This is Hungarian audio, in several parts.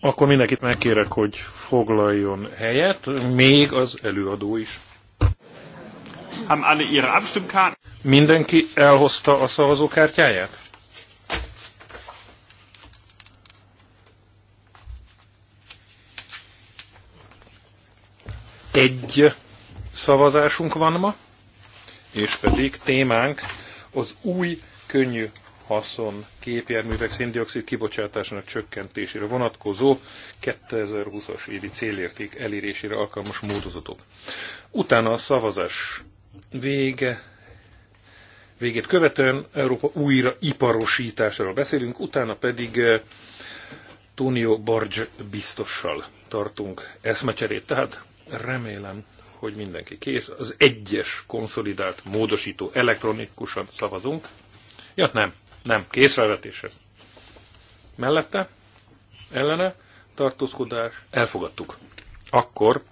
Akkor mindenkit megkérek, hogy foglaljon helyet, még az előadó is. Mindenki elhozta a szavazókártyáját? Egy szavazásunk van ma, és pedig témánk az új könnyű haszon képjárművek széndiokszid kibocsátásának csökkentésére vonatkozó 2020-as évi célérték elérésére alkalmas módozatok. Utána a szavazás vége, végét követően Európa újra iparosításáról beszélünk, utána pedig eh, Tonio Barge biztossal tartunk eszmecserét, tehát remélem, hogy mindenki kész. Az egyes konszolidált módosító elektronikusan szavazunk. Ja, nem. Nem, készfelvetése. Mellette, ellene, tartózkodás, elfogadtuk. Akkor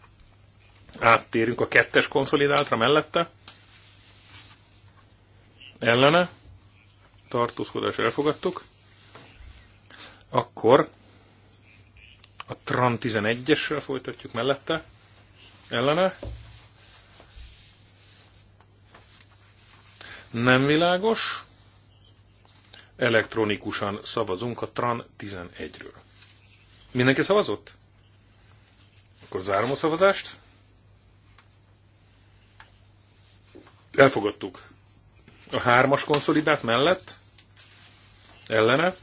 áttérünk a kettes konszolidáltra mellette, ellene, tartózkodás, elfogadtuk. Akkor a TRAN 11-essel folytatjuk mellette, ellene. Nem világos elektronikusan szavazunk a TRAN 11-ről. Mindenki szavazott? Akkor zárom a szavazást. Elfogadtuk. A hármas konszolidát mellett? Ellene?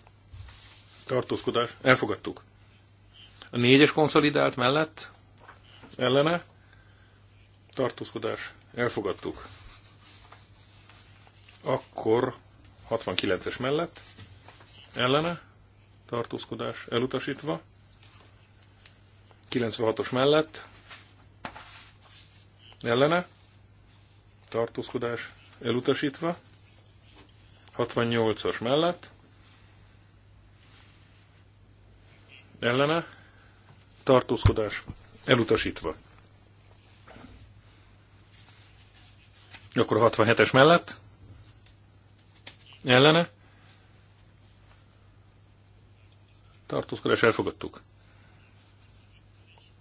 Tartózkodás. Elfogadtuk. A négyes konszolidált mellett? Ellene? Tartózkodás. Elfogadtuk. Akkor 69-es mellett, ellene, tartózkodás elutasítva, 96-os mellett, ellene, tartózkodás elutasítva, 68-as mellett, ellene, tartózkodás elutasítva. Akkor 67-es mellett, Ellene? Tartózkodás elfogadtuk.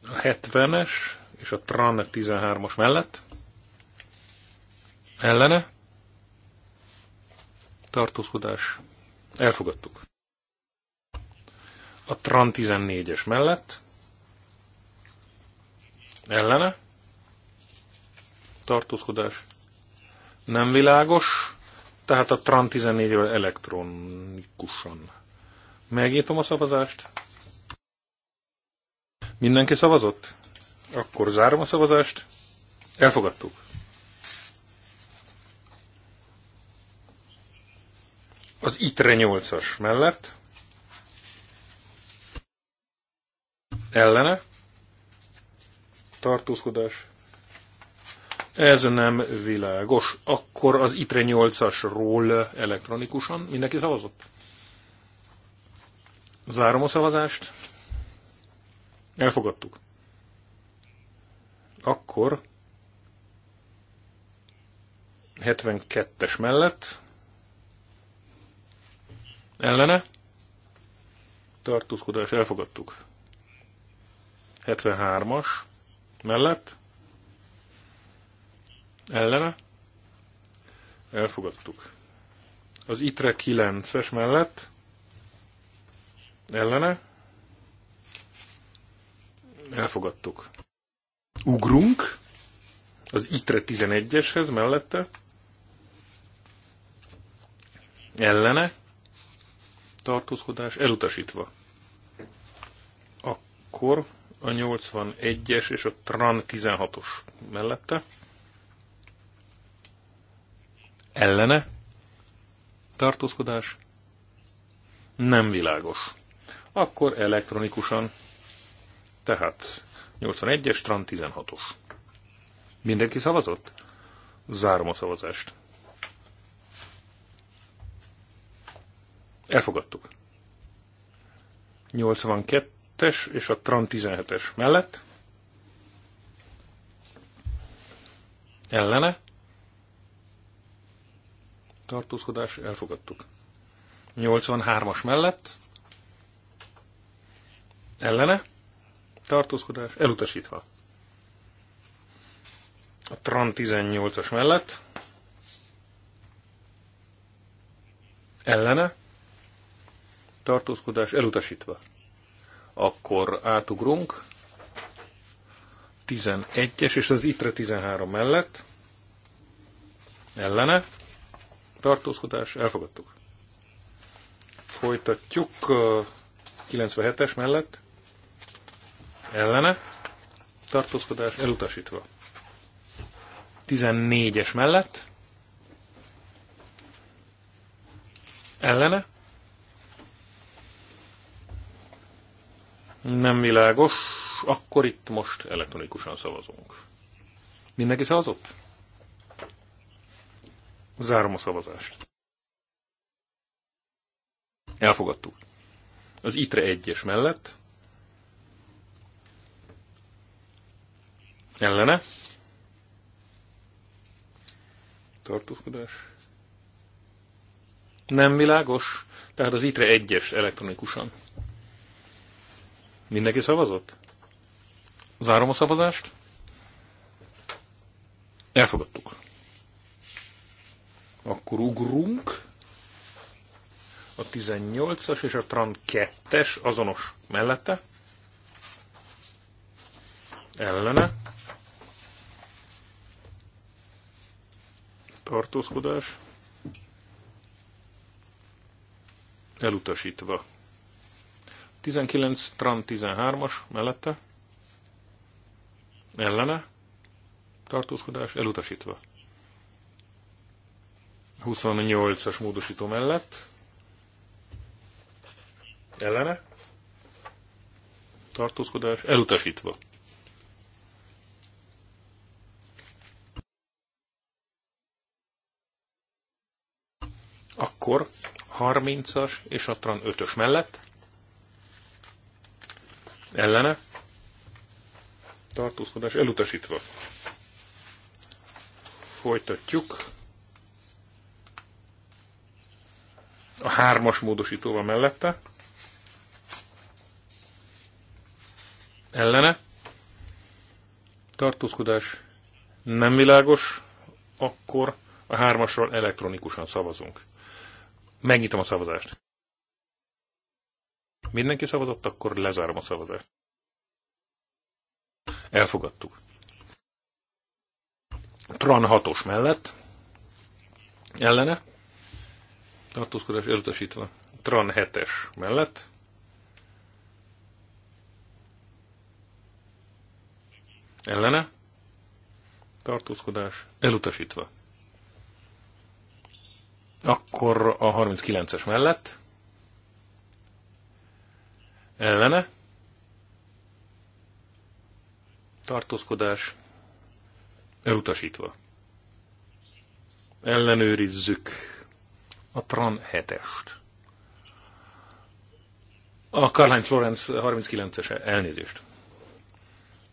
A 70-es és a TRAN 13-as mellett. Ellene? Tartózkodás elfogadtuk. A TRAN 14-es mellett. Ellene? Tartózkodás nem világos, tehát a TRAN 14-ről elektronikusan. Megnyitom a szavazást. Mindenki szavazott? Akkor zárom a szavazást. Elfogadtuk. Az ITRE 8-as mellett. Ellene. Tartózkodás. Ez nem világos. Akkor az ITRE 8-asról elektronikusan mindenki szavazott? Zárom a szavazást. Elfogadtuk. Akkor 72-es mellett ellene tartózkodás elfogadtuk. 73-as mellett ellene, elfogadtuk. Az ITRE 9-es mellett, ellene, elfogadtuk. Ugrunk az ITRE 11-eshez mellette, ellene, tartózkodás elutasítva. Akkor a 81-es és a TRAN 16-os mellette ellene, tartózkodás, nem világos. Akkor elektronikusan, tehát 81-es, Tran 16-os. Mindenki szavazott? Zárom a szavazást. Elfogadtuk. 82-es és a Tran 17-es mellett. Ellene tartózkodás, elfogadtuk. 83-as mellett, ellene, tartózkodás, elutasítva. A TRAN 18-as mellett, ellene, tartózkodás, elutasítva. Akkor átugrunk 11-es és az ITRE 13 mellett, ellene, tartózkodás, elfogadtuk. Folytatjuk 97-es mellett, ellene, tartózkodás elutasítva. 14-es mellett, ellene, nem világos, akkor itt most elektronikusan szavazunk. Mindenki szavazott? Zárom a szavazást. Elfogadtuk. Az ITRE 1-es mellett. Ellene. Tartózkodás. Nem világos. Tehát az ITRE 1-es elektronikusan. Mindenki szavazott? Zárom a szavazást. Elfogadtuk. Akkor ugrunk. A 18-as és a Tran 2-es azonos mellette. Ellene. Tartózkodás. Elutasítva. 19 Tran 13-as mellette. Ellene. Tartózkodás elutasítva. 28-as módosító mellett. Ellene. Tartózkodás elutasítva. Akkor 30-as és a TRAN 5-ös mellett. Ellene. Tartózkodás elutasítva. Folytatjuk. a hármas módosítóval mellette. Ellene. Tartózkodás nem világos, akkor a hármasról elektronikusan szavazunk. Megnyitom a szavazást. Mindenki szavazott, akkor lezárom a szavazást. Elfogadtuk. Tran 6-os mellett. Ellene tartózkodás elutasítva. Tran 7-es mellett. Ellene. Tartózkodás elutasítva. Akkor a 39-es mellett. Ellene. Tartózkodás elutasítva. Ellenőrizzük a Tran 7-est. A Karlány Florence 39-es elnézést.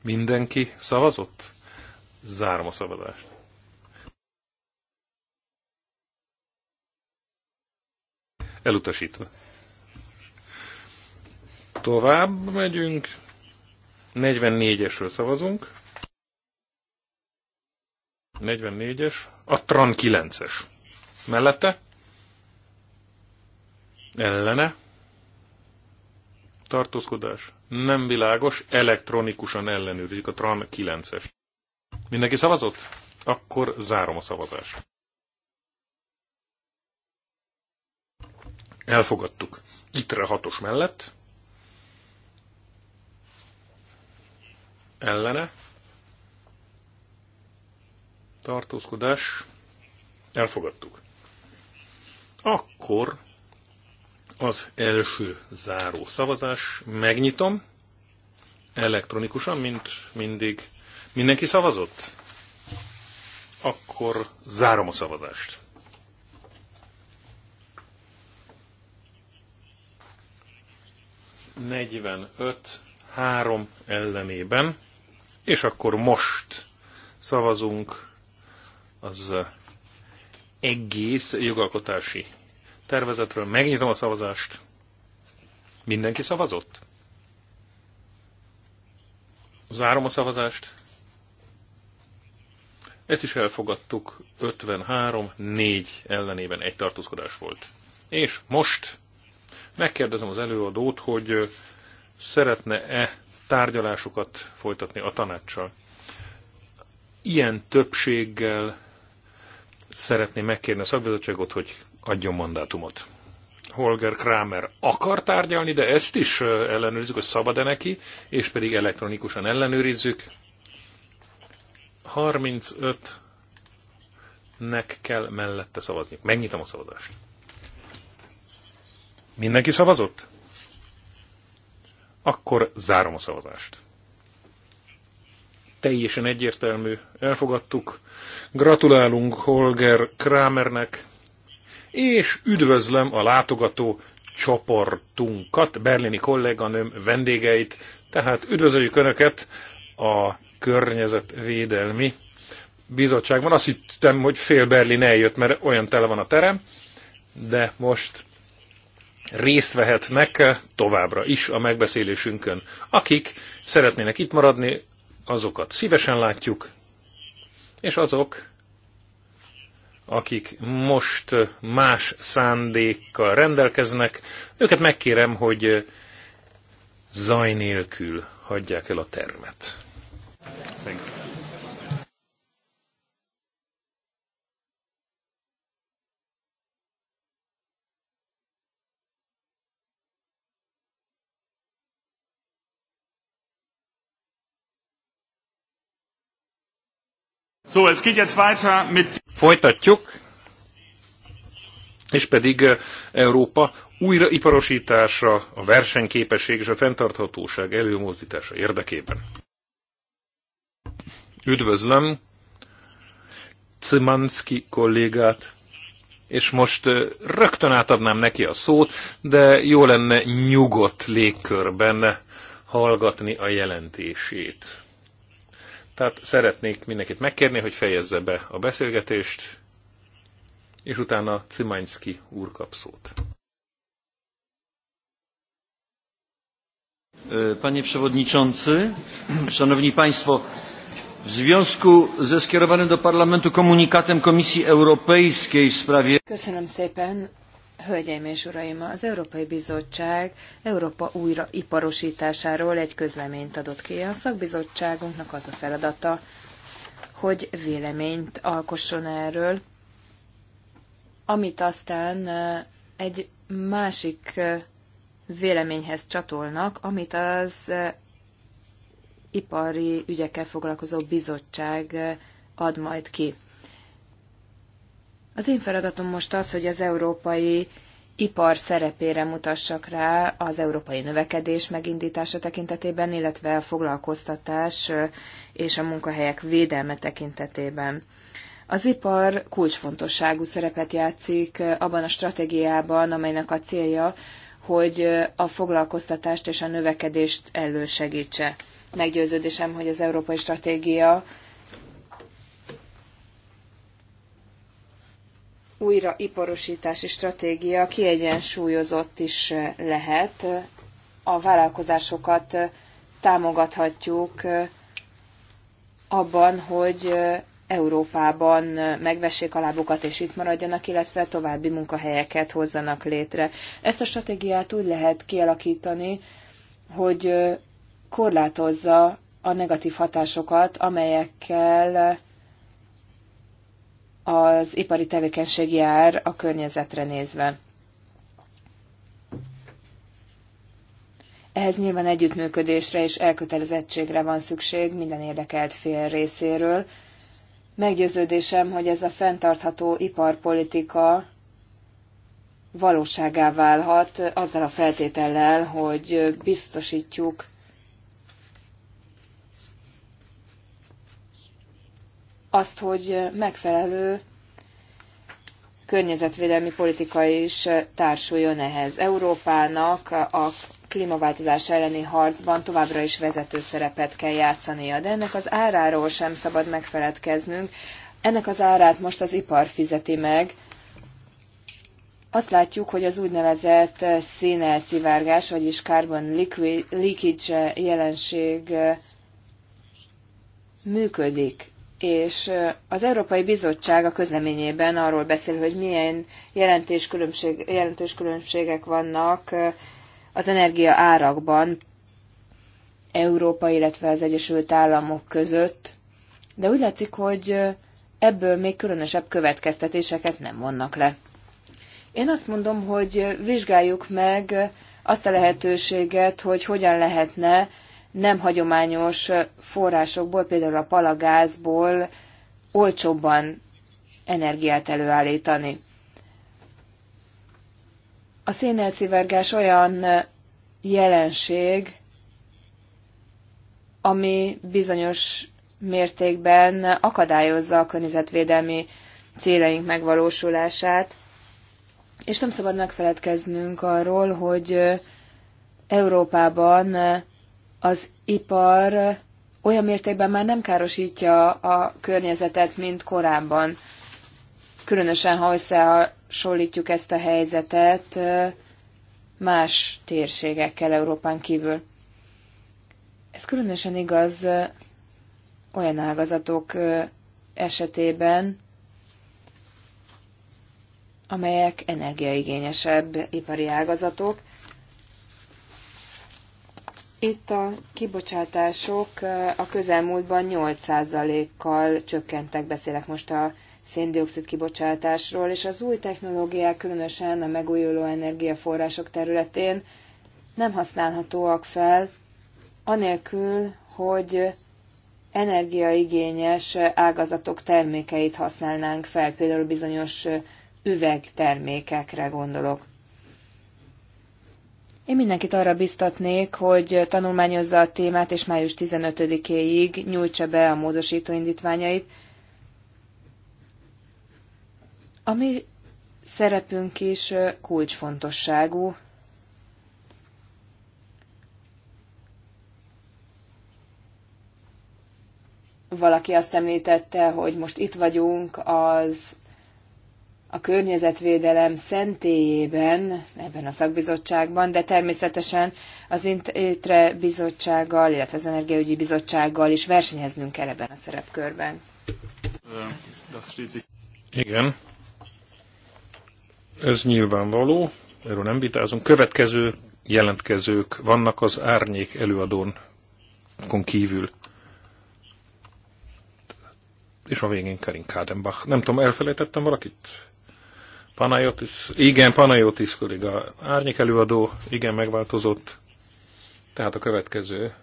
Mindenki szavazott? Zárom a szavazást. Elutasítva. Tovább megyünk. 44-esről szavazunk. 44-es. A Tran 9-es. Mellette? ellene, tartózkodás, nem világos, elektronikusan ellenőrizik a TRAN 9-es. Mindenki szavazott? Akkor zárom a szavazást. Elfogadtuk. Itre hatos mellett. Ellene. Tartózkodás. Elfogadtuk. Akkor az első záró szavazás. Megnyitom. Elektronikusan, mint mindig. Mindenki szavazott? Akkor zárom a szavazást. 45 három ellenében, és akkor most szavazunk az egész jogalkotási tervezetről. Megnyitom a szavazást. Mindenki szavazott? Zárom a szavazást. Ezt is elfogadtuk. 53, 4 ellenében egy tartózkodás volt. És most megkérdezem az előadót, hogy szeretne-e tárgyalásokat folytatni a tanácssal. Ilyen többséggel szeretném megkérni a szakbizottságot, hogy adjon mandátumot. Holger Kramer akar tárgyalni, de ezt is ellenőrizzük, hogy szabad-e neki, és pedig elektronikusan ellenőrizzük. 35-nek kell mellette szavazni. Megnyitom a szavazást. Mindenki szavazott? Akkor zárom a szavazást. Teljesen egyértelmű. Elfogadtuk. Gratulálunk Holger Kramernek és üdvözlöm a látogató csoportunkat, berlini kolléganőm vendégeit, tehát üdvözöljük Önöket a környezetvédelmi bizottságban. Azt hittem, hogy fél Berlin eljött, mert olyan tele van a terem, de most részt vehetnek továbbra is a megbeszélésünkön. Akik szeretnének itt maradni, azokat szívesen látjuk, és azok, akik most más szándékkal rendelkeznek, őket megkérem, hogy zaj nélkül hagyják el a termet. Thanks. So, es geht jetzt weiter mit... Folytatjuk, és pedig eh, Európa újraiparosítása, a versenyképesség és a fenntarthatóság előmozdítása érdekében. Üdvözlöm Cimanski kollégát, és most eh, rögtön átadnám neki a szót, de jó lenne nyugodt légkörben hallgatni a jelentését. Tehát szeretnék mindenkit megkérni, hogy fejezze be a beszélgetést, és utána Cimanyszki úr kap szót. E, panie Przewodniczący, Szanowni Państwo, w związku ze skierowanym do Parlamentu komunikatem Komisji Europejskiej w sprawie... Köszönöm szépen, Hölgyeim és Uraim, az Európai Bizottság Európa újraiparosításáról egy közleményt adott ki. A szakbizottságunknak az a feladata, hogy véleményt alkosson erről, amit aztán egy másik véleményhez csatolnak, amit az ipari ügyekkel foglalkozó bizottság ad majd ki. Az én feladatom most az, hogy az európai ipar szerepére mutassak rá az európai növekedés megindítása tekintetében, illetve a foglalkoztatás és a munkahelyek védelme tekintetében. Az ipar kulcsfontosságú szerepet játszik abban a stratégiában, amelynek a célja, hogy a foglalkoztatást és a növekedést elősegítse. Meggyőződésem, hogy az európai stratégia újraiparosítási stratégia kiegyensúlyozott is lehet. A vállalkozásokat támogathatjuk abban, hogy Európában megvessék a lábukat és itt maradjanak, illetve további munkahelyeket hozzanak létre. Ezt a stratégiát úgy lehet kialakítani, hogy korlátozza a negatív hatásokat, amelyekkel az ipari tevékenység jár a környezetre nézve. Ehhez nyilván együttműködésre és elkötelezettségre van szükség minden érdekelt fél részéről. Meggyőződésem, hogy ez a fenntartható iparpolitika valóságá válhat azzal a feltétellel, hogy biztosítjuk azt, hogy megfelelő környezetvédelmi politika is társuljon ehhez. Európának a klímaváltozás elleni harcban továbbra is vezető szerepet kell játszania, de ennek az áráról sem szabad megfeledkeznünk. Ennek az árát most az ipar fizeti meg. Azt látjuk, hogy az úgynevezett szénelszivárgás, vagyis carbon liquid, leakage jelenség működik és az Európai Bizottság a közleményében arról beszél, hogy milyen jelentős, különbség, jelentős különbségek vannak az energia árakban Európa, illetve az Egyesült Államok között, de úgy látszik, hogy ebből még különösebb következtetéseket nem vonnak le. Én azt mondom, hogy vizsgáljuk meg azt a lehetőséget, hogy hogyan lehetne nem hagyományos forrásokból, például a palagázból olcsóbban energiát előállítani. A szénelszivárgás olyan jelenség, ami bizonyos mértékben akadályozza a környezetvédelmi céleink megvalósulását, és nem szabad megfeledkeznünk arról, hogy Európában az ipar olyan mértékben már nem károsítja a környezetet, mint korábban. Különösen, ha összehasonlítjuk ezt a helyzetet más térségekkel Európán kívül. Ez különösen igaz olyan ágazatok esetében, amelyek energiaigényesebb ipari ágazatok, itt a kibocsátások a közelmúltban 8%-kal csökkentek, beszélek most a széndiokszid kibocsátásról, és az új technológiák, különösen a megújuló energiaforrások területén nem használhatóak fel, anélkül, hogy energiaigényes ágazatok termékeit használnánk fel, például bizonyos üvegtermékekre gondolok. Én mindenkit arra biztatnék, hogy tanulmányozza a témát, és május 15-éig nyújtsa be a módosító indítványait. A mi szerepünk is kulcsfontosságú. Valaki azt említette, hogy most itt vagyunk az a környezetvédelem szentélyében, ebben a szakbizottságban, de természetesen az ITRE bizottsággal, illetve az Energiaügyi Bizottsággal is versenyeznünk kell ebben a szerepkörben. Igen. Ez nyilvánvaló, erről nem vitázunk. Következő jelentkezők vannak az árnyék előadónkon kívül. És a végén Karin Kádenbach. Nem tudom, elfelejtettem valakit? Panajotis, igen, Panajotis kollega, árnyék előadó, igen, megváltozott. Tehát a következő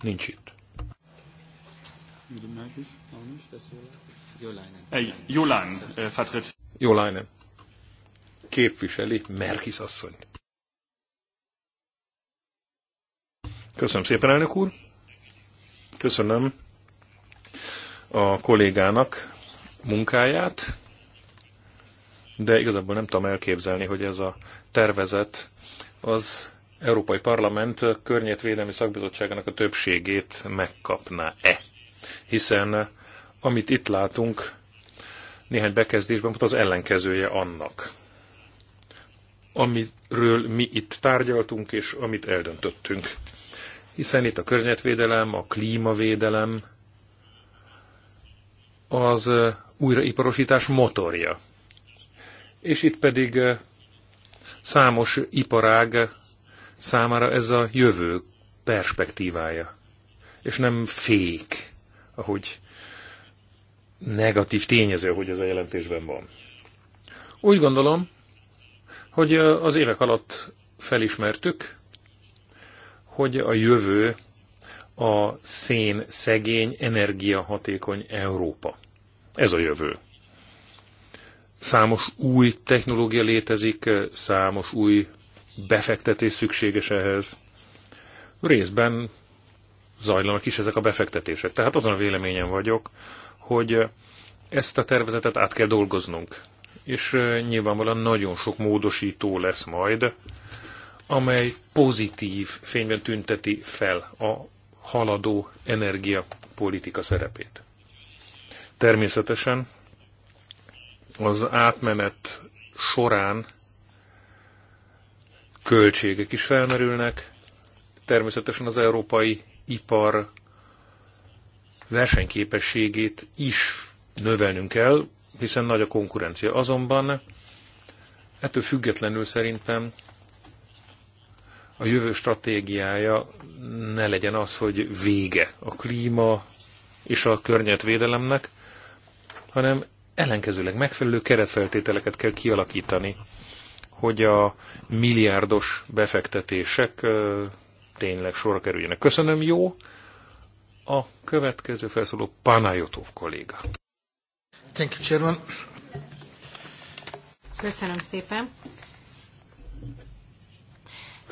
nincs itt. Jolán vertritt. Eh, Jolán képviseli Merkis asszony. Köszönöm szépen, elnök úr. Köszönöm a kollégának munkáját, de igazából nem tudom elképzelni, hogy ez a tervezet az Európai Parlament környezetvédelmi szakbizottságának a többségét megkapná-e. Hiszen amit itt látunk, néhány bekezdésben az ellenkezője annak, amiről mi itt tárgyaltunk és amit eldöntöttünk. Hiszen itt a környezetvédelem, a klímavédelem, az újraiparosítás motorja. És itt pedig eh, számos iparág számára ez a jövő perspektívája, és nem fék, ahogy negatív tényező, hogy ez a jelentésben van. Úgy gondolom, hogy eh, az évek alatt felismertük, hogy a jövő a szén szegény, energiahatékony Európa. Ez a jövő. Számos új technológia létezik, számos új befektetés szükséges ehhez. Részben zajlanak is ezek a befektetések. Tehát azon a véleményen vagyok, hogy ezt a tervezetet át kell dolgoznunk. És nyilvánvalóan nagyon sok módosító lesz majd, amely pozitív fényben tünteti fel a haladó energiapolitika szerepét. Természetesen az átmenet során költségek is felmerülnek, természetesen az európai ipar versenyképességét is növelnünk kell, hiszen nagy a konkurencia. Azonban ettől függetlenül szerintem a jövő stratégiája ne legyen az, hogy vége a klíma és a környezetvédelemnek, hanem ellenkezőleg megfelelő keretfeltételeket kell kialakítani, hogy a milliárdos befektetések tényleg sorra kerüljenek. Köszönöm, jó! A következő felszóló Panajotov kolléga. Thank you, Chairman. Köszönöm szépen.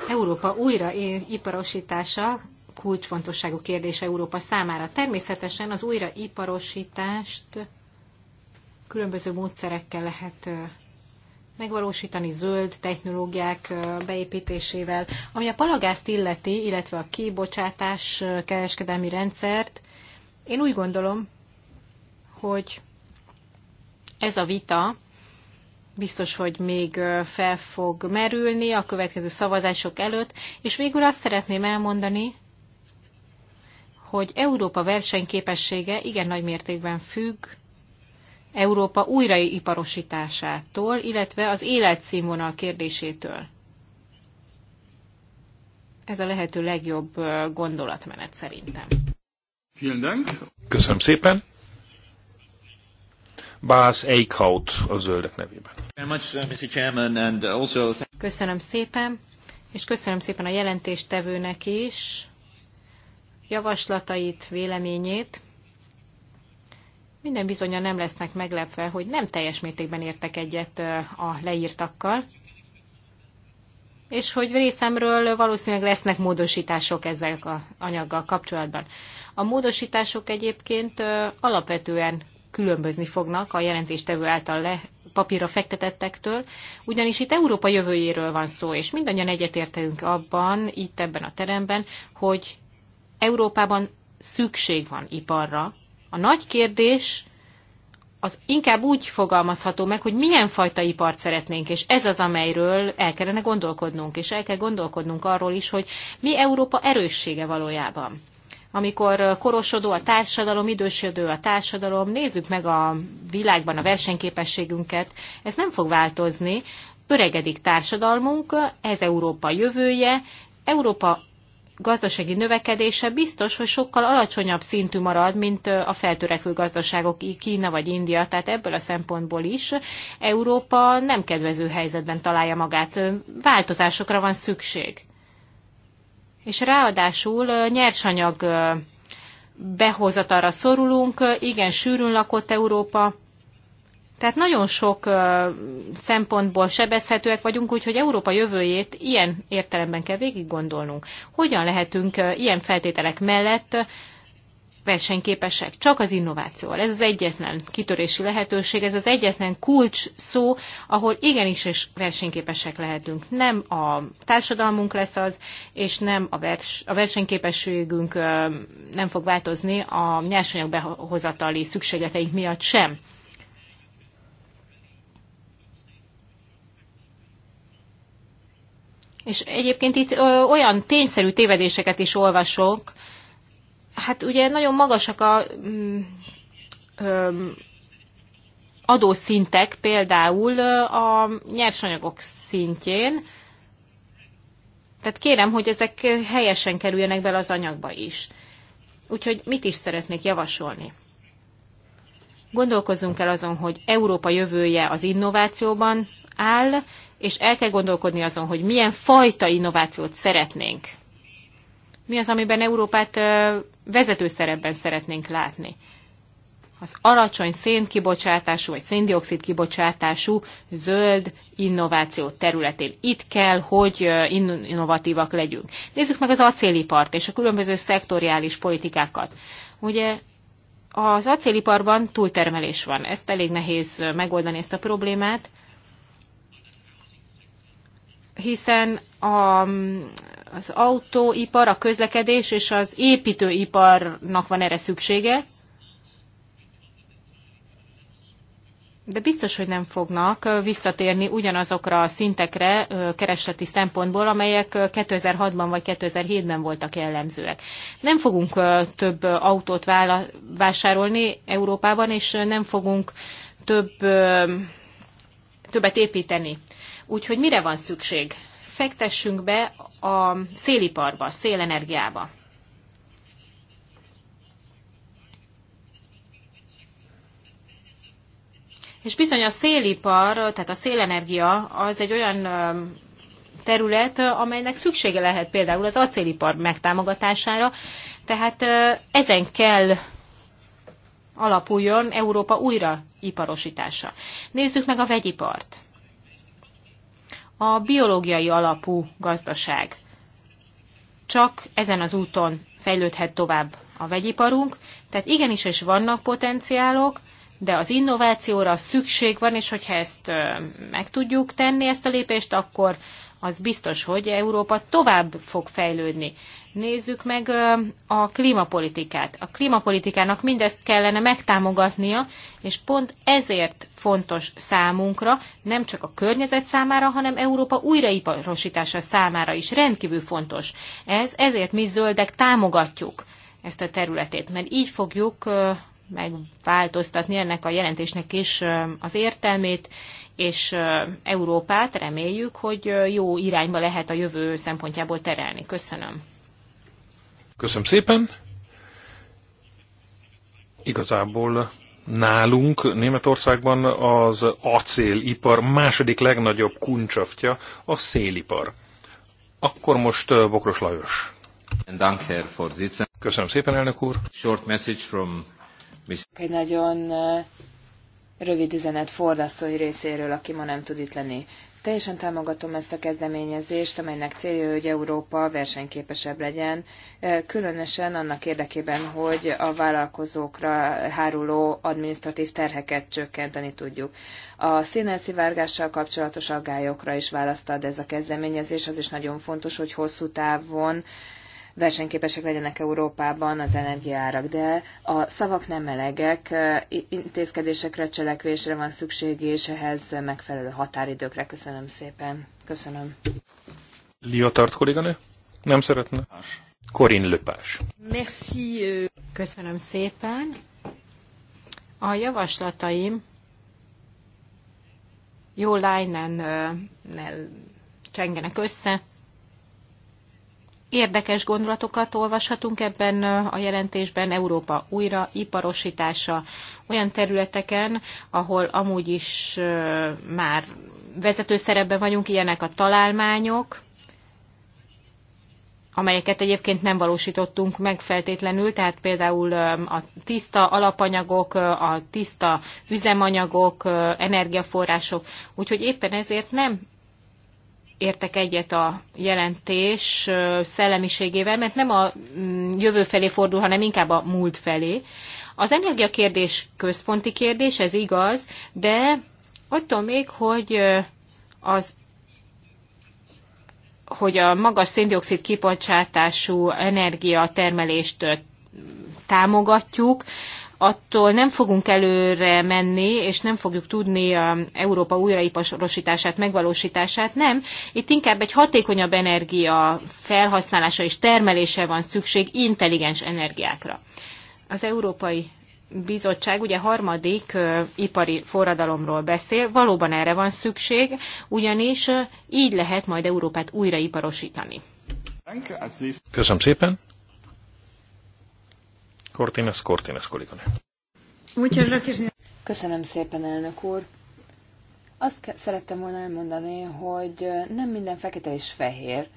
Európa újraiparosítása kulcsfontosságú kérdés Európa számára. Természetesen az újraiparosítást különböző módszerekkel lehet megvalósítani zöld technológiák beépítésével. Ami a palagázt illeti, illetve a kibocsátás kereskedelmi rendszert, én úgy gondolom, hogy ez a vita biztos, hogy még fel fog merülni a következő szavazások előtt, és végül azt szeretném elmondani, hogy Európa versenyképessége igen nagy mértékben függ Európa újraiparosításától, illetve az életszínvonal kérdésétől. Ez a lehető legjobb gondolatmenet szerintem. Köszönöm szépen. Bász Eichhout a zöldek nevében. Uh, uh, köszönöm szépen, és köszönöm szépen a jelentéstevőnek is javaslatait, véleményét minden bizonyja nem lesznek meglepve, hogy nem teljes mértékben értek egyet a leírtakkal, és hogy részemről valószínűleg lesznek módosítások ezzel a anyaggal kapcsolatban. A módosítások egyébként alapvetően különbözni fognak a jelentéstevő által le papírra fektetettektől, ugyanis itt Európa jövőjéről van szó, és mindannyian egyetértünk abban, itt ebben a teremben, hogy Európában szükség van iparra, a nagy kérdés az inkább úgy fogalmazható meg, hogy milyen fajta ipart szeretnénk, és ez az, amelyről el kellene gondolkodnunk, és el kell gondolkodnunk arról is, hogy mi Európa erőssége valójában. Amikor korosodó a társadalom, idősödő a társadalom, nézzük meg a világban a versenyképességünket, ez nem fog változni, öregedik társadalmunk, ez Európa jövője, Európa gazdasági növekedése biztos, hogy sokkal alacsonyabb szintű marad, mint a feltörekvő gazdaságok Kína vagy India, tehát ebből a szempontból is Európa nem kedvező helyzetben találja magát. Változásokra van szükség. És ráadásul nyersanyag behozatara szorulunk, igen sűrűn lakott Európa, tehát nagyon sok szempontból sebezhetőek vagyunk, úgyhogy Európa jövőjét ilyen értelemben kell végig gondolnunk. Hogyan lehetünk ilyen feltételek mellett versenyképesek? Csak az innovációval. Ez az egyetlen kitörési lehetőség, ez az egyetlen kulcs szó, ahol igenis és versenyképesek lehetünk. Nem a társadalmunk lesz az, és nem a, vers- a versenyképességünk nem fog változni a nyersanyag behozatali szükségleteink miatt sem. És egyébként itt olyan tényszerű tévedéseket is olvasok. Hát ugye nagyon magasak a mm, adószintek például a nyersanyagok szintjén. Tehát kérem, hogy ezek helyesen kerüljenek bele az anyagba is. Úgyhogy mit is szeretnék javasolni? Gondolkozzunk el azon, hogy Európa jövője az innovációban áll, és el kell gondolkodni azon, hogy milyen fajta innovációt szeretnénk. Mi az, amiben Európát vezető szerepben szeretnénk látni. Az alacsony szénkibocsátású vagy széndiokszid kibocsátású zöld innováció területén. Itt kell, hogy innovatívak legyünk. Nézzük meg az acélipart és a különböző szektoriális politikákat. Ugye az acéliparban túltermelés van. Ezt elég nehéz megoldani ezt a problémát, hiszen a, az autóipar, a közlekedés és az építőiparnak van erre szüksége, de biztos, hogy nem fognak visszatérni ugyanazokra a szintekre keresleti szempontból, amelyek 2006-ban vagy 2007-ben voltak jellemzőek. Nem fogunk több autót vásárolni Európában, és nem fogunk több, többet építeni. Úgyhogy mire van szükség? Fektessünk be a széliparba, a szélenergiába. És bizony a szélipar, tehát a szélenergia az egy olyan terület, amelynek szüksége lehet például az acélipar megtámogatására, tehát ezen kell alapuljon Európa újraiparosítása. Nézzük meg a vegyipart a biológiai alapú gazdaság. Csak ezen az úton fejlődhet tovább a vegyiparunk, tehát igenis is vannak potenciálok, de az innovációra szükség van, és hogyha ezt meg tudjuk tenni, ezt a lépést, akkor az biztos, hogy Európa tovább fog fejlődni. Nézzük meg a klímapolitikát. A klímapolitikának mindezt kellene megtámogatnia, és pont ezért fontos számunkra, nem csak a környezet számára, hanem Európa újraiparosítása számára is rendkívül fontos. Ez ezért mi zöldek támogatjuk ezt a területét, mert így fogjuk megváltoztatni ennek a jelentésnek is az értelmét, és Európát reméljük, hogy jó irányba lehet a jövő szempontjából terelni. Köszönöm. Köszönöm szépen. Igazából nálunk Németországban az acélipar második legnagyobb kuncsaftja a szélipar. Akkor most Bokros Lajos. Köszönöm szépen, elnök úr. Short message from egy nagyon rövid üzenet fordasszony részéről, aki ma nem tud itt lenni. Teljesen támogatom ezt a kezdeményezést, amelynek célja, hogy Európa versenyképesebb legyen, különösen annak érdekében, hogy a vállalkozókra háruló adminisztratív terheket csökkenteni tudjuk. A színelszivárgással kapcsolatos aggályokra is választ ad ez a kezdeményezés, az is nagyon fontos, hogy hosszú távon versenyképesek legyenek Európában az energiárak, de a szavak nem melegek, intézkedésekre, cselekvésre van szükség, és ehhez megfelelő határidőkre. Köszönöm szépen. Köszönöm. Liotard kolléganő? Nem szeretne? Korin Lepás. Merci. Köszönöm szépen. A javaslataim jó lájnennel csengenek össze, Érdekes gondolatokat olvashatunk ebben a jelentésben Európa újra iparosítása olyan területeken, ahol amúgy is már vezető szerepben vagyunk, ilyenek a találmányok, amelyeket egyébként nem valósítottunk meg feltétlenül, tehát például a tiszta alapanyagok, a tiszta üzemanyagok, energiaforrások, úgyhogy éppen ezért nem értek egyet a jelentés szellemiségével, mert nem a mm, jövő felé fordul, hanem inkább a múlt felé. Az energiakérdés központi kérdés, ez igaz, de attól még, hogy az hogy a magas széndiokszid kibocsátású energiatermelést támogatjuk, attól nem fogunk előre menni, és nem fogjuk tudni Európa újraiparosítását, megvalósítását, nem. Itt inkább egy hatékonyabb energia felhasználása és termelése van szükség intelligens energiákra. Az Európai bizottság ugye harmadik ö, ipari forradalomról beszél, valóban erre van szükség, ugyanis ö, így lehet majd Európát újraiparosítani. Köszönöm szépen. Cortines, Cortines kolléganő. Köszönöm szépen, elnök úr. Azt szerettem volna elmondani, hogy nem minden fekete és fehér,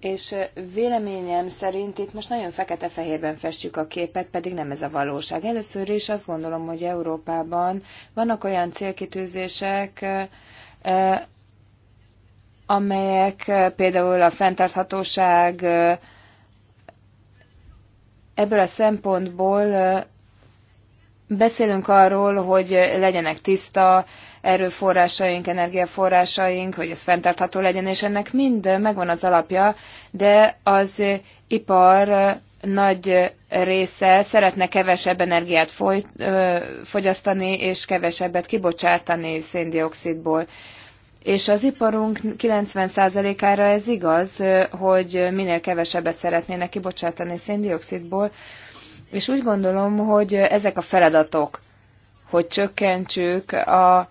és véleményem szerint itt most nagyon fekete-fehérben festjük a képet, pedig nem ez a valóság. Először is azt gondolom, hogy Európában vannak olyan célkitűzések, amelyek például a fenntarthatóság, Ebből a szempontból beszélünk arról, hogy legyenek tiszta erőforrásaink, energiaforrásaink, hogy ez fenntartható legyen, és ennek mind megvan az alapja, de az ipar nagy része szeretne kevesebb energiát fogyasztani és kevesebbet kibocsátani széndiokszidból. És az iparunk 90%-ára ez igaz, hogy minél kevesebbet szeretnének kibocsátani széndiokszidból, és úgy gondolom, hogy ezek a feladatok, hogy csökkentsük a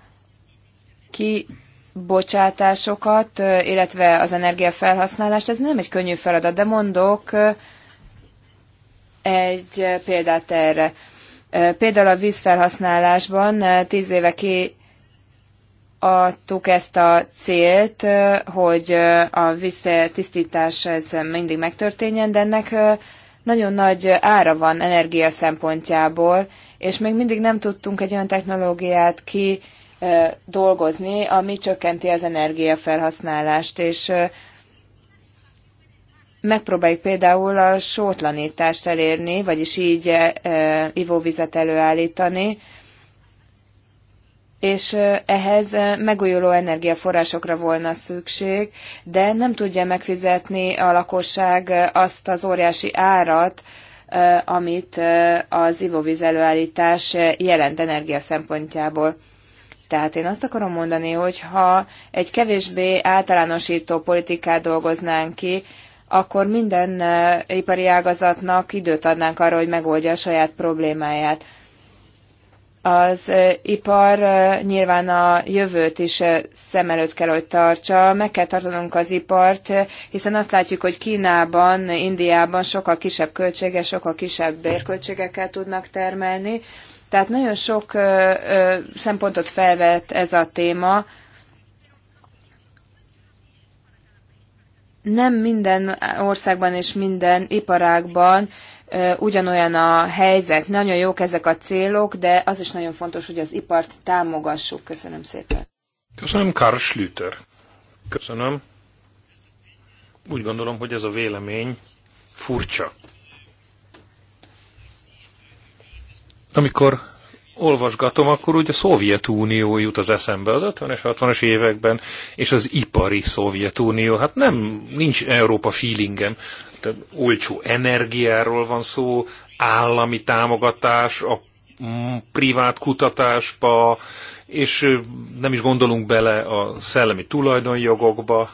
kibocsátásokat, illetve az energiafelhasználást, ez nem egy könnyű feladat, de mondok egy példát erre. Például a vízfelhasználásban 10 éve ki adtuk ezt a célt, hogy a visszatisztítás ez mindig megtörténjen, de ennek nagyon nagy ára van energia szempontjából, és még mindig nem tudtunk egy olyan technológiát ki dolgozni, ami csökkenti az energiafelhasználást, és megpróbáljuk például a sótlanítást elérni, vagyis így ivóvizet előállítani, és ehhez megújuló energiaforrásokra volna szükség, de nem tudja megfizetni a lakosság azt az óriási árat, amit az ivóvíz előállítás jelent energia szempontjából. Tehát én azt akarom mondani, hogy ha egy kevésbé általánosító politikát dolgoznánk ki, akkor minden ipari ágazatnak időt adnánk arra, hogy megoldja a saját problémáját az ipar nyilván a jövőt is szem előtt kell, hogy tartsa. Meg kell tartanunk az ipart, hiszen azt látjuk, hogy Kínában, Indiában sokkal kisebb költsége, sokkal kisebb bérköltségekkel tudnak termelni. Tehát nagyon sok szempontot felvet ez a téma. Nem minden országban és minden iparágban ugyanolyan a helyzet. Nagyon jók ezek a célok, de az is nagyon fontos, hogy az ipart támogassuk. Köszönöm szépen. Köszönöm, Karl Schlüter. Köszönöm. Úgy gondolom, hogy ez a vélemény furcsa. Amikor olvasgatom, akkor ugye a Szovjetunió jut az eszembe az 50-es, 60-as években, és az ipari Szovjetunió. Hát nem, nincs Európa feelingem itt olcsó energiáról van szó, állami támogatás, a privát kutatásba, és nem is gondolunk bele a szellemi tulajdonjogokba.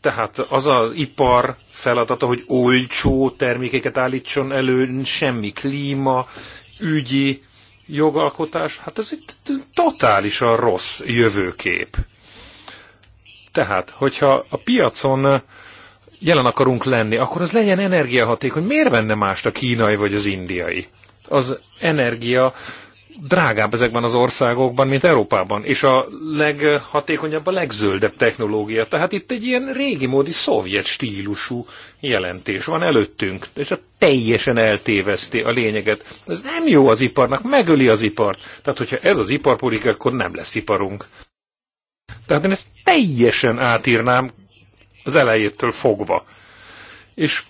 Tehát az az ipar feladata, hogy olcsó termékeket állítson elő, semmi klíma, ügyi jogalkotás, hát ez itt totálisan rossz jövőkép. Tehát, hogyha a piacon jelen akarunk lenni, akkor az legyen energiahatékony. Miért venne mást a kínai vagy az indiai? Az energia drágább ezekben az országokban, mint Európában, és a leghatékonyabb, a legzöldebb technológia. Tehát itt egy ilyen régi módi szovjet stílusú jelentés van előttünk, és a teljesen eltéveszti a lényeget. Ez nem jó az iparnak, megöli az ipart. Tehát, hogyha ez az iparpolitika, akkor nem lesz iparunk. Tehát én ezt teljesen átírnám az elejétől fogva. És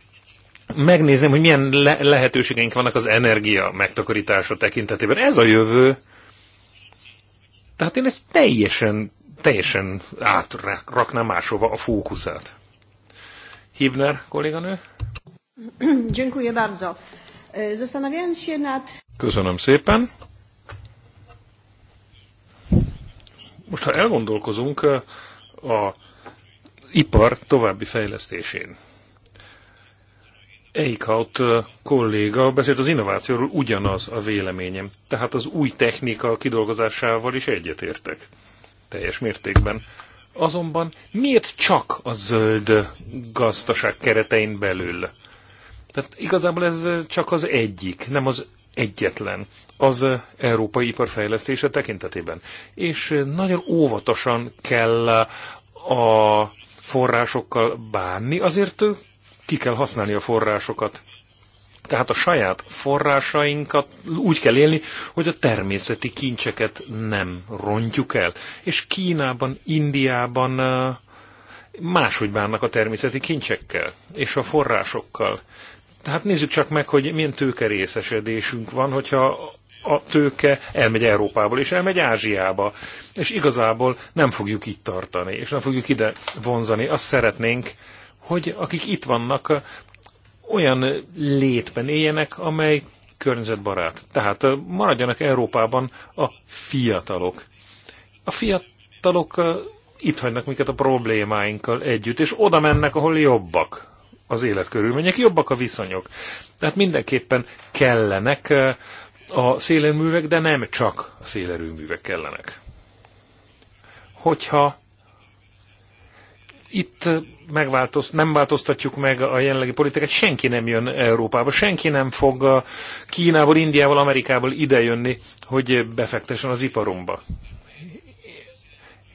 megnézem, hogy milyen le- lehetőségeink vannak az energia megtakarítása tekintetében. Ez a jövő. Tehát én ezt teljesen, teljesen átraknám máshova a fókuszát. Hibner kolléganő? Dziękuję bardzo. E, zastanawiając się nad... Köszönöm szépen. Most, ha elgondolkozunk a ipar további fejlesztésén, Eichhout kolléga beszélt az innovációról, ugyanaz a véleményem. Tehát az új technika kidolgozásával is egyetértek. Teljes mértékben. Azonban miért csak a zöld gazdaság keretein belül? Tehát igazából ez csak az egyik, nem az egyetlen az eh, európai iparfejlesztése tekintetében. És eh, nagyon óvatosan kell eh, a forrásokkal bánni, azért ki kell használni a forrásokat. Tehát a saját forrásainkat úgy kell élni, hogy a természeti kincseket nem rontjuk el. És Kínában, Indiában máshogy bánnak a természeti kincsekkel és a forrásokkal. Tehát nézzük csak meg, hogy milyen tőkerészesedésünk van, hogyha a tőke elmegy Európából, és elmegy Ázsiába. És igazából nem fogjuk itt tartani, és nem fogjuk ide vonzani. Azt szeretnénk, hogy akik itt vannak, olyan létben éljenek, amely környezetbarát. Tehát maradjanak Európában a fiatalok. A fiatalok itt hagynak minket a problémáinkkal együtt, és oda mennek, ahol jobbak az életkörülmények, jobbak a viszonyok. Tehát mindenképpen kellenek a szélerőművek, de nem csak a szélerőművek kellenek. Hogyha itt megváltoz, nem változtatjuk meg a jelenlegi politikát, senki nem jön Európába, senki nem fog a Kínából, Indiából, Amerikából idejönni, hogy befektessen az iparomba.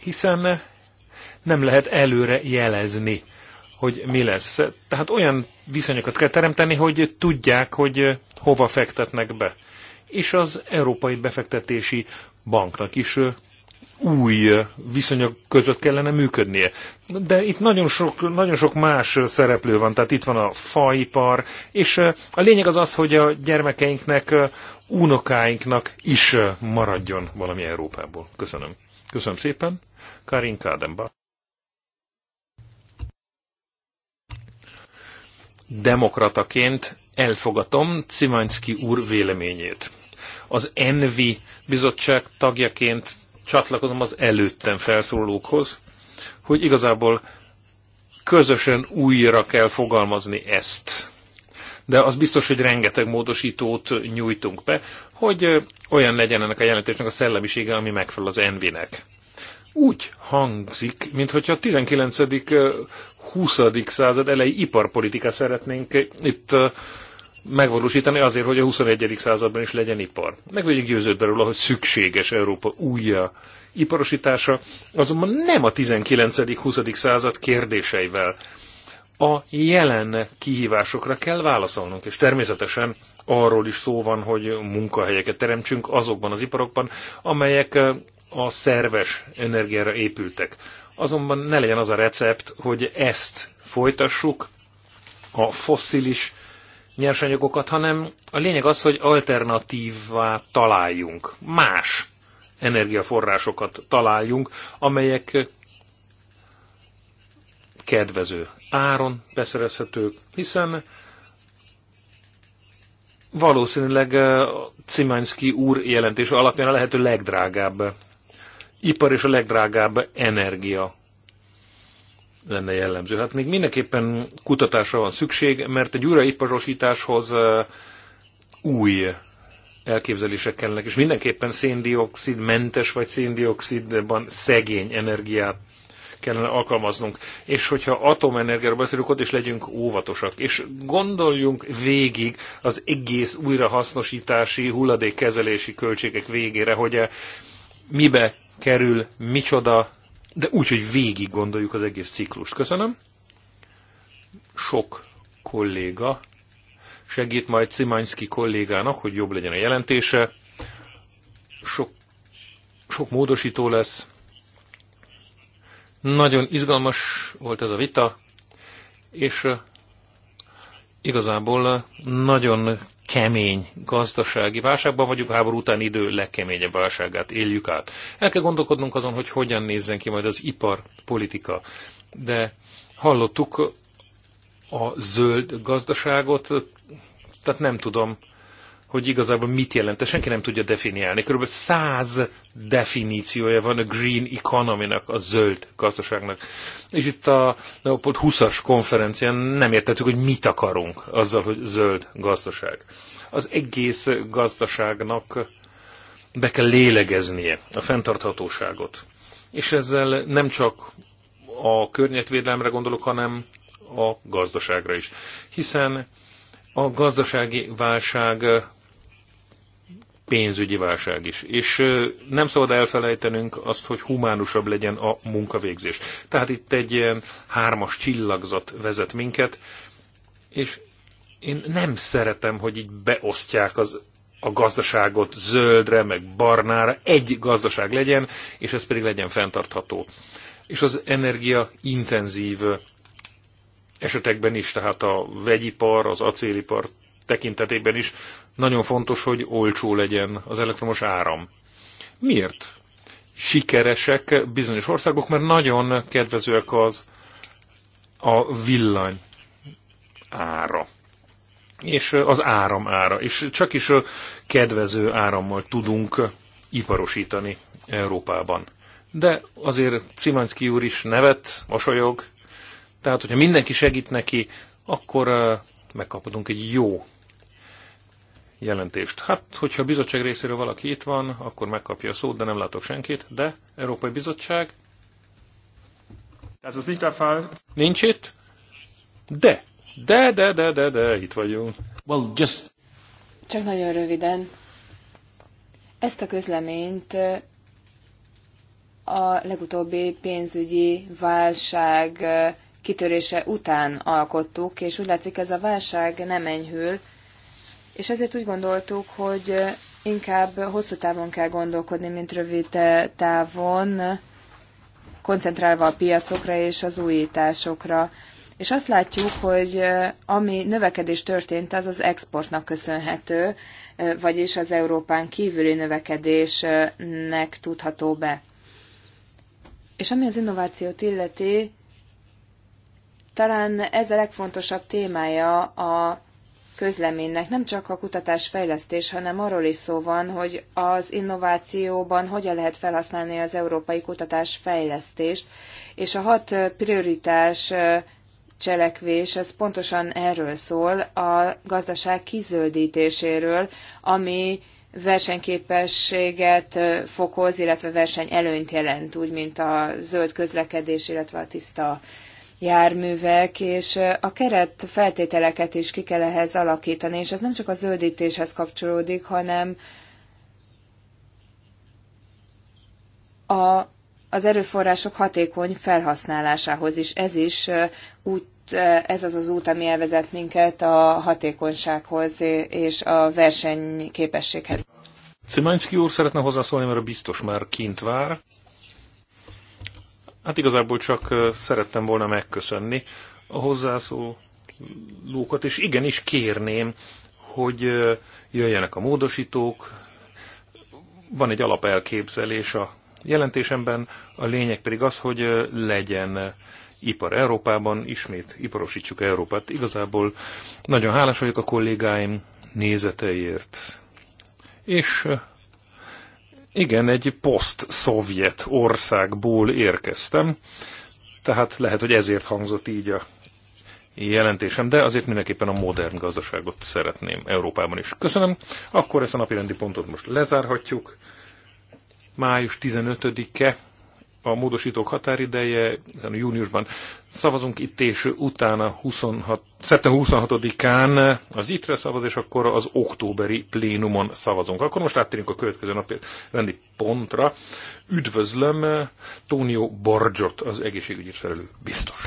Hiszen nem lehet előre jelezni, hogy mi lesz. Tehát olyan viszonyokat kell teremteni, hogy tudják, hogy hova fektetnek be és az Európai Befektetési Banknak is új viszonyok között kellene működnie. De itt nagyon sok, nagyon sok más szereplő van, tehát itt van a faipar, és a lényeg az az, hogy a gyermekeinknek, unokáinknak is maradjon valami Európából. Köszönöm. Köszönöm szépen. Karin Kádenba. Demokrataként elfogatom Cimanszki úr véleményét. Az Envi bizottság tagjaként csatlakozom az előttem felszólókhoz, hogy igazából közösen újra kell fogalmazni ezt. De az biztos, hogy rengeteg módosítót nyújtunk be, hogy olyan legyen ennek a jelentésnek a szellemisége, ami megfelel az envinek. Úgy hangzik, mintha a 19. 20. század elejé iparpolitika szeretnénk itt megvalósítani azért, hogy a 21. században is legyen ipar. Meg vagyok győződve róla, hogy szükséges Európa újja iparosítása, azonban nem a 19.-20. század kérdéseivel. A jelen kihívásokra kell válaszolnunk, és természetesen arról is szó van, hogy munkahelyeket teremtsünk azokban az iparokban, amelyek a szerves energiára épültek. Azonban ne legyen az a recept, hogy ezt folytassuk, a fosszilis nyersanyagokat, hanem a lényeg az, hogy alternatívvá találjunk, más energiaforrásokat találjunk, amelyek kedvező áron beszerezhetők, hiszen valószínűleg eh, Cimanski úr jelentése alapján a lehető legdrágább ipar és a legdrágább energia lenne jellemző. Hát még mindenképpen kutatásra van szükség, mert egy újraipazsosításhoz új elképzelések kellenek, és mindenképpen széndiokszid mentes vagy széndiokszidban szegény energiát kellene alkalmaznunk. És hogyha atomenergiáról beszélünk, ott is legyünk óvatosak. És gondoljunk végig az egész újrahasznosítási, hulladékkezelési költségek végére, hogy mibe kerül, micsoda de úgy, hogy végig gondoljuk az egész ciklust. Köszönöm. Sok kolléga segít majd Cimanyszki kollégának, hogy jobb legyen a jelentése. Sok, sok módosító lesz. Nagyon izgalmas volt ez a vita, és eh, igazából eh, nagyon kemény gazdasági válságban vagyunk, háború után idő legkeményebb válságát éljük át. El kell gondolkodnunk azon, hogy hogyan nézzen ki majd az iparpolitika. De hallottuk a zöld gazdaságot, tehát nem tudom, hogy igazából mit jelent. Senki nem tudja definiálni. Körülbelül száz definíciója van a Green economy a zöld gazdaságnak. És itt a Leopold 20-as konferencián nem értettük, hogy mit akarunk azzal, hogy zöld gazdaság. Az egész gazdaságnak be kell lélegeznie a fenntarthatóságot. És ezzel nem csak a környezetvédelemre gondolok, hanem a gazdaságra is. Hiszen a gazdasági válság pénzügyi válság is. És nem szabad elfelejtenünk azt, hogy humánusabb legyen a munkavégzés. Tehát itt egy ilyen hármas csillagzat vezet minket, és én nem szeretem, hogy így beosztják az, a gazdaságot zöldre, meg barnára, egy gazdaság legyen, és ez pedig legyen fenntartható. És az energia intenzív esetekben is, tehát a vegyipar, az acélipar tekintetében is nagyon fontos, hogy olcsó legyen az elektromos áram. Miért? Sikeresek bizonyos országok, mert nagyon kedvezőek az a villany ára és az áram ára, és csak is kedvező árammal tudunk iparosítani Európában. De azért Cimanszki úr is nevet, mosolyog, tehát hogyha mindenki segít neki, akkor eh, megkapodunk egy jó jelentést. Hát, hogyha a bizottság részéről valaki itt van, akkor megkapja a szót, de nem látok senkit. De Európai Bizottság? Ez az nicht der Fall. Nincs itt? De, de, de, de, de, de, itt vagyunk. Well, just... Csak nagyon röviden. Ezt a közleményt a legutóbbi pénzügyi válság kitörése után alkottuk, és úgy látszik ez a válság nem enyhül, és ezért úgy gondoltuk, hogy inkább hosszú távon kell gondolkodni, mint rövid távon, koncentrálva a piacokra és az újításokra. És azt látjuk, hogy eh, ami növekedés történt, az az exportnak köszönhető, eh, vagyis az Európán kívüli növekedésnek tudható be. És ami az innovációt illeti, talán ez a legfontosabb témája a közleménynek nem csak a kutatásfejlesztés, hanem arról is szó van, hogy az innovációban hogyan lehet felhasználni az európai kutatásfejlesztést, és a hat prioritás cselekvés, ez pontosan erről szól, a gazdaság kizöldítéséről, ami versenyképességet fokoz, illetve versenyelőnyt jelent, úgy, mint a zöld közlekedés, illetve a tiszta járművek, és a keret feltételeket is ki kell ehhez alakítani, és ez nem csak a zöldítéshez kapcsolódik, hanem a, az erőforrások hatékony felhasználásához is. Ez is út, ez az az út, ami elvezet minket a hatékonysághoz és a versenyképességhez. Szimanszki úr szeretne hozzászólni, mert biztos már kint vár. Hát igazából csak szerettem volna megköszönni a hozzászólókat, és igenis kérném, hogy jöjjenek a módosítók, van egy alapelképzelés a jelentésemben, a lényeg pedig az, hogy legyen ipar Európában, ismét iparosítsuk Európát. Igazából nagyon hálás vagyok a kollégáim nézeteiért. És igen, egy poszt-szovjet országból érkeztem, tehát lehet, hogy ezért hangzott így a jelentésem, de azért mindenképpen a modern gazdaságot szeretném Európában is. Köszönöm. Akkor ezt a napi rendi pontot most lezárhatjuk. Május 15-e a módosítók határideje, júniusban szavazunk itt, és utána 26, szeptember 26-án az ITRE szavaz, és akkor az októberi plénumon szavazunk. Akkor most áttérünk a következő napi rendi pontra. Üdvözlöm Tónió Borgyot, az egészségügyi felelő biztos.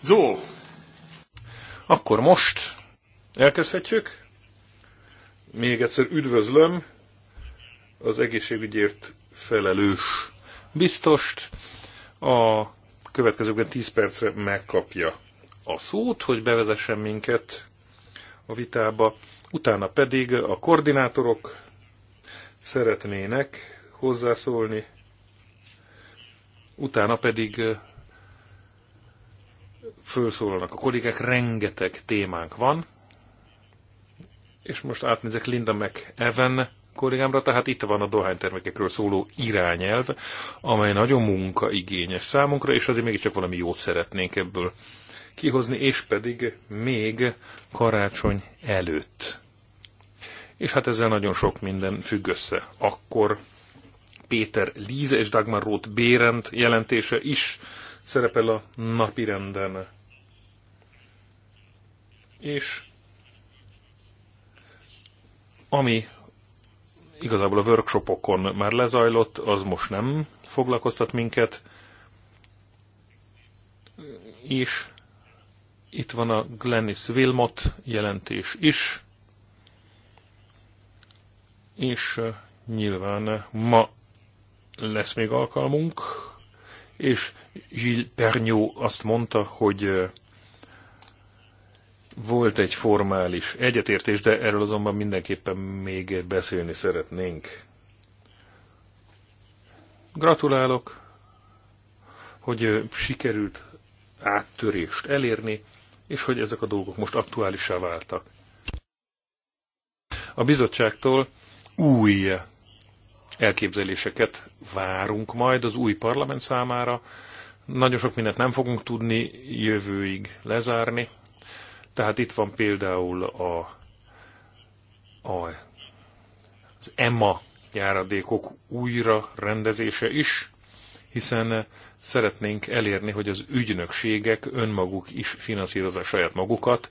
Zó! Akkor most elkezdhetjük. Még egyszer üdvözlöm az egészségügyért felelős biztost. A következőkben 10 percre megkapja a szót, hogy bevezessen minket a vitába. Utána pedig a koordinátorok szeretnének hozzászólni, utána pedig fölszólalnak a kollégák, rengeteg témánk van, és most átnézek Linda McEwen kollégámra, tehát itt van a dohánytermékekről szóló irányelv, amely nagyon munkaigényes számunkra, és azért mégiscsak valami jót szeretnénk ebből kihozni, és pedig még karácsony előtt. És hát ezzel nagyon sok minden függ össze. Akkor Péter Líze és Dagmar Roth Bérend jelentése is szerepel a napirenden. És ami igazából a workshopokon már lezajlott, az most nem foglalkoztat minket. És itt van a Glennis Wilmot jelentés is, és nyilván ma lesz még alkalmunk, és Gilles Pernyó azt mondta, hogy volt egy formális egyetértés, de erről azonban mindenképpen még beszélni szeretnénk. Gratulálok, hogy sikerült áttörést elérni, és hogy ezek a dolgok most aktuálisá váltak. A bizottságtól új elképzeléseket várunk majd az új parlament számára. Nagyon sok mindent nem fogunk tudni jövőig lezárni, tehát itt van például a, a, az EMA járadékok újra rendezése is, hiszen szeretnénk elérni, hogy az ügynökségek önmaguk is finanszírozzák saját magukat,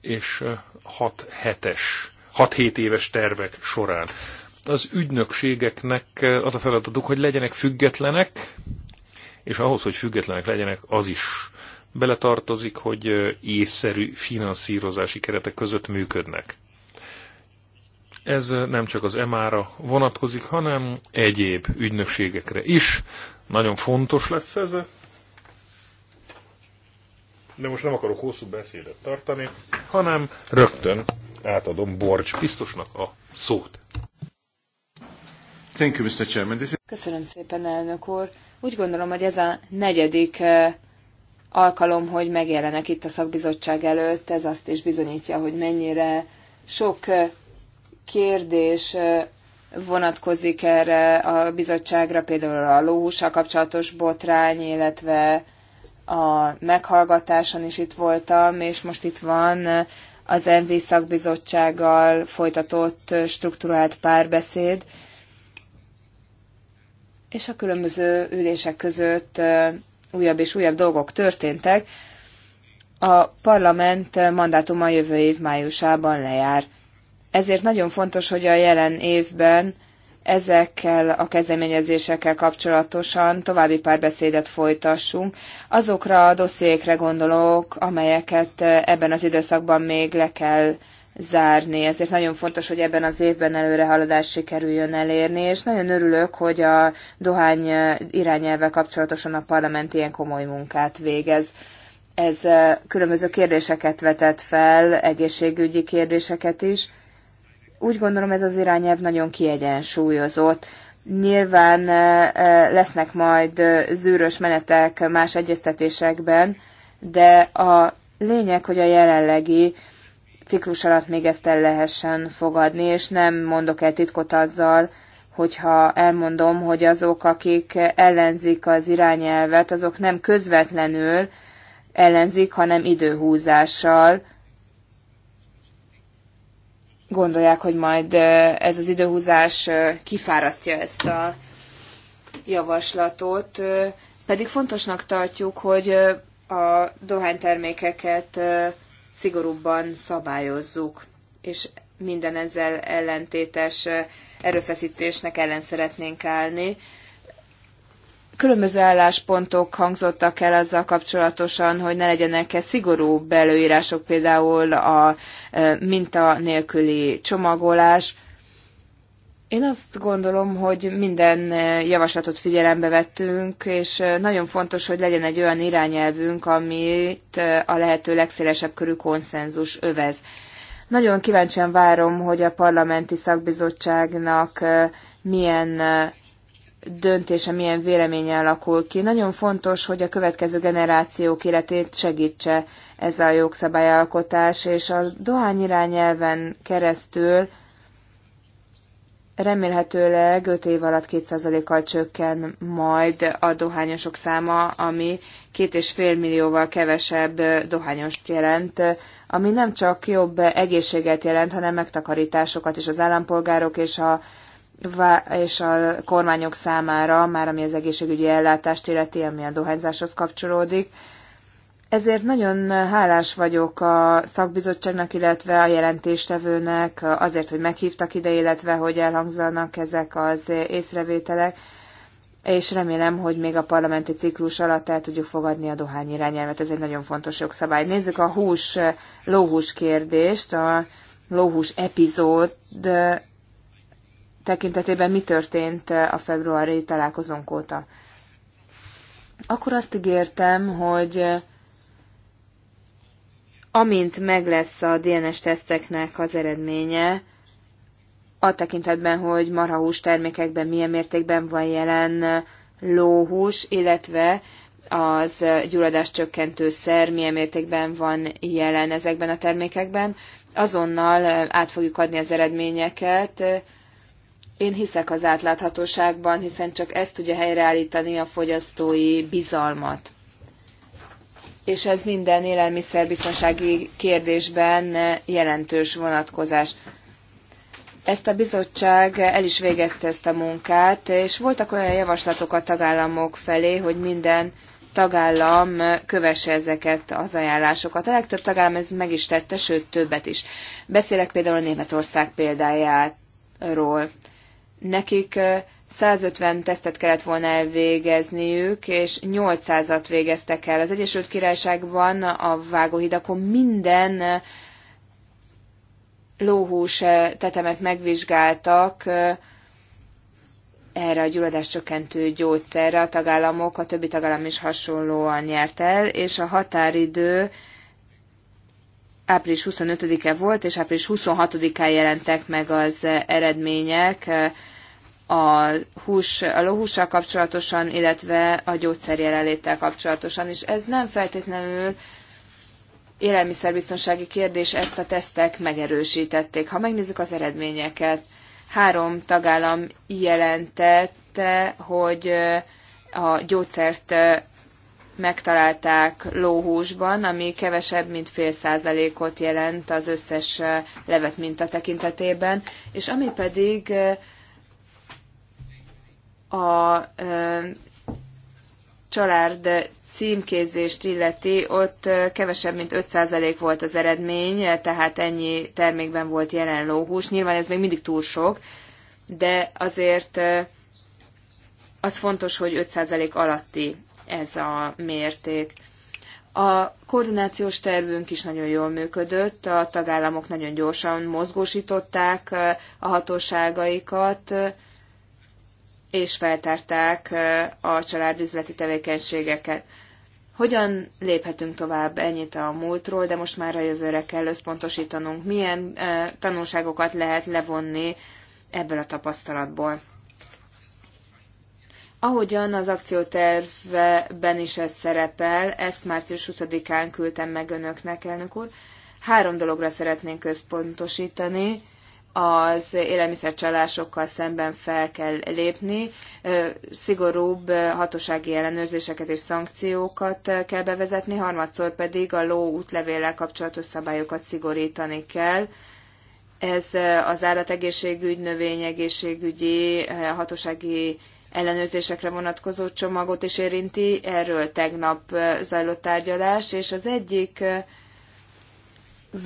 és hetes, 6-7 éves tervek során. Az ügynökségeknek az a feladatuk, hogy legyenek függetlenek, és ahhoz, hogy függetlenek legyenek, az is beletartozik, hogy észszerű finanszírozási keretek között működnek. Ez nem csak az EMA-ra vonatkozik, hanem egyéb ügynökségekre is. Nagyon fontos lesz ez. De most nem akarok hosszú beszédet tartani, hanem rögtön átadom Borcs biztosnak a szót. Thank you, Mr. Chairman. Köszönöm szépen, elnök úr. Úgy gondolom, hogy ez a negyedik alkalom, hogy megjelenek itt a szakbizottság előtt. Ez azt is bizonyítja, hogy mennyire sok kérdés vonatkozik erre a bizottságra, például a lóhússal kapcsolatos botrány, illetve a meghallgatáson is itt voltam, és most itt van az MV szakbizottsággal folytatott struktúrált párbeszéd, és a különböző ülések között újabb és újabb dolgok történtek. A parlament mandátuma jövő év májusában lejár. Ezért nagyon fontos, hogy a jelen évben ezekkel a kezdeményezésekkel kapcsolatosan további párbeszédet folytassunk. Azokra a dossziékre gondolok, amelyeket ebben az időszakban még le kell zárni, ezért nagyon fontos, hogy ebben az évben haladás sikerüljön elérni, és nagyon örülök, hogy a dohány irányelve kapcsolatosan a parlament ilyen komoly munkát végez. Ez különböző kérdéseket vetett fel, egészségügyi kérdéseket is. Úgy gondolom, ez az irányelv nagyon kiegyensúlyozott. Nyilván lesznek majd zűrös menetek más egyeztetésekben, de a lényeg, hogy a jelenlegi ciklus alatt még ezt el lehessen fogadni, és nem mondok el titkot azzal, hogyha elmondom, hogy azok, akik ellenzik az irányelvet, azok nem közvetlenül ellenzik, hanem időhúzással gondolják, hogy majd ez az időhúzás kifárasztja ezt a javaslatot. Pedig fontosnak tartjuk, hogy a dohánytermékeket szigorúbban szabályozzuk, és minden ezzel ellentétes erőfeszítésnek ellen szeretnénk állni. Különböző álláspontok hangzottak el azzal kapcsolatosan, hogy ne legyenek-e szigorú belőírások, például a minta nélküli csomagolás, én azt gondolom, hogy minden eh, javaslatot figyelembe vettünk, és eh, nagyon fontos, hogy legyen egy olyan irányelvünk, amit eh, a lehető legszélesebb körű konszenzus övez. Nagyon kíváncsian várom, hogy a parlamenti szakbizottságnak milyen döntése, milyen véleménye alakul ki. Nagyon fontos, hogy a következő generációk életét segítse ez a jogszabályalkotás, és a irányelven keresztül remélhetőleg 5 év alatt 2%-kal csökken majd a dohányosok száma, ami 2,5 millióval kevesebb dohányost jelent, ami nem csak jobb egészséget jelent, hanem megtakarításokat is az állampolgárok és a és a kormányok számára, már ami az egészségügyi ellátást illeti, ami a dohányzáshoz kapcsolódik, ezért nagyon hálás vagyok a szakbizottságnak, illetve a jelentéstevőnek azért, hogy meghívtak ide, illetve hogy elhangzanak ezek az észrevételek, és remélem, hogy még a parlamenti ciklus alatt el tudjuk fogadni a dohány irányelvet. Ez egy nagyon fontos jogszabály. Nézzük a hús, lóhús kérdést, a lóhús epizód tekintetében mi történt a februári találkozónk óta. Akkor azt ígértem, hogy amint meg lesz a DNS teszteknek az eredménye, a tekintetben, hogy marhahús termékekben milyen mértékben van jelen lóhús, illetve az gyulladás csökkentő szer milyen mértékben van jelen ezekben a termékekben. Azonnal át fogjuk adni az eredményeket. Én hiszek az átláthatóságban, hiszen csak ez tudja helyreállítani a fogyasztói bizalmat és ez minden élelmiszerbiztonsági kérdésben jelentős vonatkozás. Ezt a bizottság el is végezte ezt a munkát, és voltak olyan javaslatok a tagállamok felé, hogy minden tagállam kövesse ezeket az ajánlásokat. A legtöbb tagállam ez meg is tette, sőt többet is. Beszélek például a Németország példájáról. Nekik 150 tesztet kellett volna elvégezniük, és 800-at végeztek el. Az Egyesült Királyságban a vágóhidakon minden eh, lóhús eh, tetemet megvizsgáltak eh, erre a gyulladás csökkentő gyógyszerre. A tagállamok, a többi tagállam is hasonlóan nyert el, és a határidő április 25-e volt, és április 26-án jelentek meg az eredmények a hús, a lóhússal kapcsolatosan, illetve a gyógyszer jelenléttel kapcsolatosan, és ez nem feltétlenül élelmiszerbiztonsági kérdés, ezt a tesztek megerősítették. Ha megnézzük az eredményeket, három tagállam jelentette, hogy a gyógyszert megtalálták lóhúsban, ami kevesebb, mint fél százalékot jelent az összes levet minta tekintetében, és ami pedig a család címkézést illeti, ott kevesebb, mint 5% volt az eredmény, tehát ennyi termékben volt jelen lóhús. Nyilván ez még mindig túl sok, de azért az fontos, hogy 5% alatti ez a mérték. A koordinációs tervünk is nagyon jól működött, a tagállamok nagyon gyorsan mozgósították a hatóságaikat, és feltárták a család üzleti tevékenységeket. Hogyan léphetünk tovább? Ennyit a múltról, de most már a jövőre kell összpontosítanunk. Milyen tanulságokat lehet levonni ebből a tapasztalatból? Ahogyan az akciótervben is ez szerepel, ezt március 20-án küldtem meg önöknek, elnök úr, három dologra szeretnénk összpontosítani az élelmiszercsalásokkal szemben fel kell lépni, szigorúbb hatósági ellenőrzéseket és szankciókat kell bevezetni, harmadszor pedig a ló útlevéllel kapcsolatos szabályokat szigorítani kell. Ez az állategészségügy, növényegészségügyi, hatósági ellenőrzésekre vonatkozó csomagot is érinti. Erről tegnap zajlott tárgyalás, és az egyik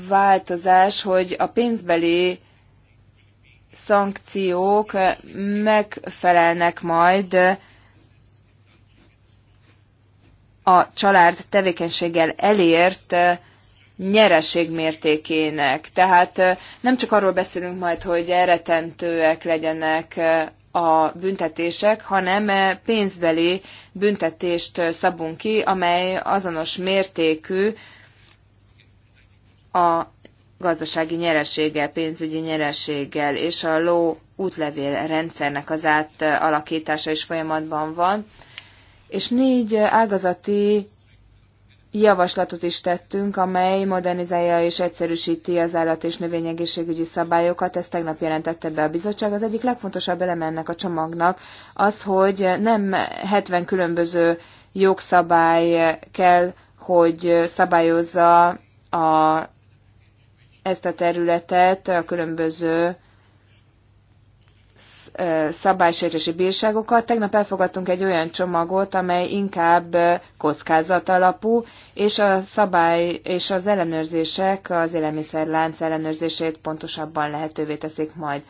változás, hogy a pénzbeli szankciók megfelelnek majd a család tevékenységgel elért nyereség mértékének. Tehát nem csak arról beszélünk majd, hogy eretentőek legyenek a büntetések, hanem pénzbeli büntetést szabunk ki, amely azonos mértékű a gazdasági nyereséggel, pénzügyi nyereséggel, és a ló útlevél rendszernek az átalakítása is folyamatban van. És négy ágazati javaslatot is tettünk, amely modernizálja és egyszerűsíti az állat- és növényegészségügyi szabályokat. Ezt tegnap jelentette be a bizottság. Az egyik legfontosabb eleme ennek a csomagnak az, hogy nem 70 különböző jogszabály kell, hogy szabályozza a ezt a területet a különböző szabálysértési bírságokat. Tegnap elfogadtunk egy olyan csomagot, amely inkább kockázat alapú, és a szabály és az ellenőrzések az élelmiszerlánc ellenőrzését pontosabban lehetővé teszik majd.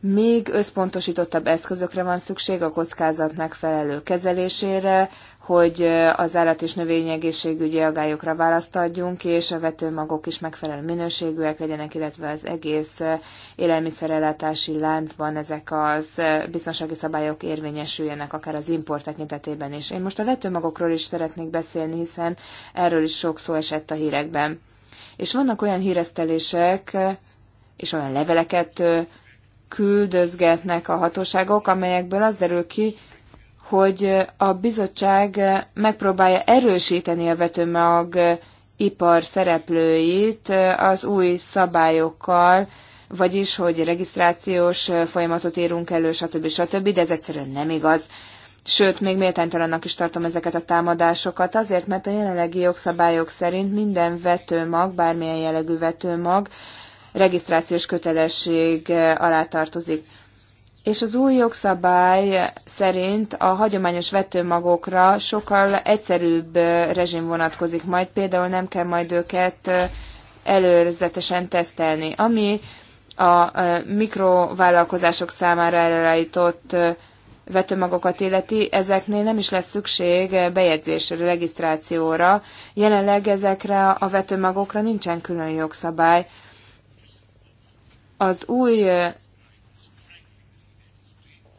Még összpontosítottabb eszközökre van szükség a kockázat megfelelő kezelésére, hogy eh, az állat és egészségügyi agályokra választ adjunk, és a vetőmagok is megfelelő minőségűek legyenek, illetve az egész eh, élelmiszerellátási láncban ezek az eh, biztonsági szabályok érvényesüljenek, akár az import tekintetében is. Én most a vetőmagokról is szeretnék beszélni, hiszen erről is sok szó esett a hírekben. És vannak olyan híresztelések, és olyan leveleket küldözgetnek a hatóságok, amelyekből az derül ki, hogy a bizottság megpróbálja erősíteni a vetőmag ipar szereplőit az új szabályokkal, vagyis, hogy regisztrációs folyamatot írunk elő, stb. stb., de ez egyszerűen nem igaz. Sőt, még méltánytalannak is tartom ezeket a támadásokat, azért, mert a jelenlegi jogszabályok szerint minden vetőmag, bármilyen jellegű vetőmag, regisztrációs kötelesség alá tartozik és az új jogszabály szerint a hagyományos vetőmagokra sokkal egyszerűbb rezsim vonatkozik majd, például nem kell majd őket előzetesen tesztelni. Ami a mikrovállalkozások számára előállított vetőmagokat illeti, ezeknél nem is lesz szükség bejegyzésre, regisztrációra. Jelenleg ezekre a vetőmagokra nincsen külön jogszabály. Az új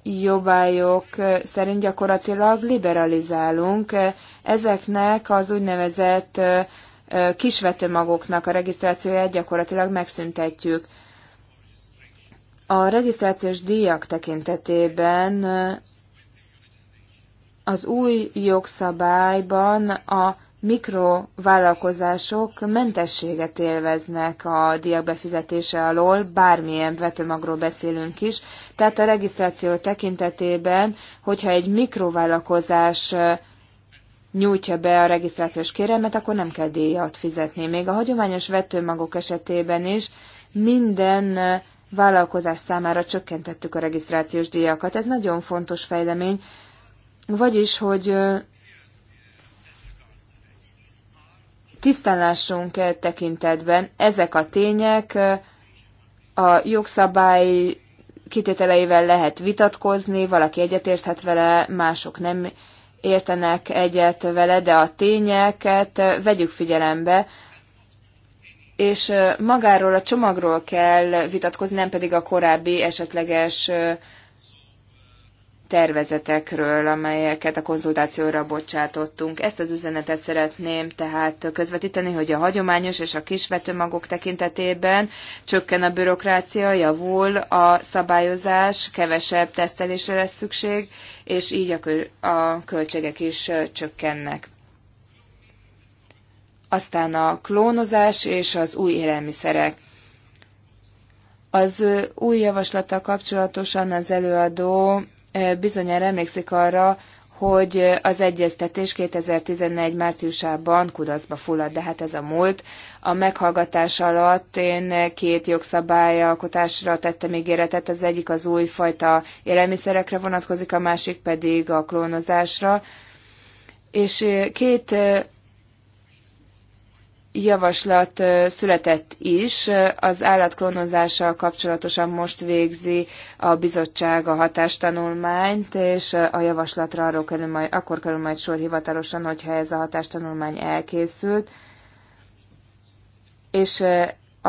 jobbályok eh, szerint gyakorlatilag liberalizálunk. Eh, ezeknek az úgynevezett eh, kisvetőmagoknak a regisztrációját gyakorlatilag megszüntetjük. A regisztrációs díjak tekintetében az új jogszabályban a mikrovállalkozások mentességet élveznek a diák befizetése alól, bármilyen vetőmagról beszélünk is. Tehát a regisztráció tekintetében, hogyha egy mikrovállalkozás nyújtja be a regisztrációs kérelmet, akkor nem kell díjat fizetni. Még a hagyományos vetőmagok esetében is minden vállalkozás számára csökkentettük a regisztrációs díjakat. Ez nagyon fontos fejlemény, vagyis, hogy tisztánlásunk tekintetben ezek a tények a jogszabály kitételeivel lehet vitatkozni, valaki egyetérthet vele, mások nem értenek egyet vele, de a tényeket vegyük figyelembe, és magáról a csomagról kell vitatkozni, nem pedig a korábbi esetleges tervezetekről, amelyeket a konzultációra bocsátottunk. Ezt az üzenetet szeretném tehát közvetíteni, hogy a hagyományos és a kisvetőmagok tekintetében csökken a bürokrácia, javul a szabályozás, kevesebb tesztelésre lesz szükség, és így a, költségek is csökkennek. Aztán a klónozás és az új élelmiszerek. Az új javaslata kapcsolatosan az előadó bizonyára emlékszik arra, hogy az egyeztetés 2011 márciusában kudarcba fulladt, de hát ez a múlt. A meghallgatás alatt én két jogszabályalkotásra tettem ígéretet, az egyik az újfajta élelmiszerekre vonatkozik, a másik pedig a klónozásra. És két javaslat született is, az állatklónozással kapcsolatosan most végzi a bizottság a hatástanulmányt, és a javaslatra arról kerül majd, akkor kerül majd sor hivatalosan, hogyha ez a hatástanulmány elkészült. És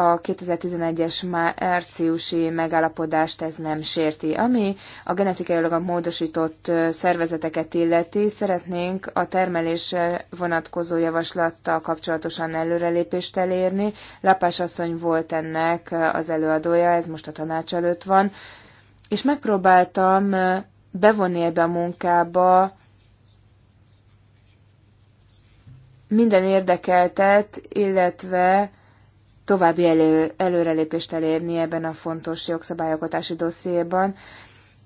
a 2011-es márciusi megállapodást ez nem sérti. Ami a genetikailag a módosított szervezeteket illeti, szeretnénk a termelésre vonatkozó javaslattal kapcsolatosan előrelépést elérni. Lapás asszony volt ennek az előadója, ez most a tanács előtt van, és megpróbáltam bevonni ebbe a munkába minden érdekeltet, illetve további elő, előrelépést elérni ebben a fontos jogszabályokatási dossziéban.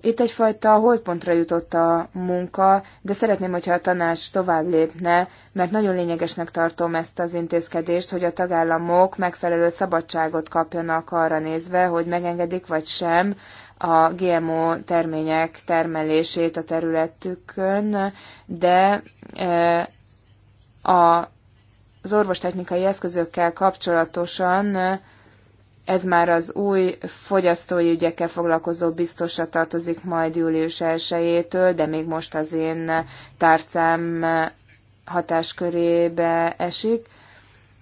Itt egyfajta holdpontra jutott a munka, de szeretném, hogyha a tanács tovább lépne, mert nagyon lényegesnek tartom ezt az intézkedést, hogy a tagállamok megfelelő szabadságot kapjanak arra nézve, hogy megengedik vagy sem a GMO termények termelését a területükön, de e, a az orvostechnikai eszközökkel kapcsolatosan ez már az új fogyasztói ügyekkel foglalkozó biztosra tartozik majd július 1 de még most az én tárcám hatáskörébe esik.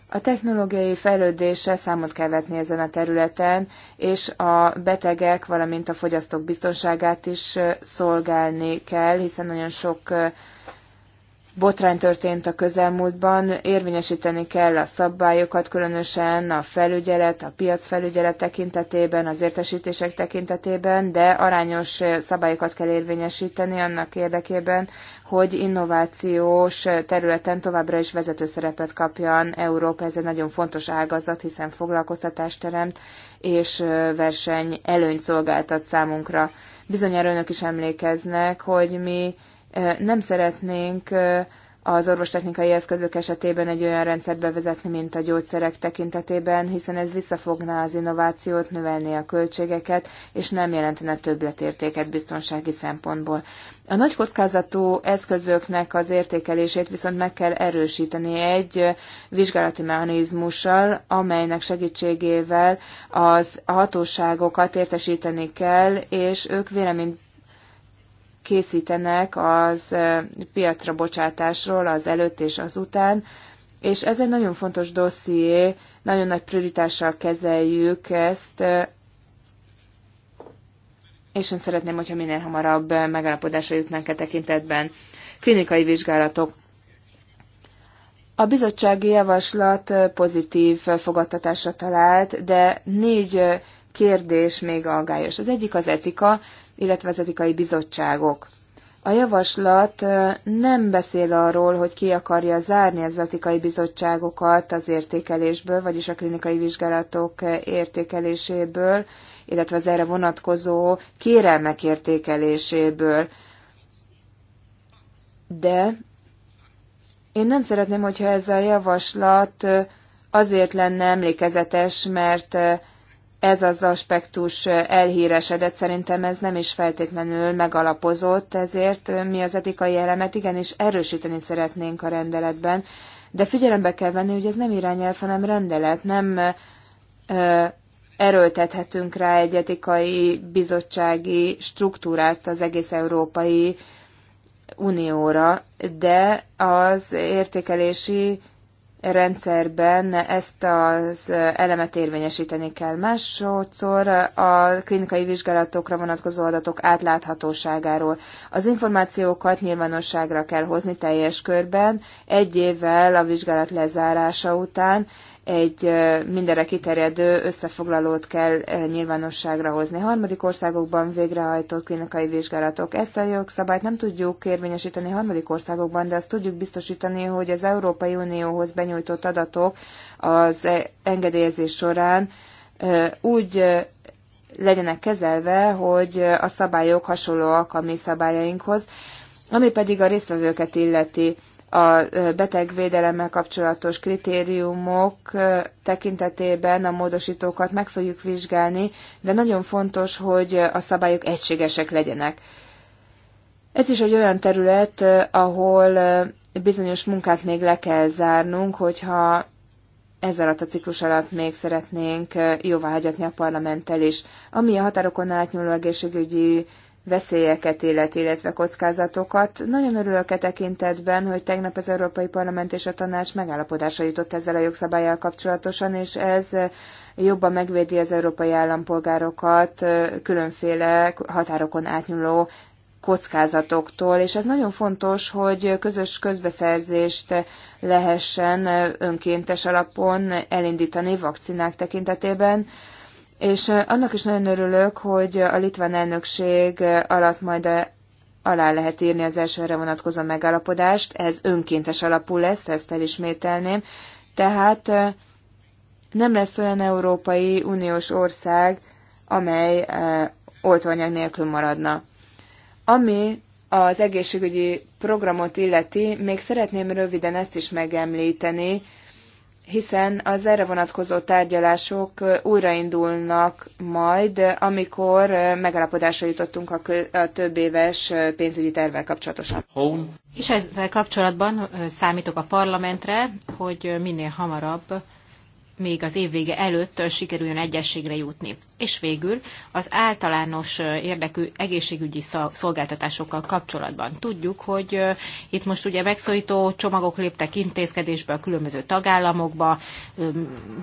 A technológiai fejlődéssel számot kell vetni ezen a területen, és a betegek, valamint a fogyasztók biztonságát is szolgálni kell, hiszen nagyon sok botrány történt a közelmúltban, érvényesíteni kell a szabályokat, különösen a felügyelet, a piacfelügyelet tekintetében, az értesítések tekintetében, de arányos szabályokat kell érvényesíteni annak érdekében, hogy innovációs területen továbbra is vezető szerepet kapjon Európa. Ez egy nagyon fontos ágazat, hiszen foglalkoztatást teremt, és verseny előnyt szolgáltat számunkra. Bizonyára önök is emlékeznek, hogy mi nem szeretnénk az orvostechnikai eszközök esetében egy olyan rendszert bevezetni, mint a gyógyszerek tekintetében, hiszen ez visszafogná az innovációt, növelné a költségeket, és nem jelentene többletértéket biztonsági szempontból. A nagy kockázatú eszközöknek az értékelését viszont meg kell erősíteni egy vizsgálati mechanizmussal, amelynek segítségével az hatóságokat értesíteni kell, és ők véleményt készítenek az piacra bocsátásról az előtt és az után, és ez egy nagyon fontos dosszié, nagyon nagy prioritással kezeljük ezt, és én szeretném, hogyha minél hamarabb megállapodásra jutnánk e tekintetben. Klinikai vizsgálatok. A bizottsági javaslat pozitív fogadtatásra talált, de négy kérdés még aggályos. Az egyik az etika illetve az etikai bizottságok. A javaslat nem beszél arról, hogy ki akarja zárni az etikai bizottságokat az értékelésből, vagyis a klinikai vizsgálatok értékeléséből, illetve az erre vonatkozó kérelmek értékeléséből. De én nem szeretném, hogyha ez a javaslat azért lenne emlékezetes, mert ez az aspektus elhíresedett, szerintem ez nem is feltétlenül megalapozott, ezért mi az etikai elemet igenis erősíteni szeretnénk a rendeletben, de figyelembe kell venni, hogy ez nem irányelv, hanem rendelet, nem ö, erőltethetünk rá egy etikai bizottsági struktúrát az egész Európai Unióra, de az értékelési rendszerben ezt az elemet érvényesíteni kell. Másodszor a klinikai vizsgálatokra vonatkozó adatok átláthatóságáról. Az információkat nyilvánosságra kell hozni teljes körben, egy évvel a vizsgálat lezárása után, egy mindenre kiterjedő összefoglalót kell nyilvánosságra hozni. Harmadik országokban végrehajtott klinikai vizsgálatok. Ezt a jogszabályt nem tudjuk érvényesíteni harmadik országokban, de azt tudjuk biztosítani, hogy az Európai Unióhoz benyújtott adatok az e, engedélyezés során úgy legyenek kezelve, hogy a szabályok hasonlóak a mi szabályainkhoz, ami pedig a résztvevőket illeti a betegvédelemmel kapcsolatos kritériumok tekintetében a módosítókat meg fogjuk vizsgálni, de nagyon fontos, hogy a szabályok egységesek legyenek. Ez is egy olyan terület, ahol bizonyos munkát még le kell zárnunk, hogyha ez alatt a ciklus alatt még szeretnénk jóváhagyatni a parlamenttel is. Ami a határokon átnyúló egészségügyi veszélyeket élet, illetve kockázatokat. Nagyon örülök e tekintetben, hogy tegnap az Európai Parlament és a Tanács megállapodásra jutott ezzel a jogszabályjal kapcsolatosan, és ez jobban megvédi az európai állampolgárokat különféle határokon átnyúló kockázatoktól, és ez nagyon fontos, hogy közös közbeszerzést lehessen önkéntes alapon elindítani vakcinák tekintetében, és annak is nagyon örülök, hogy a litván elnökség alatt majd alá lehet írni az elsőre vonatkozó megállapodást, ez önkéntes alapú lesz, ezt elismételném, tehát nem lesz olyan Európai Uniós ország, amely oltóanyag nélkül maradna. Ami az egészségügyi programot illeti, még szeretném röviden ezt is megemlíteni, hiszen az erre vonatkozó tárgyalások újraindulnak majd, amikor megállapodásra jutottunk a, a több éves pénzügyi tervvel kapcsolatosan. Home. És ezzel kapcsolatban számítok a parlamentre, hogy minél hamarabb még az évvége előtt sikerüljön egyességre jutni. És végül az általános érdekű egészségügyi szolgáltatásokkal kapcsolatban. Tudjuk, hogy itt most ugye megszorító csomagok léptek intézkedésbe a különböző tagállamokba,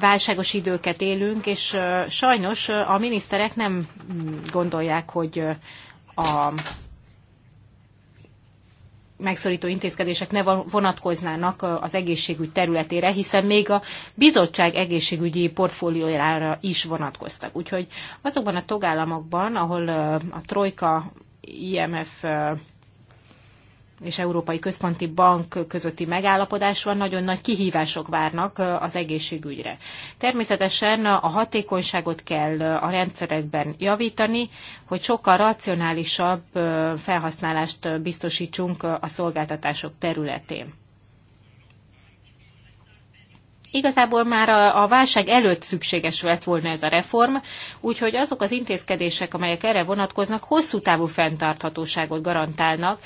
válságos időket élünk, és sajnos a miniszterek nem mm, gondolják, hogy a megszorító intézkedések ne vonatkoznának az egészségügy területére, hiszen még a bizottság egészségügyi portfóliójára is vonatkoztak. Úgyhogy azokban a tagállamokban, ahol a Trojka IMF és Európai Központi Bank közötti megállapodásban nagyon nagy kihívások várnak az egészségügyre. Természetesen a hatékonyságot kell a rendszerekben javítani, hogy sokkal racionálisabb felhasználást biztosítsunk a szolgáltatások területén. Igazából már a, a válság előtt szükséges lett volna ez a reform, úgyhogy azok az intézkedések, amelyek erre vonatkoznak, hosszú távú fenntarthatóságot garantálnak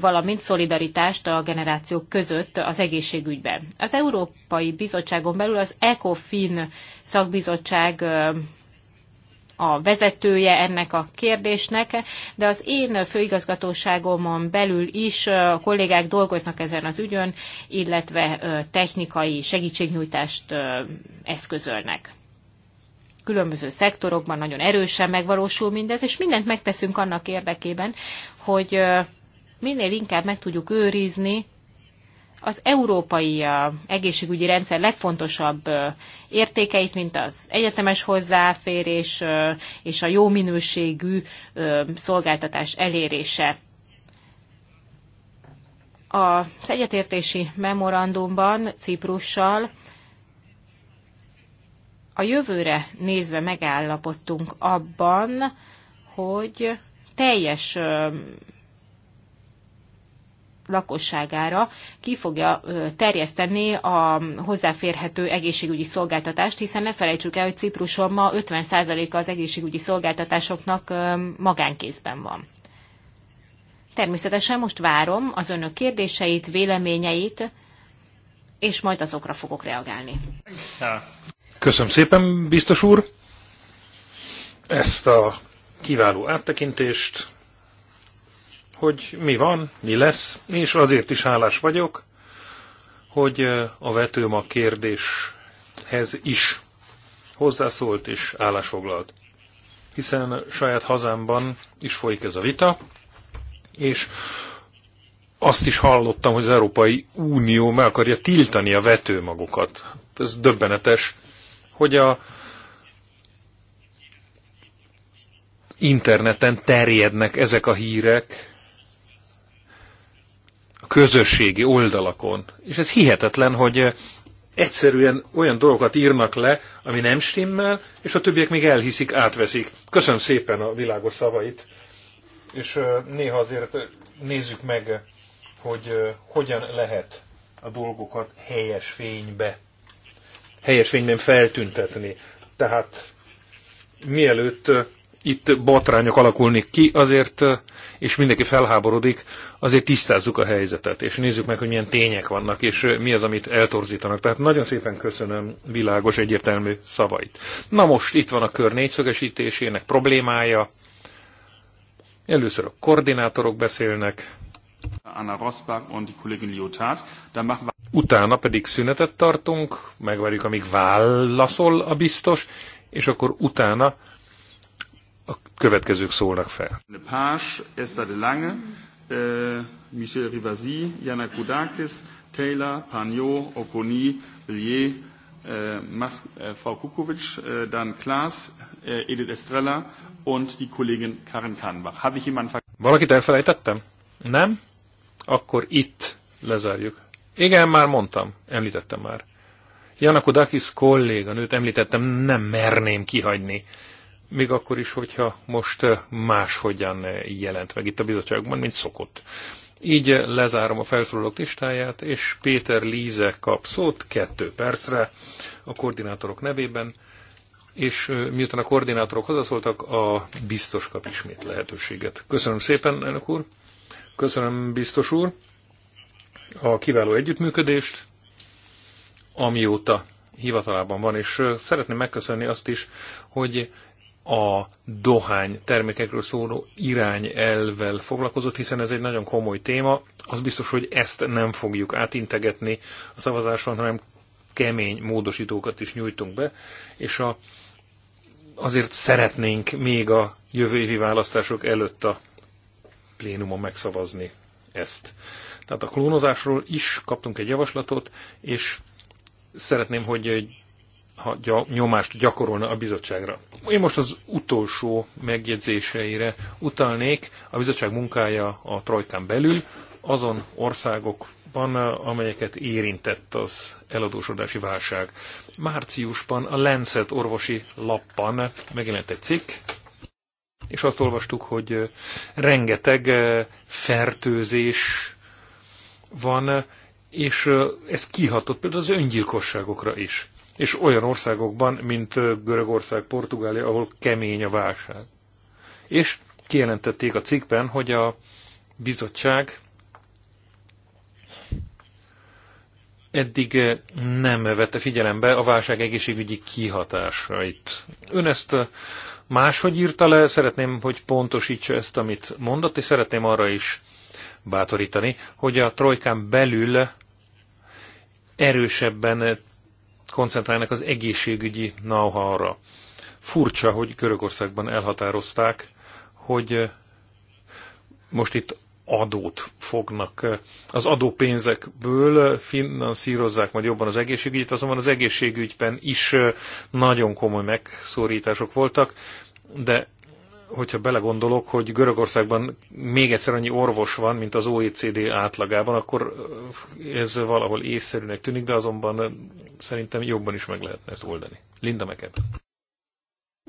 valamint szolidaritást a generációk között az egészségügyben. Az Európai Bizottságon belül az ECOFIN szakbizottság a vezetője ennek a kérdésnek, de az én főigazgatóságomon belül is a kollégák dolgoznak ezen az ügyön, illetve technikai segítségnyújtást eszközölnek. Különböző szektorokban nagyon erősen megvalósul mindez, és mindent megteszünk annak érdekében, hogy minél inkább meg tudjuk őrizni az európai egészségügyi rendszer legfontosabb értékeit, mint az egyetemes hozzáférés és a jó minőségű szolgáltatás elérése. Az egyetértési memorandumban Ciprussal a jövőre nézve megállapodtunk abban, hogy teljes lakosságára ki fogja terjeszteni a hozzáférhető egészségügyi szolgáltatást, hiszen ne felejtsük el, hogy Cipruson ma 50%-a az egészségügyi szolgáltatásoknak magánkézben van. Természetesen most várom az önök kérdéseit, véleményeit, és majd azokra fogok reagálni. Köszönöm szépen, biztos úr, ezt a kiváló áttekintést hogy mi van, mi lesz, és azért is hálás vagyok, hogy a vetőm a kérdéshez is hozzászólt és állásfoglalt. Hiszen saját hazámban is folyik ez a vita, és azt is hallottam, hogy az Európai Unió meg akarja tiltani a vetőmagokat. Ez döbbenetes, hogy a interneten terjednek ezek a hírek, közösségi oldalakon. És ez hihetetlen, hogy eh, egyszerűen olyan dolgokat írnak le, ami nem stimmel, és a többiek még elhiszik, átveszik. Köszönöm szépen a világos szavait, és eh, néha azért eh, nézzük meg, hogy hogyan lehet a dolgokat helyes fénybe, helyes fényben feltüntetni. Tehát mielőtt itt botrányok alakulni ki, azért, és mindenki felháborodik, azért tisztázzuk a helyzetet, és nézzük meg, hogy milyen tények vannak, és mi az, amit eltorzítanak. Tehát nagyon szépen köszönöm világos, egyértelmű szavait. Na most itt van a kör négyszögesítésének problémája. Először a koordinátorok beszélnek. Anna Rosbach und die Kollegin Lyotard. Dann machen wir Utána pedig szünetet tartunk, megvárjuk, amíg válaszol a biztos, és akkor utána a következők szólnak fel. Lepage, Esther de Lange, äh, Michel Rivasi, Jana Kudakis, Taylor, Pagnot, Okoni, Villiers, äh, Mas äh, Frau Kukovic, äh, dann Klaas, äh, Edith Estrella und die Kollegin Karin Kahnbach. Habe ich jemanden vergessen? Valakit elfelejtettem? Nem? Akkor itt lezárjuk. Igen, már mondtam, említettem már. Janakudakis kolléganőt említettem, nem merném kihagyni még akkor is, hogyha most eh, máshogyan eh, jelent meg itt a bizottságban, mint szokott. Így eh, lezárom a felszólalók listáját, és Péter Líze kap szót kettő percre a koordinátorok nevében, és miután a koordinátorok hozzászóltak, a biztos kap ismét lehetőséget. Köszönöm szépen, elnök úr! Köszönöm, biztos úr! A kiváló együttműködést, amióta hivatalában van, és szeretném megköszönni azt is, hogy a dohány termékekről szóló irányelvvel foglalkozott, hiszen ez egy nagyon komoly téma. Az biztos, hogy ezt nem fogjuk átintegetni a szavazáson, hanem kemény módosítókat is nyújtunk be, és a, azért szeretnénk még a jövő évi választások előtt a plénumon megszavazni ezt. Tehát a klónozásról is kaptunk egy javaslatot, és szeretném, hogy ha nyomást gyakorolna a bizottságra. Én most az utolsó megjegyzéseire utalnék. A bizottság munkája a trojkán belül azon országokban, amelyeket érintett az eladósodási válság. Márciusban a Lancet orvosi lappan megjelent egy cikk, és azt olvastuk, hogy rengeteg fertőzés van, és ez kihatott például az öngyilkosságokra is és olyan országokban, mint Görögország, Portugália, ahol kemény a válság. És kijelentették a cikkben, hogy a bizottság eddig nem vette figyelembe a válság egészségügyi kihatásait. Ön ezt máshogy írta le, szeretném, hogy pontosítsa ezt, amit mondott, és szeretném arra is bátorítani, hogy a trojkán belül erősebben koncentrálnak az egészségügyi know ra Furcsa, hogy Körökországban elhatározták, hogy eh, most itt adót fognak. Az adópénzekből finanszírozzák majd jobban az egészségügyet, azonban az egészségügyben is eh, nagyon komoly megszorítások voltak, de hogyha belegondolok, hogy Görögországban még egyszer annyi orvos van, mint az OECD átlagában, akkor eh, ez valahol észszerűnek tűnik, de azonban eh, szerintem jobban is meg lehetne ezt oldani. Linda Mekeb.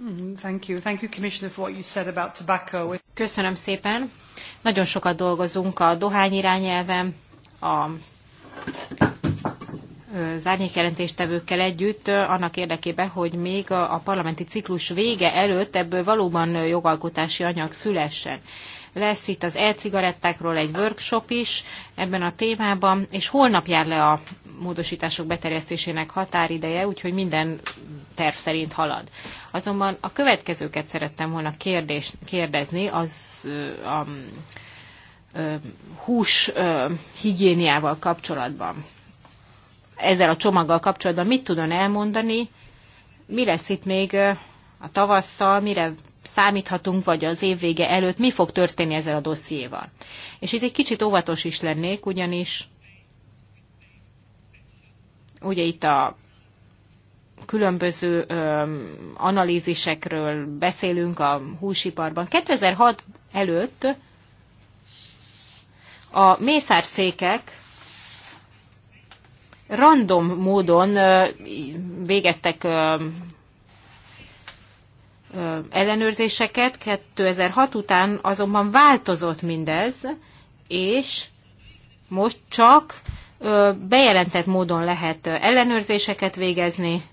Mm, thank you. Thank you, Commissioner, for what you said about tobacco. Köszönöm szépen. Nagyon sokat dolgozunk a dohány irányelven, a az árnyékjelentéstevőkkel együtt annak érdekében, hogy még a parlamenti ciklus vége előtt ebből valóban jogalkotási anyag szülessen. Lesz itt az e-cigarettákról egy workshop is ebben a témában, és holnap jár le a módosítások beterjesztésének határideje, úgyhogy minden terv szerint halad. Azonban a következőket szerettem volna kérdés, kérdezni, az a, a, a hús a, higiéniával kapcsolatban ezzel a csomaggal kapcsolatban mit tudon elmondani, mi lesz itt még a tavasszal, mire számíthatunk, vagy az év vége előtt mi fog történni ezzel a dossziéval. És itt egy kicsit óvatos is lennék, ugyanis ugye itt a különböző ö, analízisekről beszélünk a húsiparban. 2006 előtt a mészárszékek random módon végeztek ellenőrzéseket, 2006 után azonban változott mindez, és most csak bejelentett módon lehet ellenőrzéseket végezni,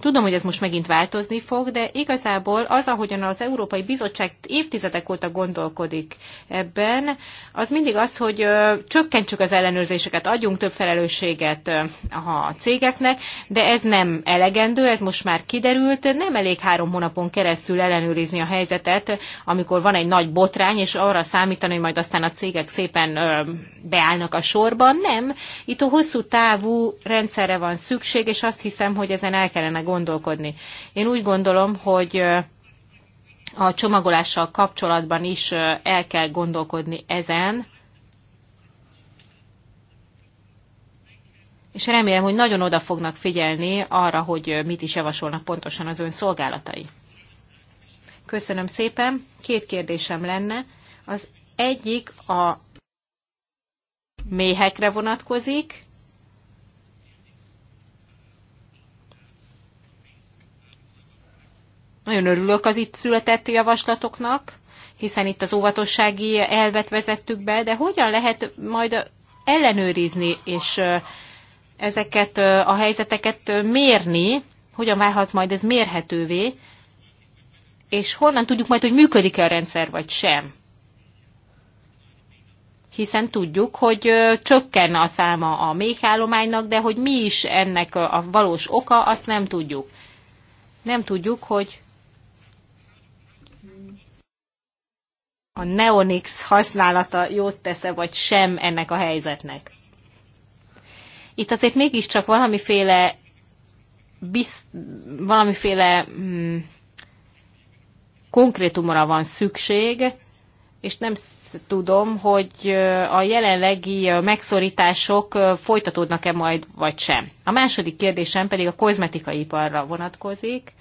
Tudom, hogy ez most megint változni fog, de igazából az, ahogyan az Európai Bizottság évtizedek óta gondolkodik ebben, az mindig az, hogy csökkentsük az ellenőrzéseket, adjunk több felelősséget a cégeknek, de ez nem elegendő, ez most már kiderült, nem elég három hónapon keresztül ellenőrizni a helyzetet, amikor van egy nagy botrány, és arra számítani, hogy majd aztán a cégek szépen beállnak a sorban. Nem, itt a hosszú távú rendszerre van szükség, és azt hiszem, hogy ezen el kellene gondolkodni. Én úgy gondolom, hogy a csomagolással kapcsolatban is el kell gondolkodni ezen, és remélem, hogy nagyon oda fognak figyelni arra, hogy mit is javasolnak pontosan az ön szolgálatai. Köszönöm szépen. Két kérdésem lenne. Az egyik a méhekre vonatkozik. Nagyon örülök az itt született javaslatoknak, hiszen itt az óvatossági elvet vezettük be, de hogyan lehet majd ellenőrizni és ezeket a helyzeteket mérni, hogyan válhat majd ez mérhetővé, és honnan tudjuk majd, hogy működik-e a rendszer, vagy sem. Hiszen tudjuk, hogy csökken a száma a méhállománynak, de hogy mi is ennek a valós oka, azt nem tudjuk. Nem tudjuk, hogy a Neonix használata jót tesz-e vagy sem ennek a helyzetnek. Itt azért mégiscsak valamiféle bizt, valamiféle mm, konkrétumra van szükség, és nem tudom, hogy a jelenlegi megszorítások folytatódnak-e majd, vagy sem. A második kérdésem pedig a kozmetikai iparra vonatkozik.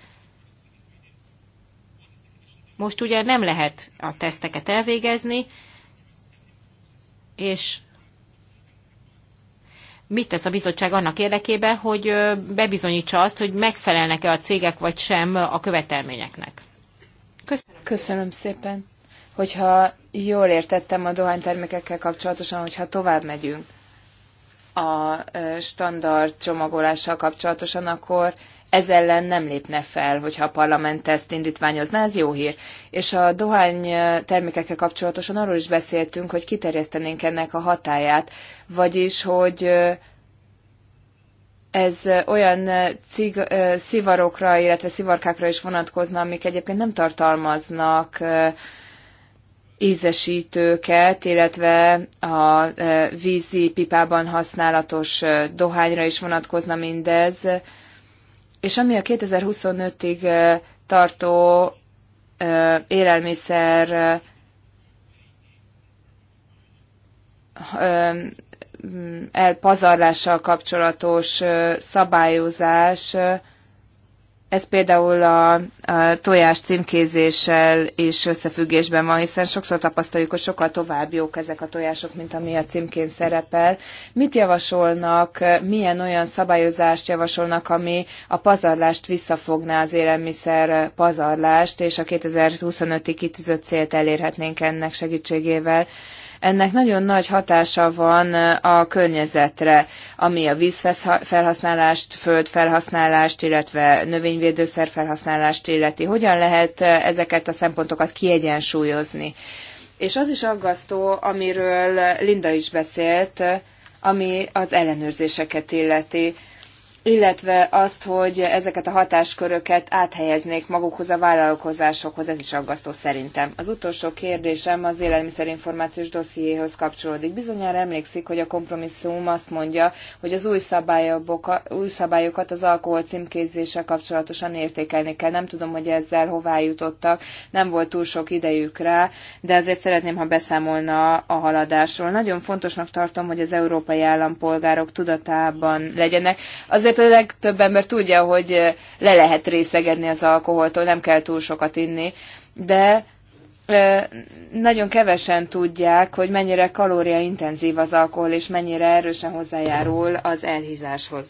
Most ugye nem lehet a teszteket elvégezni, és mit tesz a bizottság annak érdekében, hogy bebizonyítsa azt, hogy megfelelnek-e a cégek vagy sem a követelményeknek. Köszönöm, Köszönöm szépen. Hogyha jól értettem a dohánytermékekkel kapcsolatosan, hogyha tovább megyünk a standard csomagolással kapcsolatosan, akkor ez ellen nem lépne fel, hogyha a parlament ezt indítványozná, ez jó hír. És a dohány termékekkel kapcsolatosan arról is beszéltünk, hogy kiterjesztenénk ennek a hatáját, vagyis, hogy ez olyan cig, szivarokra, illetve szivarkákra is vonatkozna, amik egyébként nem tartalmaznak ízesítőket, illetve a vízi pipában használatos dohányra is vonatkozna mindez, és ami a 2025-ig tartó élelmiszer elpazarlással kapcsolatos szabályozás ez például a, a tojás címkézéssel is összefüggésben van, hiszen sokszor tapasztaljuk, hogy sokkal tovább jók ezek a tojások, mint ami a címkén szerepel. Mit javasolnak, milyen olyan szabályozást javasolnak, ami a pazarlást visszafogná az élelmiszer pazarlást, és a 2025-ig kitűzött célt elérhetnénk ennek segítségével? ennek nagyon nagy hatása van a környezetre, ami a vízfelhasználást, földfelhasználást, illetve növényvédőszer felhasználást illeti. Hogyan lehet ezeket a szempontokat kiegyensúlyozni? És az is aggasztó, amiről Linda is beszélt, ami az ellenőrzéseket illeti illetve azt, hogy ezeket a hatásköröket áthelyeznék magukhoz a vállalkozásokhoz, ez is aggasztó szerintem. Az utolsó kérdésem az élelmiszerinformációs dossziéhoz kapcsolódik. Bizonyára emlékszik, hogy a kompromisszum azt mondja, hogy az új, új szabályokat az alkohol címkézéssel kapcsolatosan értékelni kell. Nem tudom, hogy ezzel hová jutottak, nem volt túl sok idejük rá, de azért szeretném, ha beszámolna a haladásról. Nagyon fontosnak tartom, hogy az európai állampolgárok tudatában legyenek. Azért azért a legtöbb ember tudja, hogy eh, le lehet részegedni az alkoholtól, nem kell túl sokat inni, de eh, nagyon kevesen tudják, hogy mennyire kalóriaintenzív az alkohol, és mennyire erősen hozzájárul az elhízáshoz.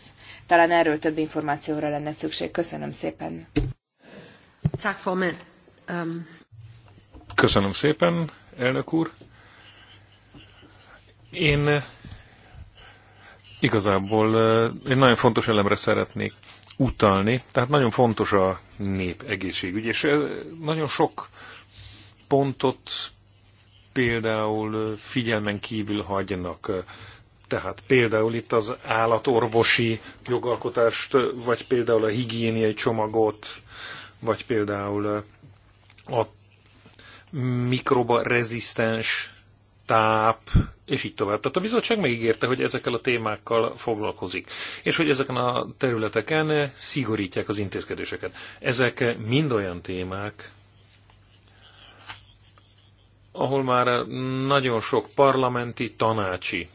Talán erről több információra lenne szükség. Köszönöm szépen. Köszönöm szépen, elnök úr. Én eh, Igazából egy nagyon fontos elemre szeretnék utalni, tehát nagyon fontos a nép egészségügy, és nagyon sok pontot például figyelmen kívül hagynak. Tehát például itt az állatorvosi jogalkotást, vagy például a higiéniai csomagot, vagy például a mikroba rezisztens táp, és így tovább. Tehát a bizottság megígérte, hogy ezekkel a témákkal foglalkozik, és hogy ezeken a területeken szigorítják az intézkedéseket. Ezek mind olyan témák, ahol már nagyon sok parlamenti, tanácsi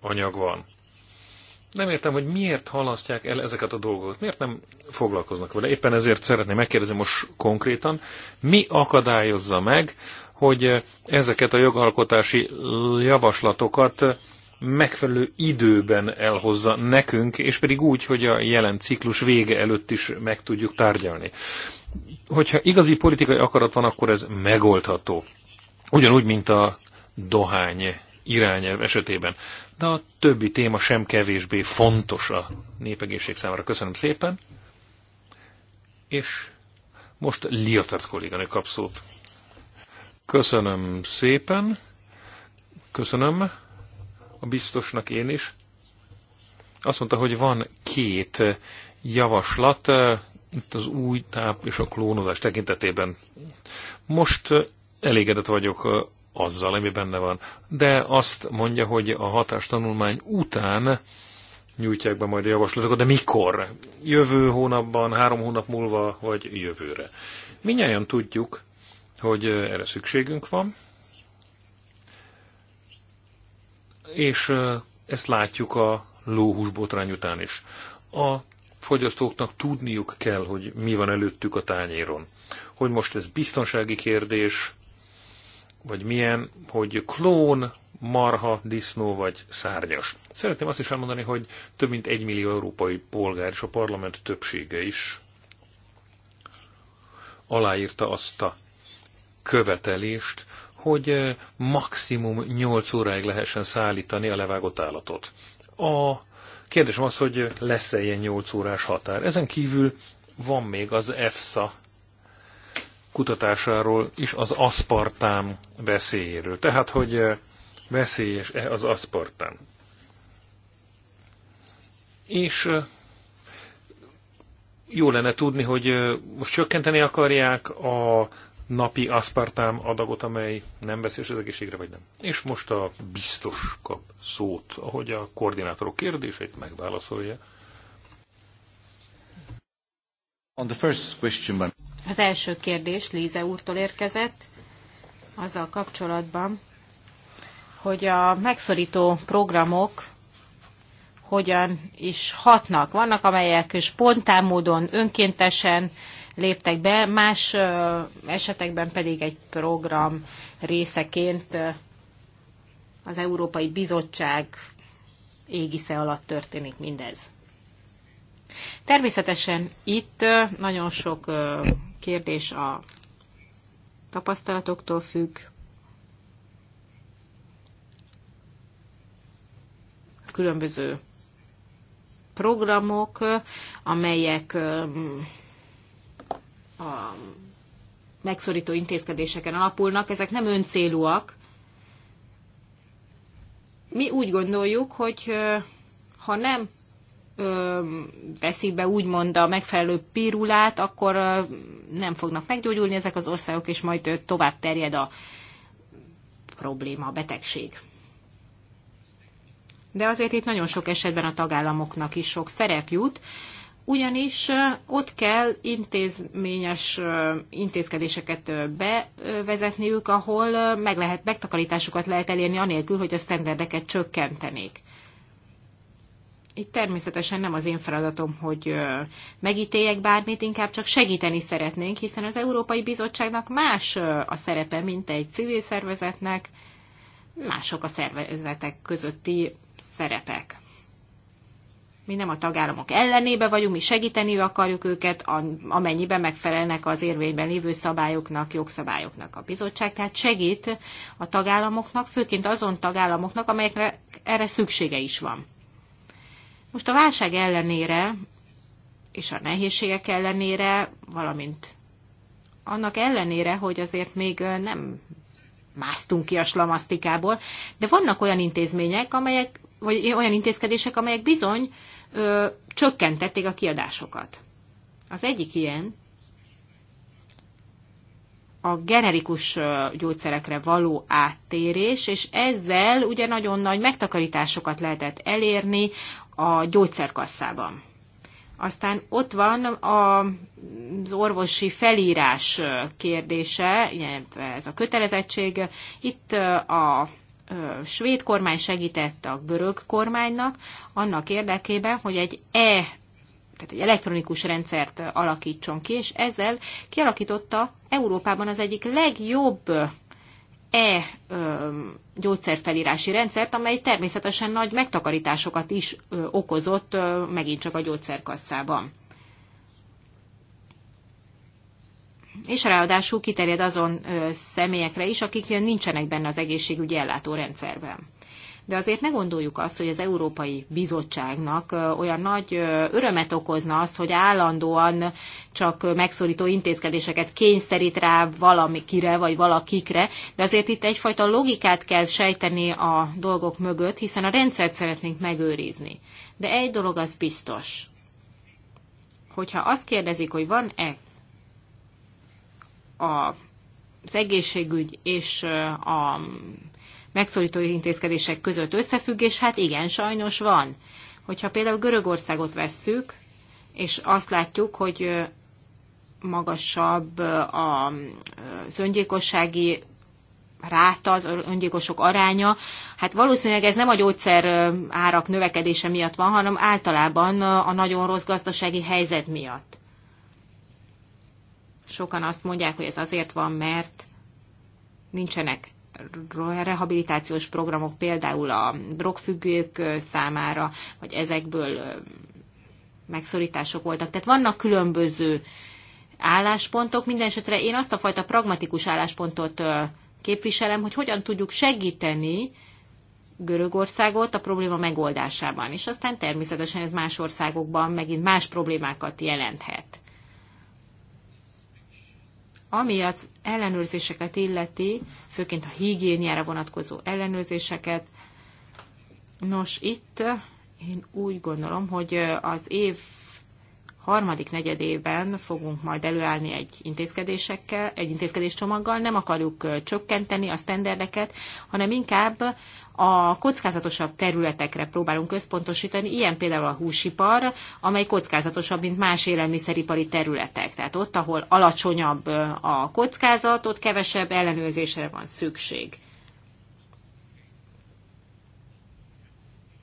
anyag van. Nem értem, hogy miért halasztják el ezeket a dolgokat, miért nem foglalkoznak vele. Éppen ezért szeretném megkérdezni most konkrétan, mi akadályozza meg, hogy ezeket a jogalkotási javaslatokat megfelelő időben elhozza nekünk, és pedig úgy, hogy a jelen ciklus vége előtt is meg tudjuk tárgyalni. Hogyha igazi politikai akarat van, akkor ez megoldható. Ugyanúgy, mint a dohány irányelv esetében. De a többi téma sem kevésbé fontos a népegészség számára. Köszönöm szépen. És most Liotard kolléganő kap szót. Köszönöm szépen. Köszönöm a biztosnak én is. Azt mondta, hogy van két javaslat eh, itt az új táp és a klónozás tekintetében. Most eh, elégedett vagyok eh, azzal, ami benne van. De azt mondja, hogy a hatástanulmány után nyújtják be majd a javaslatokat, de mikor? Jövő hónapban, három hónap múlva, vagy jövőre? Minnyáján tudjuk, hogy erre szükségünk van, és ezt látjuk a lóhús botrány után is. A fogyasztóknak tudniuk kell, hogy mi van előttük a tányéron. Hogy most ez biztonsági kérdés, vagy milyen, hogy klón, marha, disznó vagy szárnyas. Szeretném azt is elmondani, hogy több mint egy millió európai polgár és a parlament többsége is aláírta azt a követelést, hogy eh, maximum 8 óráig lehessen szállítani a levágott állatot. A kérdésem az, hogy lesz-e ilyen 8 órás határ. Ezen kívül van még az EFSA kutatásáról is az aszpartám veszélyéről. Tehát, hogy eh, veszélyes-e az aszpartám. És eh, jó lenne tudni, hogy most csökkenteni akarják a napi aspartám adagot, amely nem veszélyes az egészségre, vagy nem. És most a biztos kap szót, ahogy a koordinátorok kérdéseit megválaszolja. On the first question, az első kérdés Líze úrtól érkezett, azzal kapcsolatban, hogy a megszorító programok hogyan is hatnak. Vannak, amelyek spontán módon, önkéntesen léptek be, más esetekben pedig egy program részeként az Európai Bizottság égisze alatt történik mindez. Természetesen itt nagyon sok kérdés a tapasztalatoktól függ, különböző programok, amelyek a megszorító intézkedéseken alapulnak, ezek nem öncélúak. Mi úgy gondoljuk, hogy ha nem veszik be úgymond a megfelelő pirulát, akkor nem fognak meggyógyulni ezek az országok, és majd tovább terjed a probléma, a betegség. De azért itt nagyon sok esetben a tagállamoknak is sok szerep jut, ugyanis ott kell intézményes intézkedéseket bevezetniük, ahol meg lehet, megtakarításokat lehet elérni anélkül, hogy a sztenderdeket csökkentenék. Itt természetesen nem az én feladatom, hogy megítéljek bármit, inkább csak segíteni szeretnénk, hiszen az Európai Bizottságnak más a szerepe, mint egy civil szervezetnek, mások a szervezetek közötti szerepek mi nem a tagállamok ellenébe vagyunk, mi segíteni akarjuk őket, amennyiben megfelelnek az érvényben lévő szabályoknak, jogszabályoknak. A bizottság tehát segít a tagállamoknak, főként azon tagállamoknak, amelyekre erre szüksége is van. Most a válság ellenére és a nehézségek ellenére, valamint annak ellenére, hogy azért még nem másztunk ki a slamasztikából, de vannak olyan intézmények, amelyek vagy olyan intézkedések, amelyek bizony ö, csökkentették a kiadásokat. Az egyik ilyen a generikus gyógyszerekre való áttérés, és ezzel ugye nagyon nagy megtakarításokat lehetett elérni a gyógyszerkasszában. Aztán ott van a, az orvosi felírás kérdése, ez a kötelezettség. Itt a svéd kormány segített a görög kormánynak annak érdekében, hogy egy e tehát egy elektronikus rendszert alakítson ki, és ezzel kialakította Európában az egyik legjobb e gyógyszerfelírási rendszert, amely természetesen nagy megtakarításokat is okozott megint csak a gyógyszerkasszában. és ráadásul kiterjed azon személyekre is, akik nincsenek benne az egészségügyi ellátórendszerben. De azért ne gondoljuk azt, hogy az Európai Bizottságnak olyan nagy örömet okozna az, hogy állandóan csak megszorító intézkedéseket kényszerít rá valamikire vagy valakikre, de azért itt egyfajta logikát kell sejteni a dolgok mögött, hiszen a rendszert szeretnénk megőrizni. De egy dolog az biztos. Hogyha azt kérdezik, hogy van-e az egészségügy és a megszorító intézkedések között összefüggés, hát igen, sajnos van. Hogyha például Görögországot vesszük, és azt látjuk, hogy magasabb a öngyilkossági ráta, az öngyilkosok aránya. Hát valószínűleg ez nem a gyógyszer árak növekedése miatt van, hanem általában a nagyon rossz gazdasági helyzet miatt. Sokan azt mondják, hogy ez azért van, mert nincsenek rehabilitációs programok például a drogfüggők számára, vagy ezekből megszorítások voltak. Tehát vannak különböző álláspontok. Mindenesetre én azt a fajta pragmatikus álláspontot képviselem, hogy hogyan tudjuk segíteni Görögországot a probléma megoldásában. És aztán természetesen ez más országokban megint más problémákat jelenthet. Ami az ellenőrzéseket illeti, főként a higiéniára vonatkozó ellenőrzéseket, nos itt eh, én úgy gondolom, hogy eh, az év harmadik negyedében fogunk majd előállni egy intézkedésekkel, egy intézkedéscsomaggal. Nem akarjuk eh, csökkenteni a sztenderdeket, hanem inkább a kockázatosabb területekre próbálunk központosítani, ilyen például a húsipar, amely kockázatosabb, mint más élelmiszeripari területek. Tehát ott, ahol alacsonyabb a kockázat, ott kevesebb ellenőrzésre van szükség.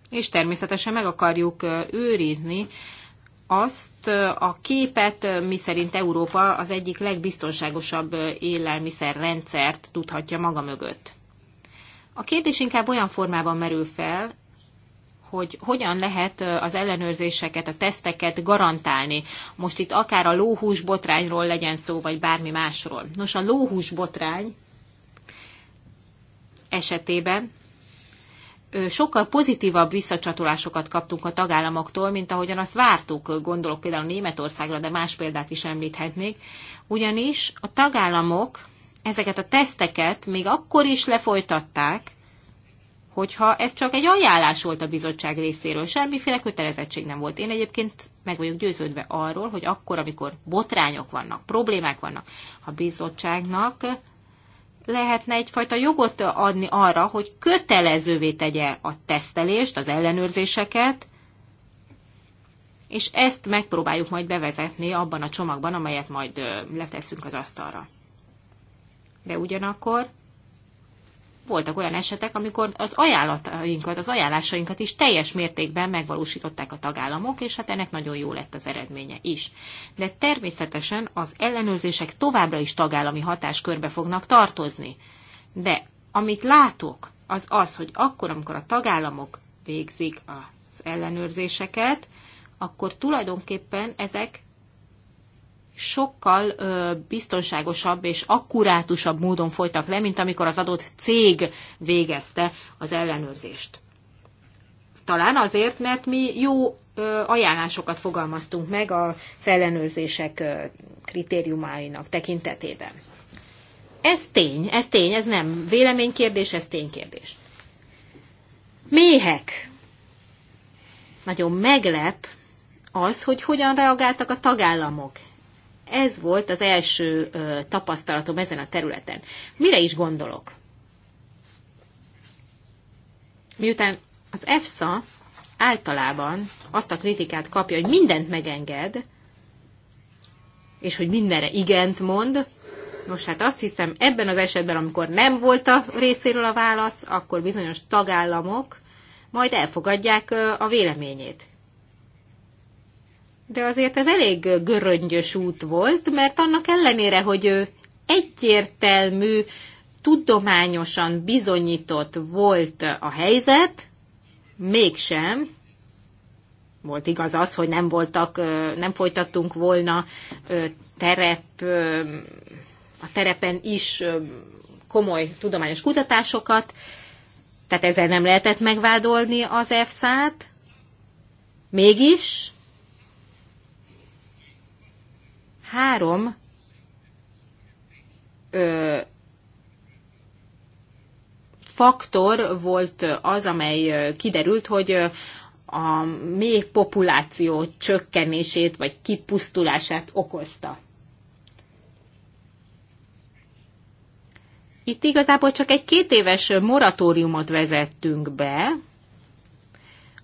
És természetesen meg akarjuk őrizni azt a képet, miszerint Európa az egyik legbiztonságosabb élelmiszerrendszert tudhatja maga mögött. A kérdés inkább olyan formában merül fel, hogy hogyan lehet az ellenőrzéseket, a teszteket garantálni. Most itt akár a lóhús botrányról legyen szó, vagy bármi másról. Nos, a lóhús botrány esetében sokkal pozitívabb visszacsatolásokat kaptunk a tagállamoktól, mint ahogyan azt vártuk, gondolok például Németországra, de más példát is említhetnék, ugyanis a tagállamok ezeket a teszteket még akkor is lefolytatták, hogyha ez csak egy ajánlás volt a bizottság részéről, semmiféle kötelezettség nem volt. Én egyébként meg vagyok győződve arról, hogy akkor, amikor botrányok vannak, problémák vannak, a bizottságnak lehetne egyfajta jogot adni arra, hogy kötelezővé tegye a tesztelést, az ellenőrzéseket, és ezt megpróbáljuk majd bevezetni abban a csomagban, amelyet majd letesszünk az asztalra de ugyanakkor voltak olyan esetek, amikor az ajánlatainkat, az ajánlásainkat is teljes mértékben megvalósították a tagállamok, és hát ennek nagyon jó lett az eredménye is. De természetesen az ellenőrzések továbbra is tagállami hatáskörbe fognak tartozni. De amit látok, az az, hogy akkor, amikor a tagállamok végzik az ellenőrzéseket, akkor tulajdonképpen ezek sokkal ö, biztonságosabb és akkurátusabb módon folytak le, mint amikor az adott cég végezte az ellenőrzést. Talán azért, mert mi jó ö, ajánlásokat fogalmaztunk meg a ellenőrzések ö, kritériumáinak tekintetében. Ez tény, ez tény, ez nem véleménykérdés, ez ténykérdés. Méhek. Nagyon meglep az, hogy hogyan reagáltak a tagállamok ez volt az első tapasztalatom ezen a területen. Mire is gondolok? Miután az EFSA általában azt a kritikát kapja, hogy mindent megenged, és hogy mindenre igent mond, Nos, hát azt hiszem, ebben az esetben, amikor nem volt a részéről a válasz, akkor bizonyos tagállamok majd elfogadják a véleményét. De azért ez elég göröngyös út volt, mert annak ellenére, hogy egyértelmű, tudományosan bizonyított volt a helyzet, mégsem volt igaz az, hogy nem, voltak, nem folytattunk volna terep, a terepen is komoly tudományos kutatásokat, tehát ezzel nem lehetett megvádolni az efsa mégis három ö, faktor volt az, amely kiderült, hogy a méh populáció csökkenését vagy kipusztulását okozta. Itt igazából csak egy két éves moratóriumot vezettünk be,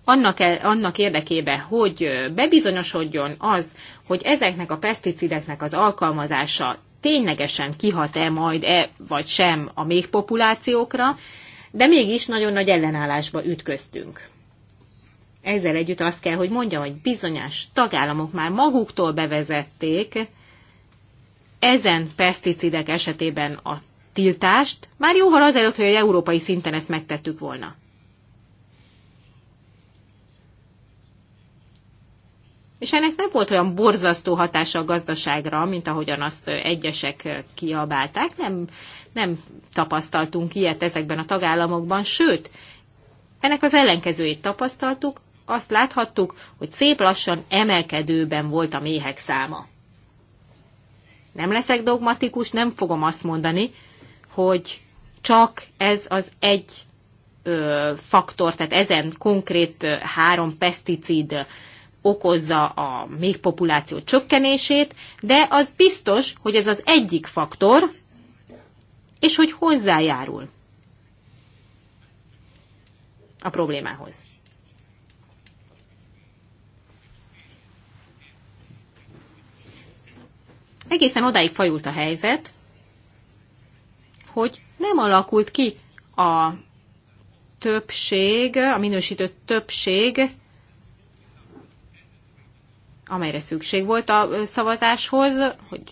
annak, e, annak érdekébe, hogy bebizonyosodjon az, hogy ezeknek a peszticideknek az alkalmazása ténylegesen kihat-e majd-e vagy sem a még populációkra, de mégis nagyon nagy ellenállásba ütköztünk. Ezzel együtt azt kell, hogy mondjam, hogy bizonyos tagállamok már maguktól bevezették ezen peszticidek esetében a tiltást, már jóval azelőtt, hogy európai szinten ezt megtettük volna. És ennek nem volt olyan borzasztó hatása a gazdaságra, mint ahogyan azt egyesek kiabálták. Nem, nem tapasztaltunk ilyet ezekben a tagállamokban, sőt, ennek az ellenkezőjét tapasztaltuk, azt láthattuk, hogy szép lassan emelkedőben volt a méhek száma. Nem leszek dogmatikus, nem fogom azt mondani, hogy csak ez az egy ö, faktor, tehát ezen konkrét három peszticid okozza a még populáció csökkenését, de az biztos, hogy ez az egyik faktor, és hogy hozzájárul a problémához. Egészen odáig fajult a helyzet, hogy nem alakult ki a többség, a minősített többség amelyre szükség volt a szavazáshoz, hogy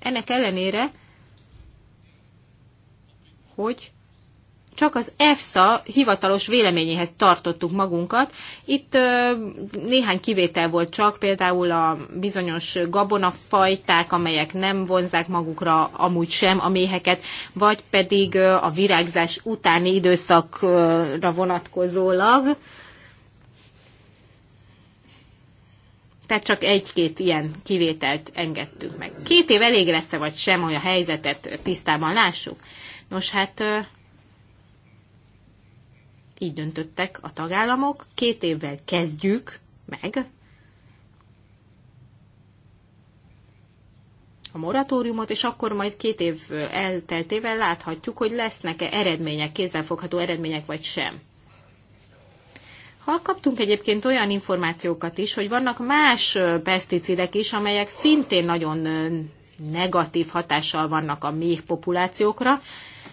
ennek ellenére, hogy csak az EFSA hivatalos véleményéhez tartottuk magunkat. Itt ö, néhány kivétel volt csak, például a bizonyos gabonafajták, amelyek nem vonzák magukra amúgy sem a méheket, vagy pedig ö, a virágzás utáni időszakra vonatkozólag. Ö, Tehát csak egy-két ilyen kivételt engedtünk meg. Két év elég lesz-e vagy sem, hogy a helyzetet tisztában lássuk? Nos, hát így döntöttek a tagállamok. Két évvel kezdjük meg a moratóriumot, és akkor majd két év elteltével láthatjuk, hogy lesznek-e eredmények, kézzelfogható eredmények vagy sem. Ha kaptunk egyébként olyan információkat is, hogy vannak más peszticidek is, amelyek szintén nagyon negatív hatással vannak a méh populációkra,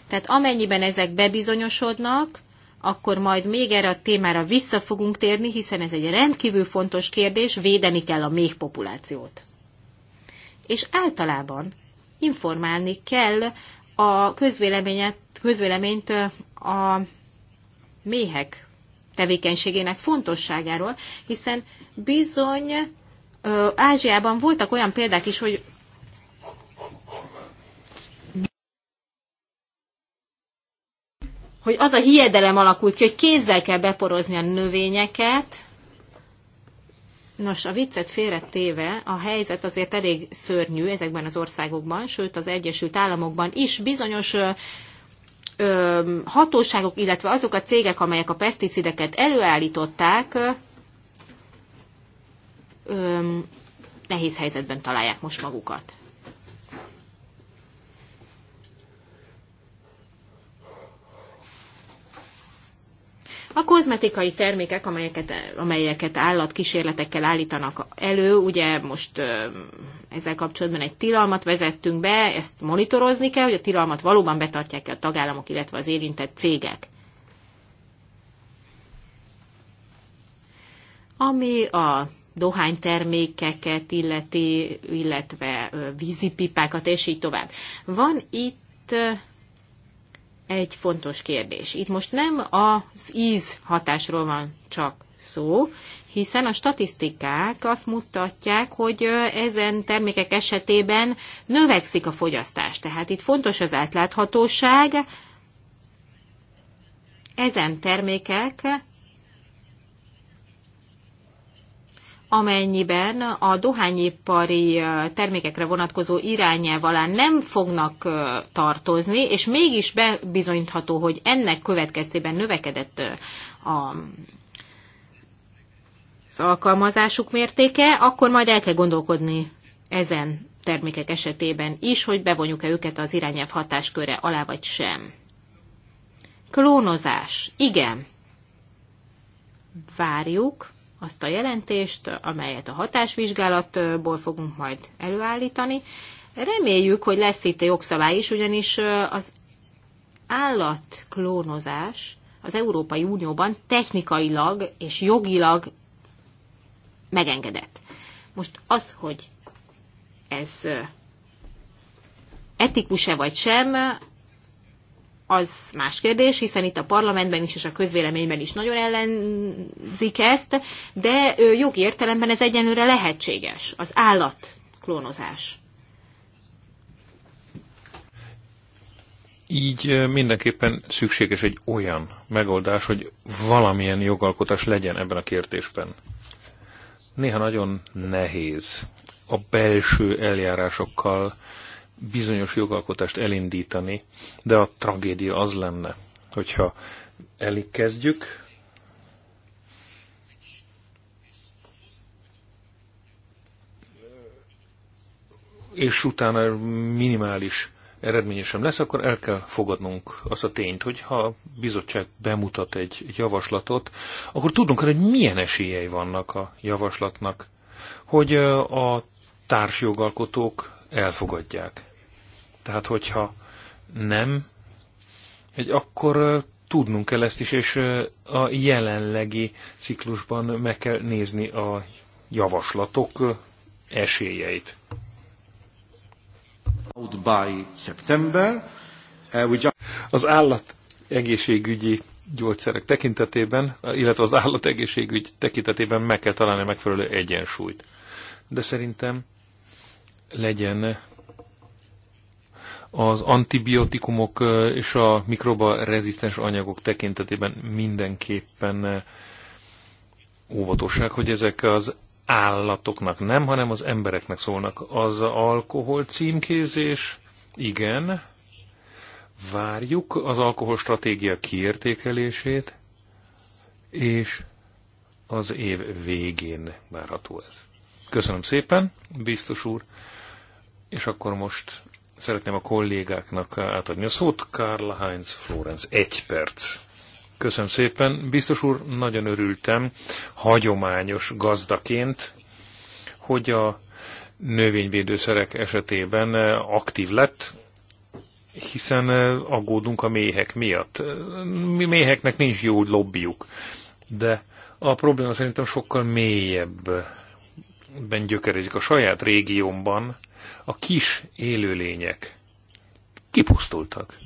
tehát amennyiben ezek bebizonyosodnak, akkor majd még erre a témára vissza fogunk térni, hiszen ez egy rendkívül fontos kérdés, védeni kell a méh populációt. És általában informálni kell a közvéleményt a méhek tevékenységének fontosságáról, hiszen bizony ö, Ázsiában voltak olyan példák is, hogy hogy az a hiedelem alakult ki, hogy kézzel kell beporozni a növényeket. Nos, a viccet félretéve, a helyzet azért elég szörnyű ezekben az országokban, sőt az Egyesült Államokban is bizonyos hatóságok, illetve azok a cégek, amelyek a peszticideket előállították, nehéz helyzetben találják most magukat. A kozmetikai termékek, amelyeket, amelyeket állatkísérletekkel állítanak elő, ugye most ezzel kapcsolatban egy tilalmat vezettünk be, ezt monitorozni kell, hogy a tilalmat valóban betartják-e a tagállamok, illetve az érintett cégek. Ami a dohánytermékeket illeti, illetve vízipipákat, és így tovább. Van itt egy fontos kérdés. Itt most nem az íz hatásról van csak szó, hiszen a statisztikák azt mutatják, hogy ezen termékek esetében növekszik a fogyasztás. Tehát itt fontos az átláthatóság. Ezen termékek amennyiben a dohányipari termékekre vonatkozó irányelv alá nem fognak tartozni, és mégis bebizonyítható, hogy ennek következtében növekedett a az alkalmazásuk mértéke, akkor majd el kell gondolkodni ezen termékek esetében is, hogy bevonjuk-e őket az irányelv hatásköre alá vagy sem. Klónozás. Igen. Várjuk azt a jelentést, amelyet a hatásvizsgálatból fogunk majd előállítani. Reméljük, hogy lesz itt jogszabály is, ugyanis az állatklónozás az Európai Unióban technikailag és jogilag megengedett. Most az, hogy ez etikus-e vagy sem, az más kérdés, hiszen itt a parlamentben is és a közvéleményben is nagyon ellenzik ezt, de jogi értelemben ez egyenlőre lehetséges, az állat klónozás. Így mindenképpen szükséges egy olyan megoldás, hogy valamilyen jogalkotás legyen ebben a kérdésben. Néha nagyon nehéz a belső eljárásokkal bizonyos jogalkotást elindítani, de a tragédia az lenne, hogyha kezdjük, és utána minimális eredménye sem lesz, akkor el kell fogadnunk azt a tényt, hogy ha a bizottság bemutat egy javaslatot, akkor tudunk, hogy milyen esélyei vannak a javaslatnak, hogy a társjogalkotók elfogadják. Tehát, hogyha nem, egy akkor tudnunk kell ezt is, és a jelenlegi ciklusban meg kell nézni a javaslatok esélyeit. Uh, az állat egészségügyi gyógyszerek tekintetében, illetve az állategészségügy tekintetében meg kell találni megfelelő egyensúlyt. De szerintem legyen az antibiotikumok és a mikroba rezisztens anyagok tekintetében mindenképpen óvatosság, hogy ezek az állatoknak nem, hanem az embereknek szólnak. Az alkohol címkézés, igen, várjuk az alkohol stratégia kiértékelését, és az év végén várható ez. Köszönöm szépen, biztos úr. És akkor most szeretném a kollégáknak átadni a szót. Karl Heinz Florence, egy perc. Köszönöm szépen. Biztos úr, nagyon örültem hagyományos gazdaként, hogy a növényvédőszerek esetében aktív lett, hiszen aggódunk a méhek miatt. Mi méheknek nincs jó lobbyuk, de a probléma szerintem sokkal mélyebben gyökerezik. A saját régiómban a kis élőlények kipusztultak.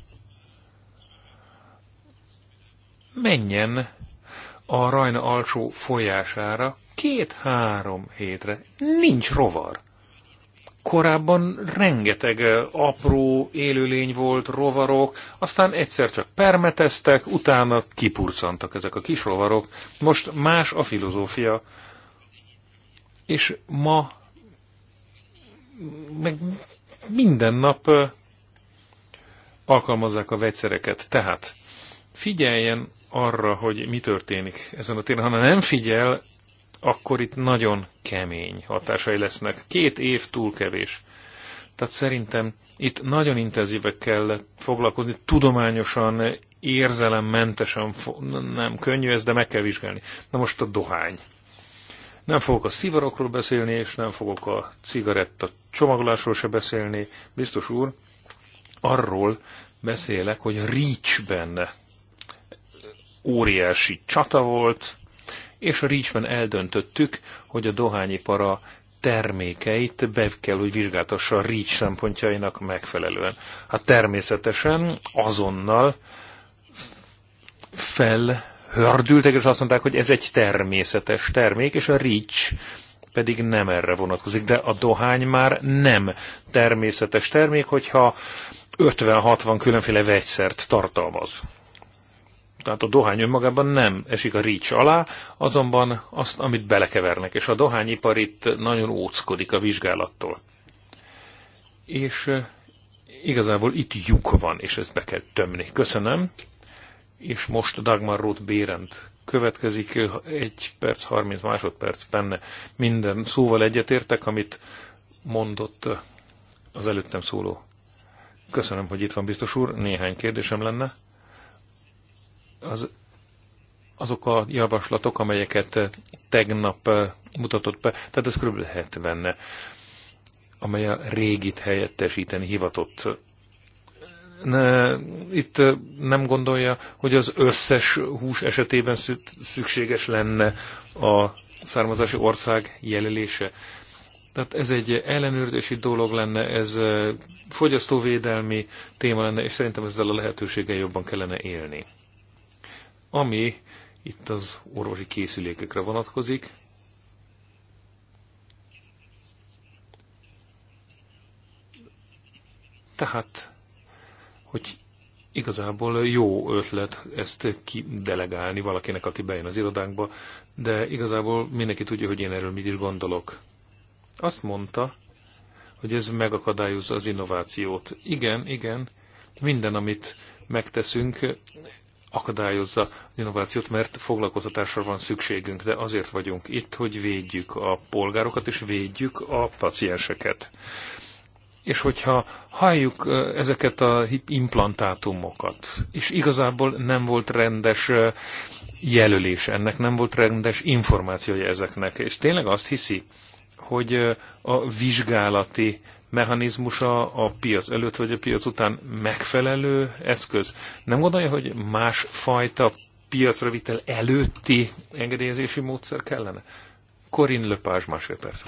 Menjen a Rajna alsó folyására két-három hétre. Nincs rovar. Korábban rengeteg eh, apró élőlény volt, rovarok, aztán egyszer csak permeteztek, utána kipurcantak ezek a kis rovarok. Most más a filozófia, és ma meg minden nap alkalmazzák a vegyszereket. Tehát figyeljen arra, hogy mi történik ezen a téren. Ha nem figyel, akkor itt nagyon kemény hatásai lesznek. Két év túl kevés. Tehát szerintem itt nagyon intenzívek kell foglalkozni, tudományosan, érzelemmentesen, nem könnyű ez, de meg kell vizsgálni. Na most a dohány. Nem fogok a szivarokról beszélni, és nem fogok a cigaretta csomagolásról se beszélni, biztos úr, arról beszélek, hogy Reach-ben óriási csata volt, és a Rícsben eldöntöttük, hogy a dohányipara termékeit be kell, hogy vizsgáltassa a Rícs szempontjainak megfelelően. Hát természetesen azonnal felhördültek, és azt mondták, hogy ez egy természetes termék, és a REACH pedig nem erre vonatkozik, de a dohány már nem természetes termék, hogyha 50-60 különféle vegyszert tartalmaz. Tehát a dohány önmagában nem esik a rics alá, azonban azt, amit belekevernek, és a dohányipar itt nagyon óckodik a vizsgálattól. És igazából itt lyuk van, és ezt be kell tömni. Köszönöm. És most Dagmar Roth Bérend következik egy perc, 30 másodperc benne. Minden szóval egyetértek, amit mondott az előttem szóló. Köszönöm, hogy itt van, biztos úr. Néhány kérdésem lenne. Az, azok a javaslatok, amelyeket tegnap mutatott be, tehát ez kb. 70 amely a régit helyettesíteni hivatott ne, itt nem gondolja, hogy az összes hús esetében szükséges lenne a származási ország jelölése. Tehát ez egy ellenőrzési dolog lenne, ez fogyasztóvédelmi téma lenne, és szerintem ezzel a lehetőséggel jobban kellene élni. Ami itt az orvosi készülékekre vonatkozik, tehát hogy igazából jó ötlet ezt kidelegálni valakinek, aki bejön az irodánkba, de igazából mindenki tudja, hogy én erről mit is gondolok. Azt mondta, hogy ez megakadályozza az innovációt. Igen, igen, minden, amit megteszünk, akadályozza az innovációt, mert foglalkoztatásra van szükségünk, de azért vagyunk itt, hogy védjük a polgárokat és védjük a pacienseket és hogyha halljuk ezeket a implantátumokat, és igazából nem volt rendes jelölés ennek, nem volt rendes információja ezeknek, és tényleg azt hiszi, hogy a vizsgálati mechanizmusa a piac előtt vagy a piac után megfelelő eszköz. Nem gondolja, hogy másfajta piacra vitel előtti engedélyezési módszer kellene? Corinne Lepage másfél perc.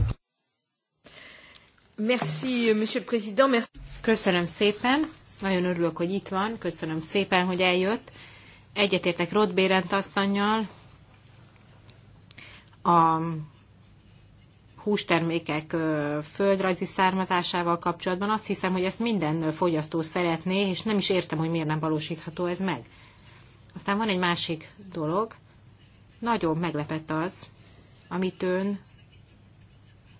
Merci, euh, Monsieur le Président. Merci. Köszönöm szépen. Nagyon örülök, hogy itt van. Köszönöm szépen, hogy eljött. Egyetértek Rod Bérent asszonynal. A hústermékek földrajzi származásával kapcsolatban azt hiszem, hogy ezt minden fogyasztó szeretné, és nem is értem, hogy miért nem valósítható ez meg. Aztán van egy másik dolog. Nagyon meglepett az, amit ön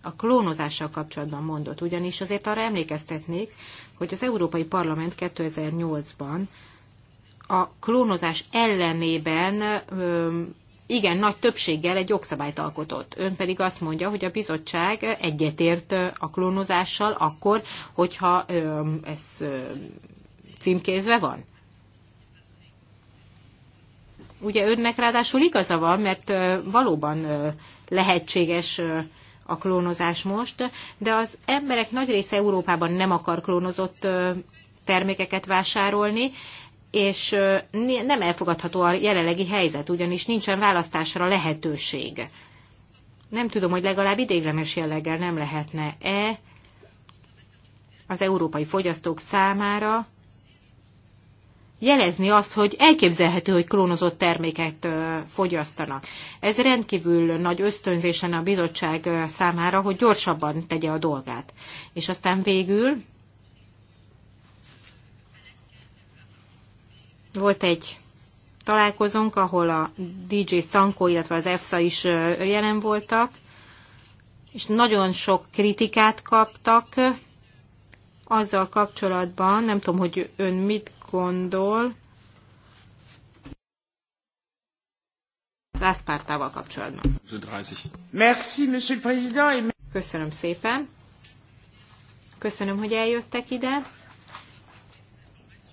a klónozással kapcsolatban mondott, ugyanis azért arra emlékeztetnék, hogy az Európai Parlament 2008-ban a klónozás ellenében igen, nagy többséggel egy jogszabályt alkotott. Ön pedig azt mondja, hogy a bizottság egyetért a klónozással akkor, hogyha ez címkézve van. Ugye önnek ráadásul igaza van, mert valóban lehetséges a klónozás most, de az emberek nagy része Európában nem akar klónozott termékeket vásárolni, és nem elfogadható a jelenlegi helyzet, ugyanis nincsen választásra lehetőség. Nem tudom, hogy legalább idéglenes jelleggel nem lehetne-e az európai fogyasztók számára jelezni azt, hogy elképzelhető, hogy klónozott terméket fogyasztanak. Ez rendkívül nagy ösztönzésen a bizottság számára, hogy gyorsabban tegye a dolgát. És aztán végül volt egy találkozónk, ahol a DJ Sanko, illetve az EFSA is jelen voltak, és nagyon sok kritikát kaptak azzal kapcsolatban, nem tudom, hogy ön mit gondol az Aspartával kapcsolatban. Merci, monsieur le président. Köszönöm szépen. Köszönöm, hogy eljöttek ide,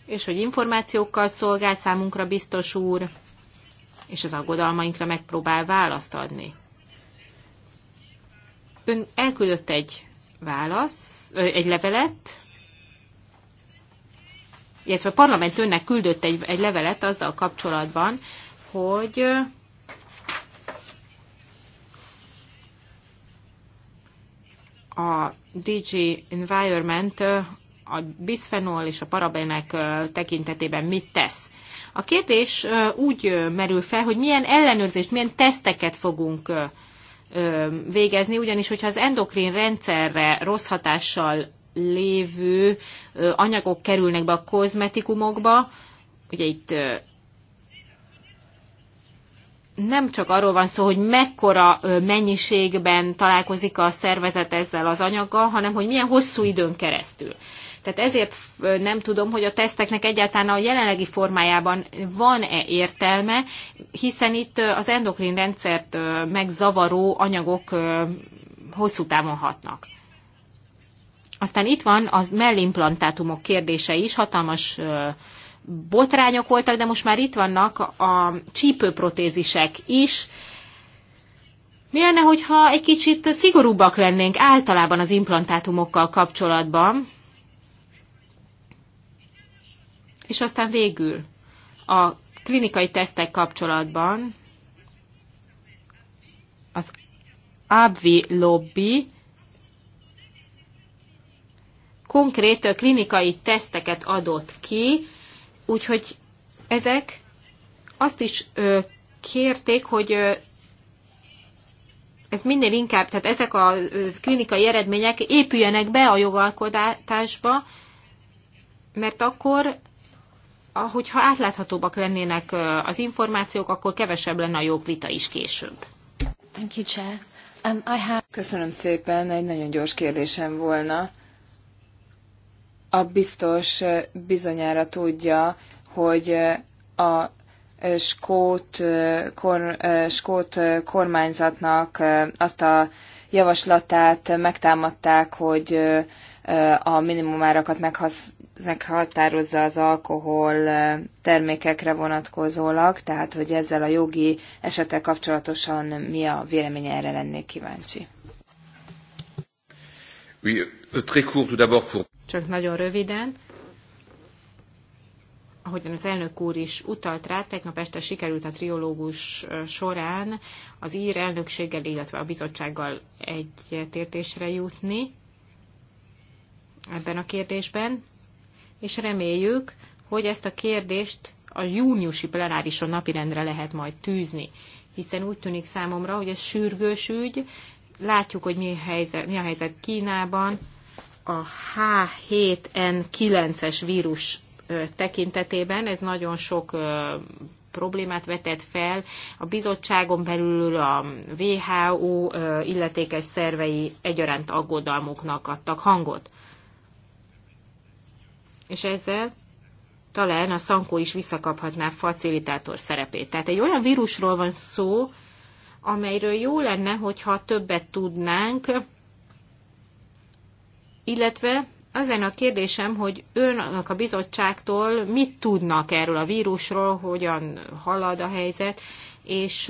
és hogy információkkal szolgál számunkra biztos úr, és az aggodalmainkra megpróbál választ adni. Ön elküldött egy válasz, egy levelet, illetve a parlament önnek küldött egy, egy levelet azzal kapcsolatban, hogy a DG Environment a bisphenol és a parabenek tekintetében mit tesz. A kérdés úgy merül fel, hogy milyen ellenőrzést, milyen teszteket fogunk végezni, ugyanis hogyha az endokrin rendszerre rossz hatással lévő anyagok kerülnek be a kozmetikumokba, ugye itt nem csak arról van szó, hogy mekkora mennyiségben találkozik a szervezet ezzel az anyaggal, hanem hogy milyen hosszú időn keresztül. Tehát ezért nem tudom, hogy a teszteknek egyáltalán a jelenlegi formájában van-e értelme, hiszen itt az endokrin rendszert megzavaró anyagok hosszú távon hatnak. Aztán itt van az mellimplantátumok kérdése is, hatalmas botrányok voltak, de most már itt vannak a csípőprotézisek is. Mi lenne, hogyha egy kicsit szigorúbbak lennénk általában az implantátumokkal kapcsolatban? És aztán végül a klinikai tesztek kapcsolatban az ABVI lobby konkrét klinikai teszteket adott ki, úgyhogy ezek azt is kérték, hogy ez minél inkább, tehát ezek a klinikai eredmények épüljenek be a jogalkotásba, mert akkor, ahogyha átláthatóbbak lennének az információk, akkor kevesebb lenne a jogvita is később. Thank you, Chair. Um, I have... Köszönöm szépen, egy nagyon gyors kérdésem volna. A biztos bizonyára tudja, hogy a skót, kor, skót kormányzatnak azt a javaslatát megtámadták, hogy a minimumárakat meghatározza az alkohol termékekre vonatkozólag, tehát hogy ezzel a jogi esetek kapcsolatosan mi a véleménye erre lennék kíváncsi. Oui, euh, très court tout d'abord pour csak nagyon röviden. Ahogyan az elnök úr is utalt rá, tegnap este sikerült a triológus során az ír elnökséggel, illetve a bizottsággal egyetértésre jutni ebben a kérdésben, és reméljük, hogy ezt a kérdést a júniusi plenárison napirendre lehet majd tűzni, hiszen úgy tűnik számomra, hogy ez sürgős ügy, látjuk, hogy mi a helyzet, mi a helyzet Kínában, a H7N9-es vírus tekintetében ez nagyon sok problémát vetett fel. A bizottságon belül a WHO illetékes szervei egyaránt aggodalmuknak adtak hangot. És ezzel talán a szankó is visszakaphatná facilitátor szerepét. Tehát egy olyan vírusról van szó, amelyről jó lenne, hogyha többet tudnánk, illetve az a kérdésem, hogy önök a bizottságtól mit tudnak erről a vírusról, hogyan halad a helyzet, és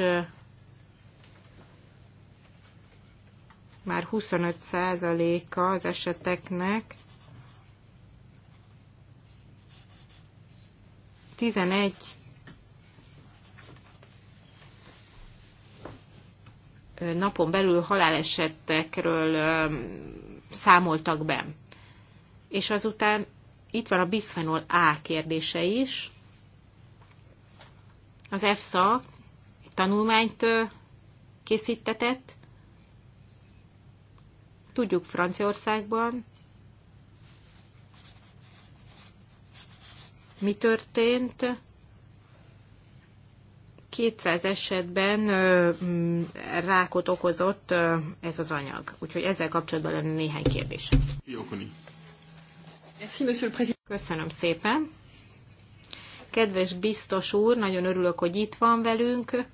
már 25%-a az eseteknek 11 napon belül halálesetekről számoltak be. És azután itt van a bisphenol A kérdése is. Az EFSA egy tanulmányt készítetett. Tudjuk Franciaországban, mi történt 200 esetben mm, rákot okozott ez az anyag. Úgyhogy ezzel kapcsolatban lenne néhány kérdés. Köszönöm szépen. Kedves biztos úr, nagyon örülök, hogy itt van velünk,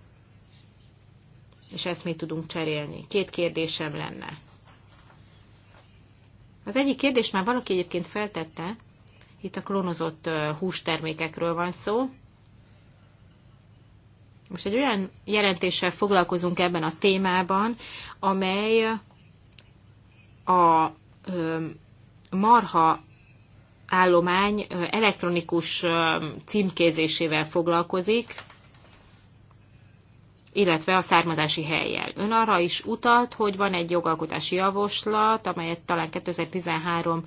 és ezt mi tudunk cserélni. Két kérdésem lenne. Az egyik kérdés már valaki egyébként feltette, itt a klónozott hústermékekről van szó, most egy olyan jelentéssel foglalkozunk ebben a témában, amely a marha állomány elektronikus címkézésével foglalkozik, illetve a származási helyjel. Ön arra is utalt, hogy van egy jogalkotási javaslat, amelyet talán 2013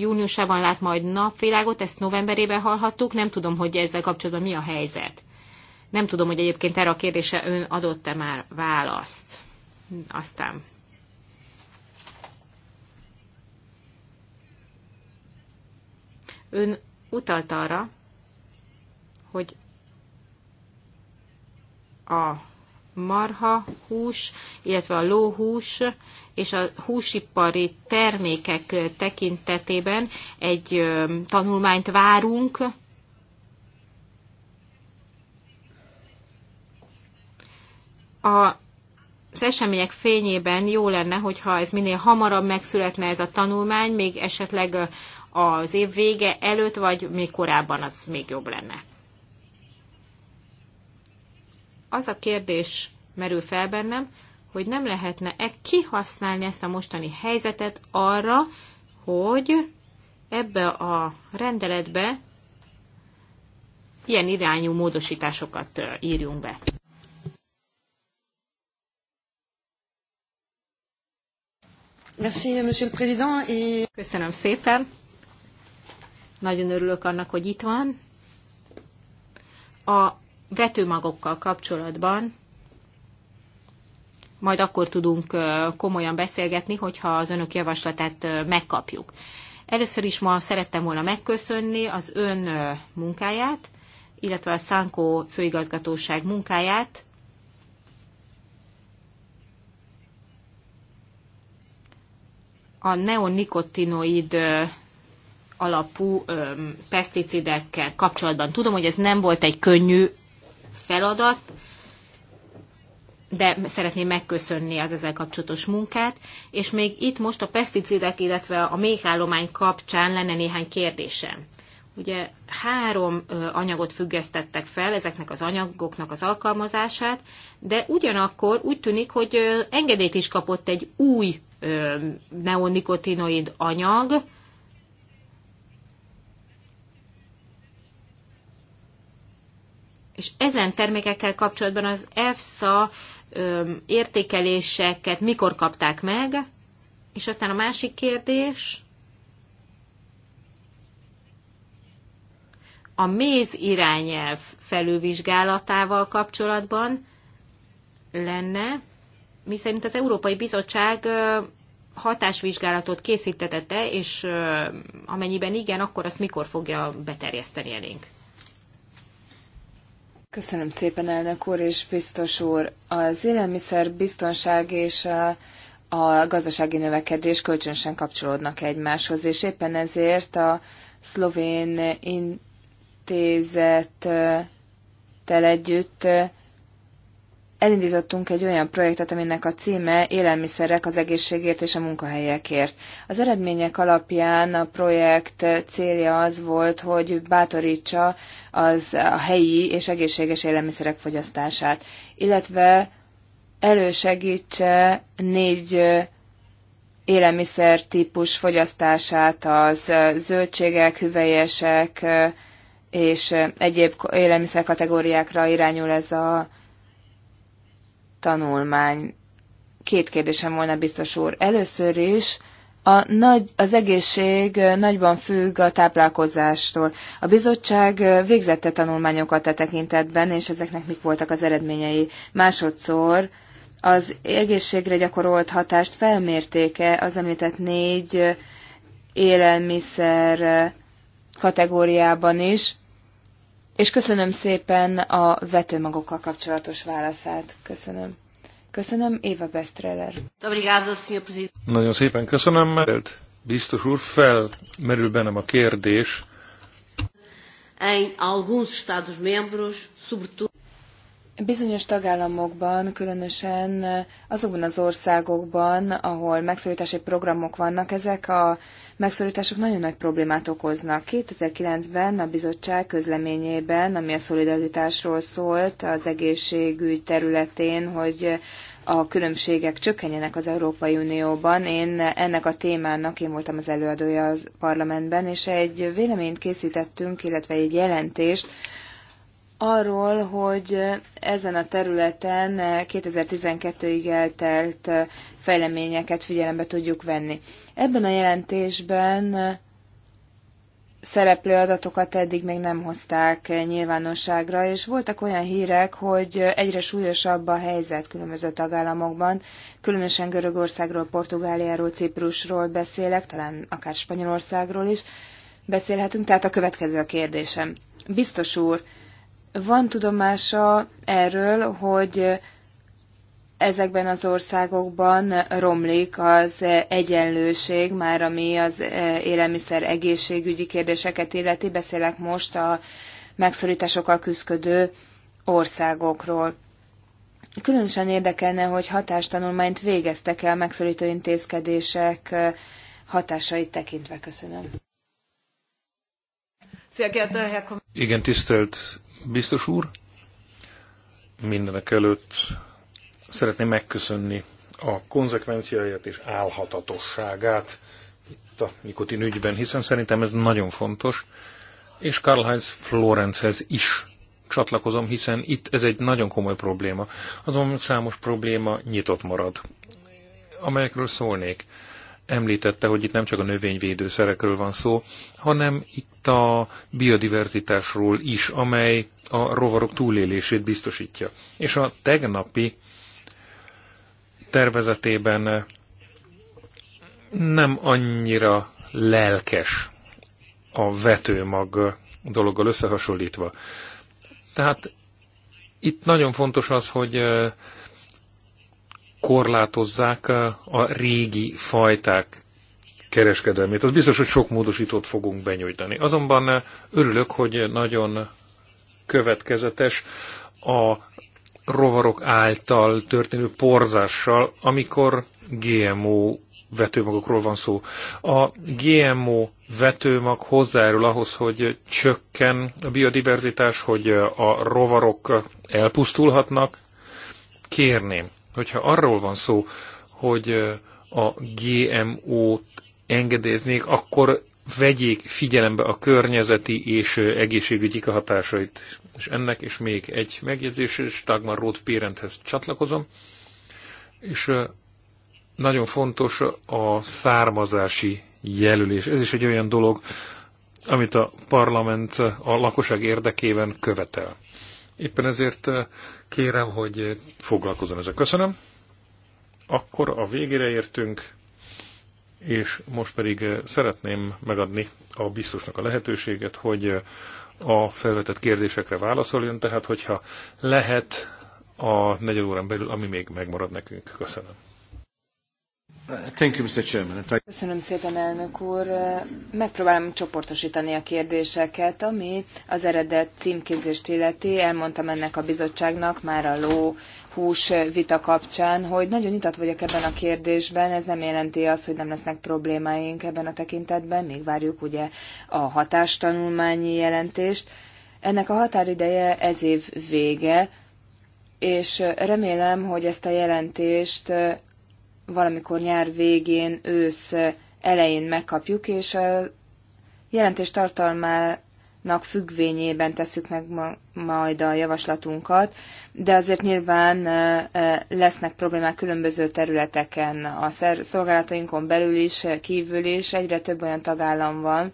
júniusában lát majd napvilágot, ezt novemberében hallhattuk, nem tudom, hogy ezzel kapcsolatban mi a helyzet. Nem tudom, hogy egyébként erre a kérdése ön adott-e már választ. Aztán ön utalt arra, hogy a marha hús, illetve a lóhús és a húsipari termékek tekintetében egy tanulmányt várunk, a az események fényében jó lenne, hogyha ez minél hamarabb megszületne ez a tanulmány, még esetleg az év vége előtt, vagy még korábban az még jobb lenne. Az a kérdés merül fel bennem, hogy nem lehetne-e kihasználni ezt a mostani helyzetet arra, hogy ebbe a rendeletbe ilyen irányú módosításokat írjunk be. Köszönöm szépen. Nagyon örülök annak, hogy itt van. A vetőmagokkal kapcsolatban majd akkor tudunk komolyan beszélgetni, hogyha az önök javaslatát megkapjuk. Először is ma szerettem volna megköszönni az ön munkáját, illetve a Szánkó főigazgatóság munkáját, a neonikotinoid alapú peszticidekkel kapcsolatban. Tudom, hogy ez nem volt egy könnyű feladat, de szeretném megköszönni az ezzel kapcsolatos munkát, és még itt most a peszticidek, illetve a méhállomány kapcsán lenne néhány kérdésem. Ugye három anyagot függesztettek fel, ezeknek az anyagoknak az alkalmazását, de ugyanakkor úgy tűnik, hogy engedélyt is kapott egy új neonikotinoid anyag, és ezen termékekkel kapcsolatban az EFSA értékeléseket mikor kapták meg, és aztán a másik kérdés, a méz irányelv felülvizsgálatával kapcsolatban lenne, miszerint az Európai Bizottság hatásvizsgálatot készítette, és amennyiben igen, akkor azt mikor fogja beterjeszteni elénk? Köszönöm szépen, elnök úr és biztos úr. Az élelmiszer biztonság és a a gazdasági növekedés kölcsönösen kapcsolódnak egymáshoz, és éppen ezért a szlovén intézettel együtt elindítottunk egy olyan projektet, aminek a címe Élelmiszerek az egészségért és a munkahelyekért. Az eredmények alapján a projekt célja az volt, hogy bátorítsa az a helyi és egészséges élelmiszerek fogyasztását, illetve elősegítse négy élelmiszer típus fogyasztását, az zöldségek, hüvelyesek és egyéb élelmiszer kategóriákra irányul ez a tanulmány. Két kérdésem volna, biztos úr. Először is, a nagy, az egészség nagyban függ a táplálkozástól. A bizottság végzette tanulmányokat a e tekintetben, és ezeknek mik voltak az eredményei. Másodszor az egészségre gyakorolt hatást felmértéke az említett négy élelmiszer kategóriában is, és köszönöm szépen a vetőmagokkal kapcsolatos válaszát. Köszönöm. Köszönöm, Éva Bestreller. Nagyon szépen köszönöm, mert biztos úr, felmerül bennem a kérdés. Bizonyos tagállamokban, különösen azokban az országokban, ahol megszorítási programok vannak, ezek a megszorítások nagyon nagy problémát okoznak. 2009-ben a bizottság közleményében, ami a szolidaritásról szólt az egészségügy területén, hogy a különbségek csökkenjenek az Európai Unióban. Én ennek a témának én voltam az előadója a parlamentben, és egy véleményt készítettünk, illetve egy jelentést arról, hogy ezen a területen 2012-ig eltelt fejleményeket figyelembe tudjuk venni. Ebben a jelentésben szereplő adatokat eddig még nem hozták nyilvánosságra, és voltak olyan hírek, hogy egyre súlyosabb a helyzet különböző tagállamokban, különösen Görögországról, Portugáliáról, Ciprusról beszélek, talán akár Spanyolországról is beszélhetünk, tehát a következő a kérdésem. Biztos úr, van tudomása erről, hogy ezekben az országokban romlik az egyenlőség, már ami az e, élelmiszer egészségügyi kérdéseket illeti, beszélek most a megszorításokkal küzdködő országokról. Különösen érdekelne, hogy hatástanulmányt végeztek-e a megszorító intézkedések hatásait tekintve. Köszönöm. Igen, tisztelt Biztos úr, mindenek előtt szeretném megköszönni a konzekvenciáját és álhatatosságát itt a nikotin ügyben, hiszen szerintem ez nagyon fontos, és Karl-Heinz Florenchez is csatlakozom, hiszen itt ez egy nagyon komoly probléma. Azonban számos probléma nyitott marad, amelyekről szólnék említette, hogy itt nem csak a növényvédőszerekről van szó, hanem itt a biodiverzitásról is, amely a rovarok túlélését biztosítja. És a tegnapi tervezetében nem annyira lelkes a vetőmag dologgal összehasonlítva. Tehát itt nagyon fontos az, hogy korlátozzák eh, a régi fajták kereskedelmét. Az biztos, hogy sok módosítót fogunk benyújtani. Azonban eh, örülök, hogy nagyon következetes a rovarok által történő porzással, amikor GMO vetőmagokról van szó. A GMO vetőmag hozzájárul ahhoz, hogy csökken a biodiverzitás, hogy eh, a rovarok elpusztulhatnak. Kérném, hogyha arról van szó, hogy a GMO-t engedéznék, akkor vegyék figyelembe a környezeti és egészségügyi hatásait. És ennek és még egy megjegyzés, és Dagmar Roth Pérenthez csatlakozom, és nagyon fontos a származási jelölés. Ez is egy olyan dolog, amit a parlament a lakosság érdekében követel. Éppen ezért eh, kérem, hogy foglalkozom ezzel. Köszönöm. Akkor a végére értünk, és most pedig eh, szeretném megadni a biztosnak a lehetőséget, hogy eh, a felvetett kérdésekre válaszoljon, tehát hogyha lehet a negyed órán belül, ami még megmarad nekünk. Köszönöm. Thank you, Mr. Chairman. Köszönöm szépen, elnök úr. Megpróbálom csoportosítani a kérdéseket, ami az eredet címkézést illeti. Elmondtam ennek a bizottságnak már a ló hús vita kapcsán, hogy nagyon nyitott vagyok ebben a kérdésben, ez nem jelenti azt, hogy nem lesznek problémáink ebben a tekintetben, még várjuk ugye a hatástanulmányi jelentést. Ennek a határideje ez év vége, és remélem, hogy ezt a jelentést valamikor nyár végén, ősz elején megkapjuk, és a jelentés tartalmának függvényében tesszük meg ma, majd a javaslatunkat, de azért nyilván lesznek problémák különböző területeken, a szolgálatainkon belül is, kívül is, egyre több olyan tagállam van,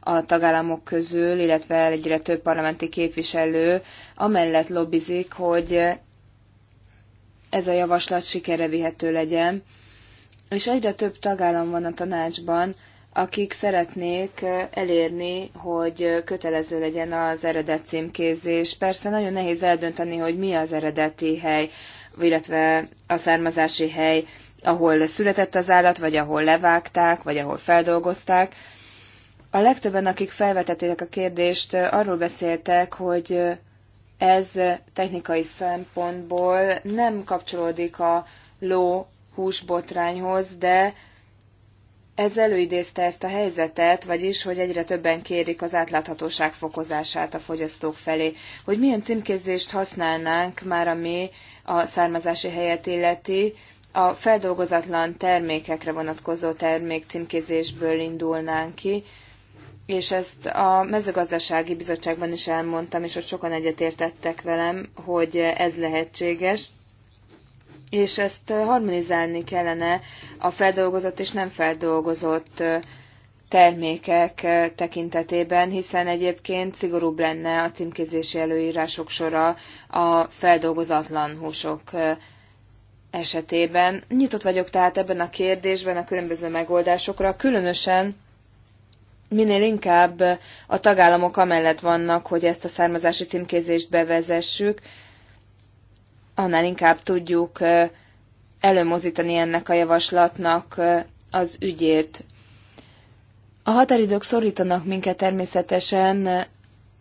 a tagállamok közül, illetve egyre több parlamenti képviselő amellett lobbizik, hogy ez a javaslat sikere vihető legyen, és egyre több tagállam van a tanácsban, akik szeretnék elérni, hogy kötelező legyen az eredet címkézés. Persze nagyon nehéz eldönteni, hogy mi az eredeti hely, illetve a származási hely, ahol született az állat, vagy ahol levágták, vagy ahol feldolgozták. A legtöbben, akik felvetették a kérdést, arról beszéltek, hogy ez technikai szempontból nem kapcsolódik a ló húsbotrányhoz, de ez előidézte ezt a helyzetet, vagyis, hogy egyre többen kérik az átláthatóság fokozását a fogyasztók felé. Hogy milyen címkézést használnánk már, ami a származási helyet illeti, a feldolgozatlan termékekre vonatkozó termék címkézésből indulnánk ki, és ezt a mezőgazdasági bizottságban is elmondtam, és ott sokan egyetértettek velem, hogy ez lehetséges, és ezt harmonizálni kellene a feldolgozott és nem feldolgozott termékek tekintetében, hiszen egyébként szigorúbb lenne a címkézési előírások sora a feldolgozatlan húsok esetében. Nyitott vagyok tehát ebben a kérdésben a különböző megoldásokra, különösen minél inkább a tagállamok amellett vannak, hogy ezt a származási címkézést bevezessük, annál inkább tudjuk előmozítani ennek a javaslatnak az ügyét. A határidők szorítanak minket természetesen,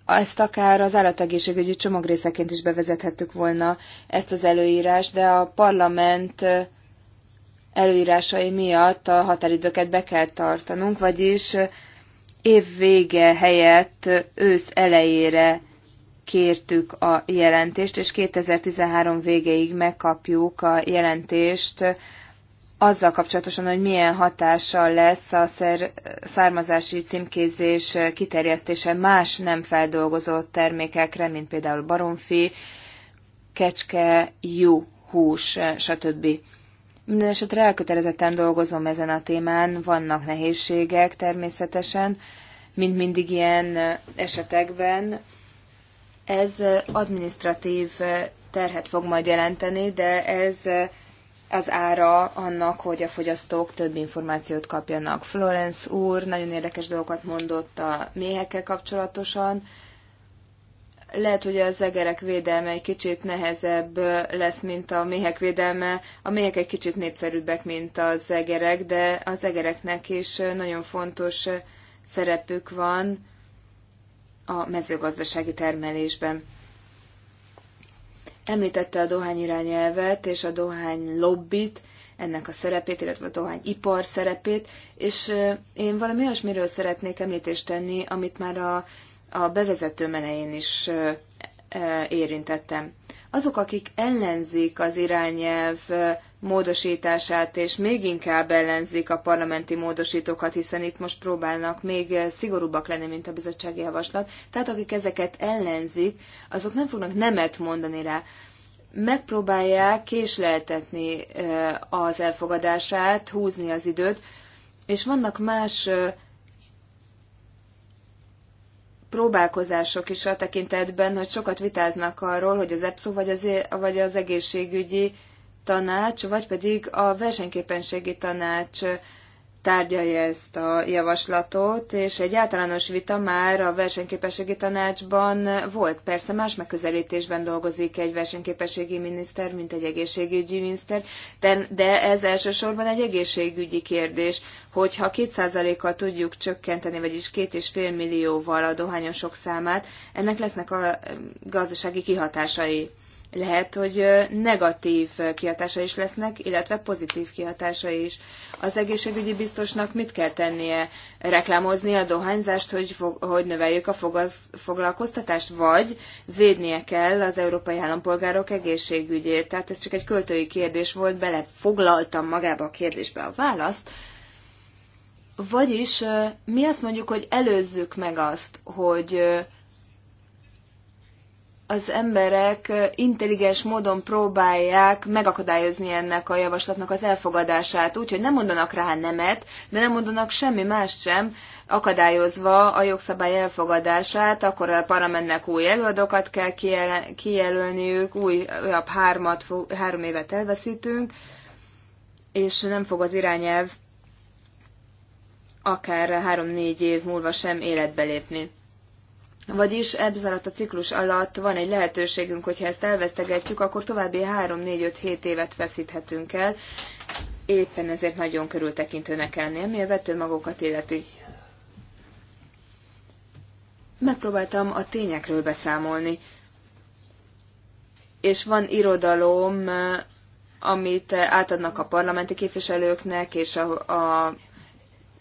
ezt akár az állategészségügyi csomagrészeként is bevezethettük volna ezt az előírás, de a parlament előírásai miatt a határidőket be kell tartanunk, vagyis év vége helyett ősz elejére kértük a jelentést, és 2013 végéig megkapjuk a jelentést azzal kapcsolatosan, hogy milyen hatással lesz a szer, származási címkézés kiterjesztése más nem feldolgozott termékekre, mint például baromfi, kecske, jó hús, stb. Mindenesetre elkötelezetten dolgozom ezen a témán, vannak nehézségek természetesen, mint mindig ilyen esetekben. Ez administratív terhet fog majd jelenteni, de ez az ára annak, hogy a fogyasztók több információt kapjanak. Florence úr nagyon érdekes dolgokat mondott a méhekkel kapcsolatosan. Lehet, hogy az egerek védelme egy kicsit nehezebb lesz, mint a méhek védelme. A méhek egy kicsit népszerűbbek, mint az egerek, de az egereknek is nagyon fontos szerepük van a mezőgazdasági termelésben. Említette a dohány irányelvet és a dohány lobbit, ennek a szerepét, illetve a dohányipar szerepét, és én valami olyasmiről szeretnék említést tenni, amit már a a bevezető menején is érintettem. Azok, akik ellenzik az irányelv módosítását, és még inkább ellenzik a parlamenti módosítókat, hiszen itt most próbálnak még szigorúbbak lenni, mint a bizottsági javaslat. Tehát akik ezeket ellenzik, azok nem fognak nemet mondani rá. Megpróbálják késleltetni az elfogadását, húzni az időt, és vannak más próbálkozások is a tekintetben, hogy sokat vitáznak arról, hogy az EPSZO vagy az, vagy az egészségügyi tanács, vagy pedig a versenyképességi tanács tárgyalja ezt a javaslatot, és egy általános vita már a versenyképességi tanácsban volt. Persze más megközelítésben dolgozik egy versenyképességi miniszter, mint egy egészségügyi miniszter, de ez elsősorban egy egészségügyi kérdés, hogyha 2%-kal tudjuk csökkenteni, vagyis 2,5 millióval a dohányosok számát, ennek lesznek a gazdasági kihatásai lehet, hogy negatív kihatása is lesznek, illetve pozitív kihatása is. Az egészségügyi biztosnak mit kell tennie? Reklámozni a dohányzást, hogy, hogy növeljük a foglalkoztatást, vagy védnie kell az európai állampolgárok egészségügyét? Tehát ez csak egy költői kérdés volt, belefoglaltam magába a kérdésbe a választ. Vagyis mi azt mondjuk, hogy előzzük meg azt, hogy az emberek intelligens módon próbálják megakadályozni ennek a javaslatnak az elfogadását, úgyhogy nem mondanak rá nemet, de nem mondanak semmi más sem, akadályozva a jogszabály elfogadását, akkor a parlamentnek új előadókat kell kijel- kijelölniük, újabb hármat, három évet elveszítünk, és nem fog az irányelv akár három-négy év múlva sem életbe lépni. Vagyis ebben a ciklus alatt van egy lehetőségünk, hogyha ezt elvesztegetjük, akkor további 3-4-5-7 évet veszíthetünk el. Éppen ezért nagyon körültekintőnek lenni, ami a vetőmagokat illeti. Megpróbáltam a tényekről beszámolni. És van irodalom, amit átadnak a parlamenti képviselőknek és a, a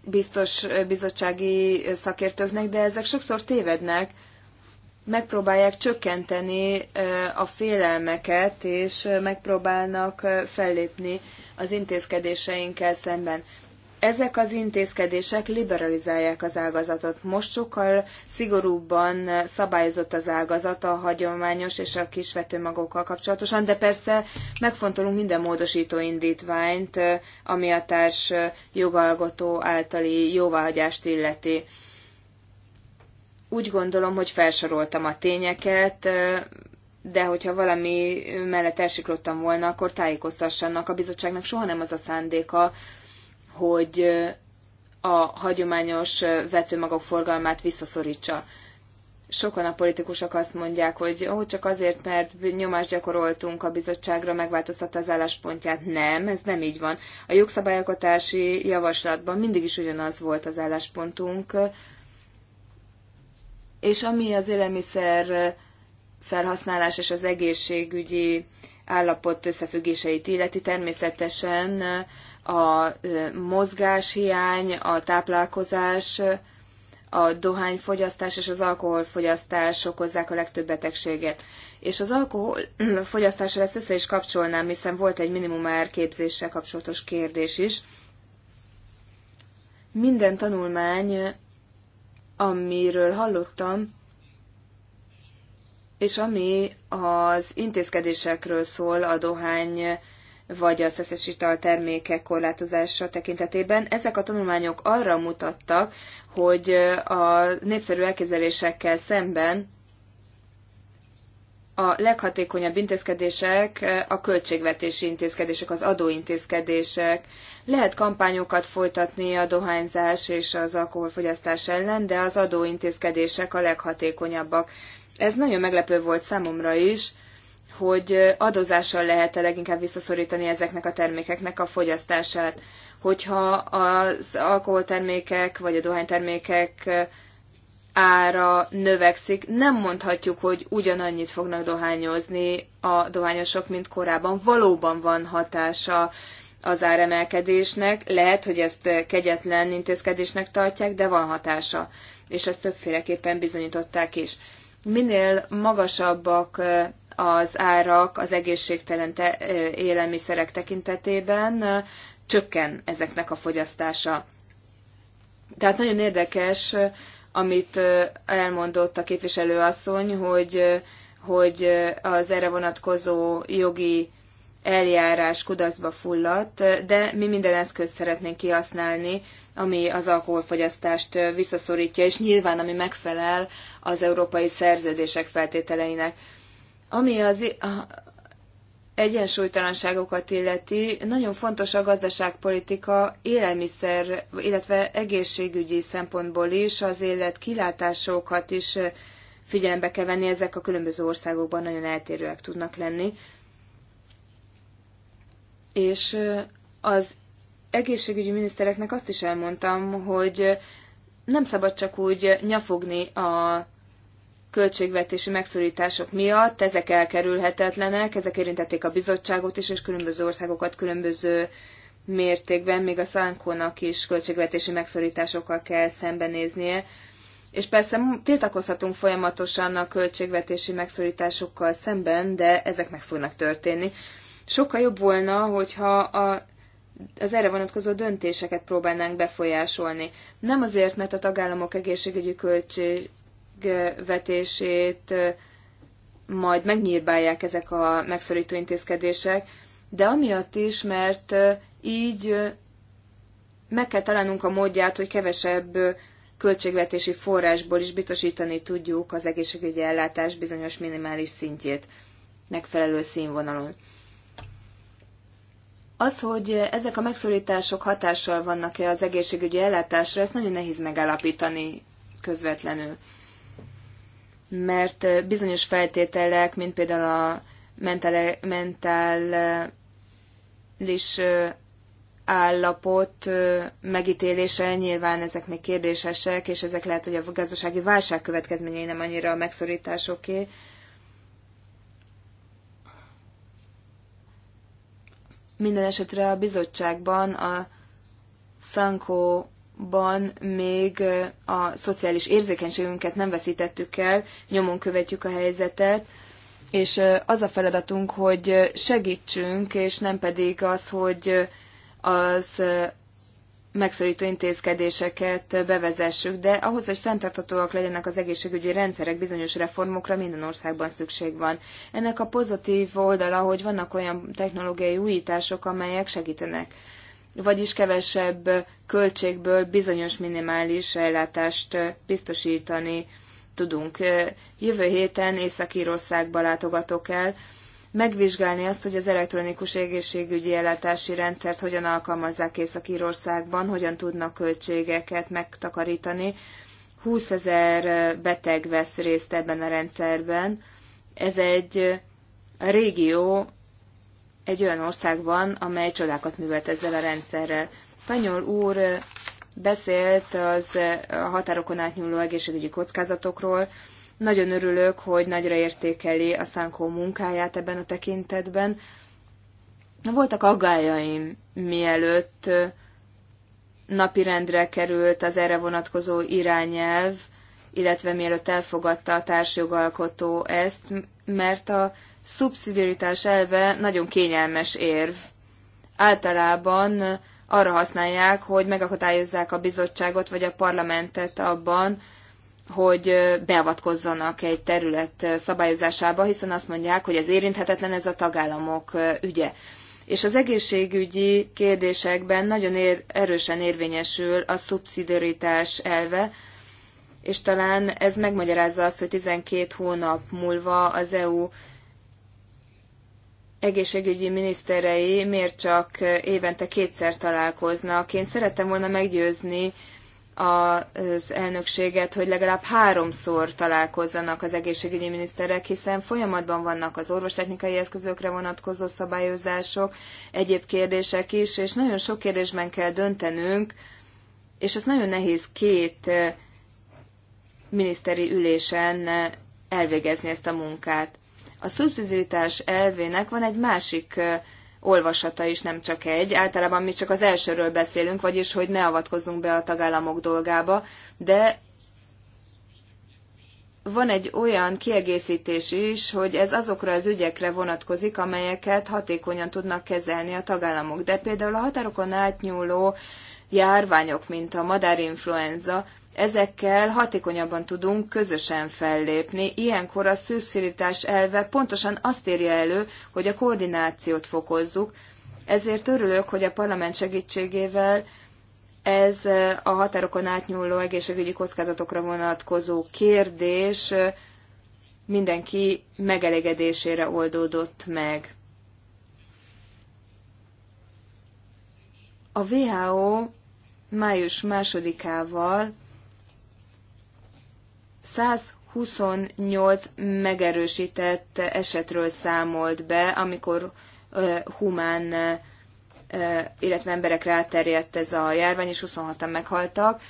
biztos bizottsági szakértőknek, de ezek sokszor tévednek, megpróbálják csökkenteni a félelmeket, és megpróbálnak fellépni az intézkedéseinkkel szemben ezek az intézkedések liberalizálják az ágazatot. Most sokkal szigorúbban szabályozott az ágazat a hagyományos és a kisvetőmagokkal kapcsolatosan, de persze megfontolunk minden módosító indítványt, ami a társ jogalgotó általi jóváhagyást illeti. Úgy gondolom, hogy felsoroltam a tényeket, de hogyha valami mellett elsiklottam volna, akkor tájékoztassanak. A bizottságnak soha nem az a szándéka, hogy a hagyományos vetőmagok forgalmát visszaszorítsa. Sokan a politikusok azt mondják, hogy ó, csak azért, mert nyomást gyakoroltunk a bizottságra, megváltoztatta az álláspontját. Nem, ez nem így van. A jogszabályalkotási javaslatban mindig is ugyanaz volt az álláspontunk, és ami az élelmiszer felhasználás és az egészségügyi állapot összefüggéseit illeti, természetesen a mozgáshiány, a táplálkozás, a dohányfogyasztás és az alkoholfogyasztás okozzák a legtöbb betegséget. És az alkoholfogyasztásra ezt össze is kapcsolnám, hiszen volt egy minimum képzéssel kapcsolatos kérdés is. Minden tanulmány, amiről hallottam, és ami az intézkedésekről szól a dohány vagy a szeszes ital termékek korlátozása tekintetében. Ezek a tanulmányok arra mutattak, hogy a népszerű elképzelésekkel szemben a leghatékonyabb intézkedések a költségvetési intézkedések, az adóintézkedések. Lehet kampányokat folytatni a dohányzás és az alkoholfogyasztás ellen, de az adóintézkedések a leghatékonyabbak. Ez nagyon meglepő volt számomra is, hogy adózással lehet-e leginkább visszaszorítani ezeknek a termékeknek a fogyasztását. Hogyha az alkoholtermékek vagy a dohánytermékek ára növekszik, nem mondhatjuk, hogy ugyanannyit fognak dohányozni a dohányosok, mint korábban. Valóban van hatása az áremelkedésnek, lehet, hogy ezt kegyetlen intézkedésnek tartják, de van hatása, és ezt többféleképpen bizonyították is. Minél magasabbak az árak az egészségtelen te- élelmiszerek tekintetében csökken ezeknek a fogyasztása. Tehát nagyon érdekes, amit elmondott a képviselőasszony, hogy, hogy az erre vonatkozó jogi eljárás kudarcba fulladt, de mi minden eszközt szeretnénk kihasználni, ami az alkoholfogyasztást visszaszorítja, és nyilván ami megfelel az európai szerződések feltételeinek. Ami az egyensúlytalanságokat illeti, nagyon fontos a gazdaságpolitika élelmiszer, illetve egészségügyi szempontból is, az élet kilátásokat is figyelembe kell venni, ezek a különböző országokban nagyon eltérőek tudnak lenni. És az egészségügyi minisztereknek azt is elmondtam, hogy nem szabad csak úgy nyafogni a költségvetési megszorítások miatt, ezek elkerülhetetlenek, ezek érintették a bizottságot is, és különböző országokat különböző mértékben, még a szánkónak is költségvetési megszorításokkal kell szembenéznie. És persze tiltakozhatunk folyamatosan a költségvetési megszorításokkal szemben, de ezek meg fognak történni. Sokkal jobb volna, hogyha a az erre vonatkozó döntéseket próbálnánk befolyásolni. Nem azért, mert a tagállamok egészségügyi költség, költségvetését majd megnyírbálják ezek a megszorító intézkedések, de amiatt is, mert így meg kell találnunk a módját, hogy kevesebb költségvetési forrásból is biztosítani tudjuk az egészségügyi ellátás bizonyos minimális szintjét megfelelő színvonalon. Az, hogy ezek a megszorítások hatással vannak-e az egészségügyi ellátásra, ezt nagyon nehéz megállapítani közvetlenül mert bizonyos feltételek, mint például a mentale, mentális állapot megítélése, nyilván ezek még kérdésesek, és ezek lehet, hogy a gazdasági válság következményei nem annyira a megszorításoké. Minden esetre a bizottságban a Szankó ban még a szociális érzékenységünket nem veszítettük el, nyomon követjük a helyzetet, és az a feladatunk, hogy segítsünk, és nem pedig az, hogy az megszorító intézkedéseket bevezessük, de ahhoz, hogy fenntarthatóak legyenek az egészségügyi rendszerek, bizonyos reformokra minden országban szükség van. Ennek a pozitív oldala, hogy vannak olyan technológiai újítások, amelyek segítenek vagyis kevesebb költségből bizonyos minimális ellátást biztosítani tudunk. Jövő héten Észak-Írországba látogatok el, megvizsgálni azt, hogy az elektronikus egészségügyi ellátási rendszert hogyan alkalmazzák Észak-Írországban, hogyan tudnak költségeket megtakarítani. 20 ezer beteg vesz részt ebben a rendszerben. Ez egy régió egy olyan országban, amely csodákat művelt ezzel a rendszerrel. Tanyol úr beszélt az a határokon átnyúló egészségügyi kockázatokról. Nagyon örülök, hogy nagyra értékeli a Szánkó munkáját ebben a tekintetben. Voltak aggájaim, mielőtt napirendre került az erre vonatkozó irányelv, illetve mielőtt elfogadta a társjogalkotó ezt, mert a szubszidiaritás elve nagyon kényelmes érv. Általában arra használják, hogy megakadályozzák a bizottságot vagy a parlamentet abban, hogy beavatkozzanak egy terület szabályozásába, hiszen azt mondják, hogy ez érinthetetlen, ez a tagállamok ügye. És az egészségügyi kérdésekben nagyon ér, erősen érvényesül a szubszidiaritás elve, és talán ez megmagyarázza azt, hogy 12 hónap múlva az EU egészségügyi miniszterei miért csak évente kétszer találkoznak. Én szerettem volna meggyőzni az elnökséget, hogy legalább háromszor találkozzanak az egészségügyi miniszterek, hiszen folyamatban vannak az orvostechnikai eszközökre vonatkozó szabályozások, egyéb kérdések is, és nagyon sok kérdésben kell döntenünk, és ez nagyon nehéz két miniszteri ülésen elvégezni ezt a munkát. A szubszidiaritás elvének van egy másik olvasata is, nem csak egy. Általában mi csak az elsőről beszélünk, vagyis hogy ne avatkozzunk be a tagállamok dolgába, de van egy olyan kiegészítés is, hogy ez azokra az ügyekre vonatkozik, amelyeket hatékonyan tudnak kezelni a tagállamok. De például a határokon átnyúló járványok, mint a madárinfluenza, ezekkel hatékonyabban tudunk közösen fellépni. Ilyenkor a szubszidítás elve pontosan azt írja elő, hogy a koordinációt fokozzuk, ezért örülök, hogy a parlament segítségével ez a határokon átnyúló egészségügyi kockázatokra vonatkozó kérdés mindenki megelégedésére oldódott meg. A WHO május másodikával 128 megerősített esetről számolt be, amikor uh, humán, uh, illetve emberekre elterjedt ez a járvány, és 26-an meghaltak.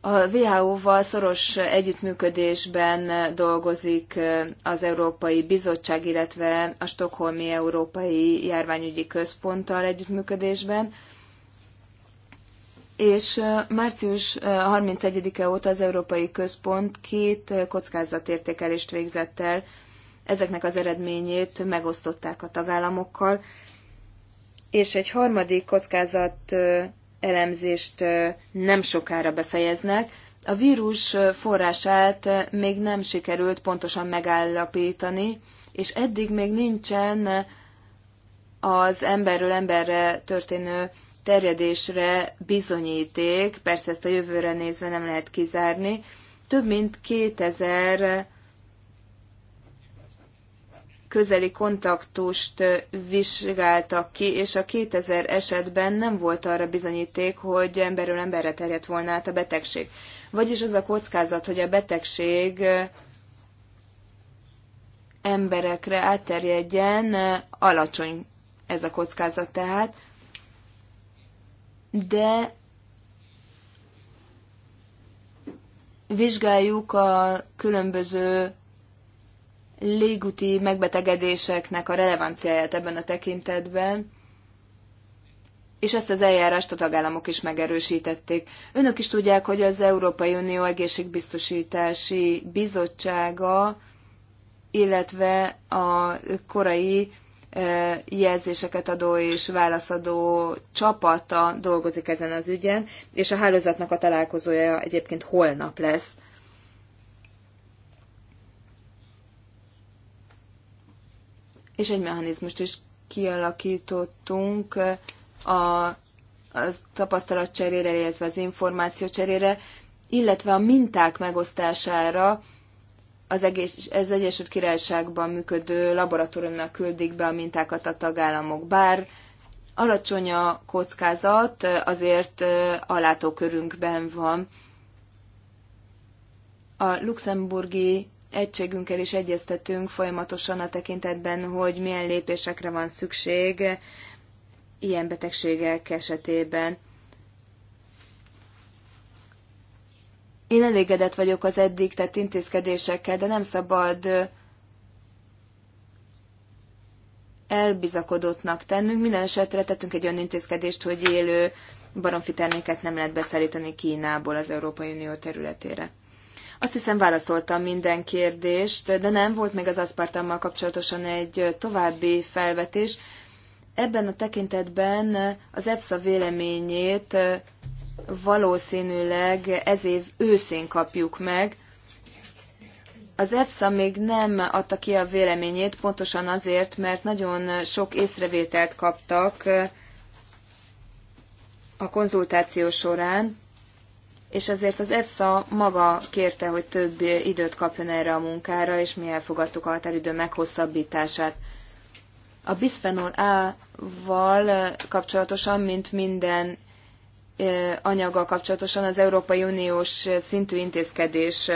A WHO-val szoros együttműködésben dolgozik az Európai Bizottság, illetve a Stockholmi Európai Járványügyi Központtal együttműködésben és március 31-e óta az Európai Központ két kockázatértékelést végzett el. Ezeknek az eredményét megosztották a tagállamokkal, és egy harmadik kockázat elemzést nem sokára befejeznek. A vírus forrását még nem sikerült pontosan megállapítani, és eddig még nincsen az emberről emberre történő terjedésre bizonyíték, persze ezt a jövőre nézve nem lehet kizárni, több mint 2000 közeli kontaktust vizsgáltak ki, és a 2000 esetben nem volt arra bizonyíték, hogy emberről emberre terjedt volna át a betegség. Vagyis az a kockázat, hogy a betegség emberekre átterjedjen, alacsony ez a kockázat tehát de vizsgáljuk a különböző légúti megbetegedéseknek a relevanciáját ebben a tekintetben, és ezt az eljárást a tagállamok is megerősítették. Önök is tudják, hogy az Európai Unió Egészségbiztosítási Bizottsága, illetve a korai jelzéseket adó és válaszadó csapata dolgozik ezen az ügyen, és a hálózatnak a találkozója egyébként holnap lesz. És egy mechanizmust is kialakítottunk a, a tapasztalat cserére, illetve az információ cserére, illetve a minták megosztására, az, egész, az Egyesült Királyságban működő laboratóriumnak küldik be a mintákat a tagállamok. Bár alacsony a kockázat, azért a látókörünkben van. A luxemburgi egységünkkel is egyeztetünk folyamatosan a tekintetben, hogy milyen lépésekre van szükség ilyen betegségek esetében. Én elégedett vagyok az eddig tett intézkedésekkel, de nem szabad elbizakodottnak tennünk. Minden esetre tettünk egy olyan intézkedést, hogy élő baromfi terméket nem lehet beszállítani Kínából az Európai Unió területére. Azt hiszem válaszoltam minden kérdést, de nem volt még az aszpartammal kapcsolatosan egy további felvetés. Ebben a tekintetben az EFSA véleményét valószínűleg ez év őszén kapjuk meg. Az EFSA még nem adta ki a véleményét, pontosan azért, mert nagyon sok észrevételt kaptak eh, a konzultáció során, és azért az EFSA maga kérte, hogy több időt kapjon erre a munkára, és mi elfogadtuk a határidő meghosszabbítását. A bisphenol A-val kapcsolatosan, mint minden anyaggal kapcsolatosan az Európai Uniós szintű intézkedés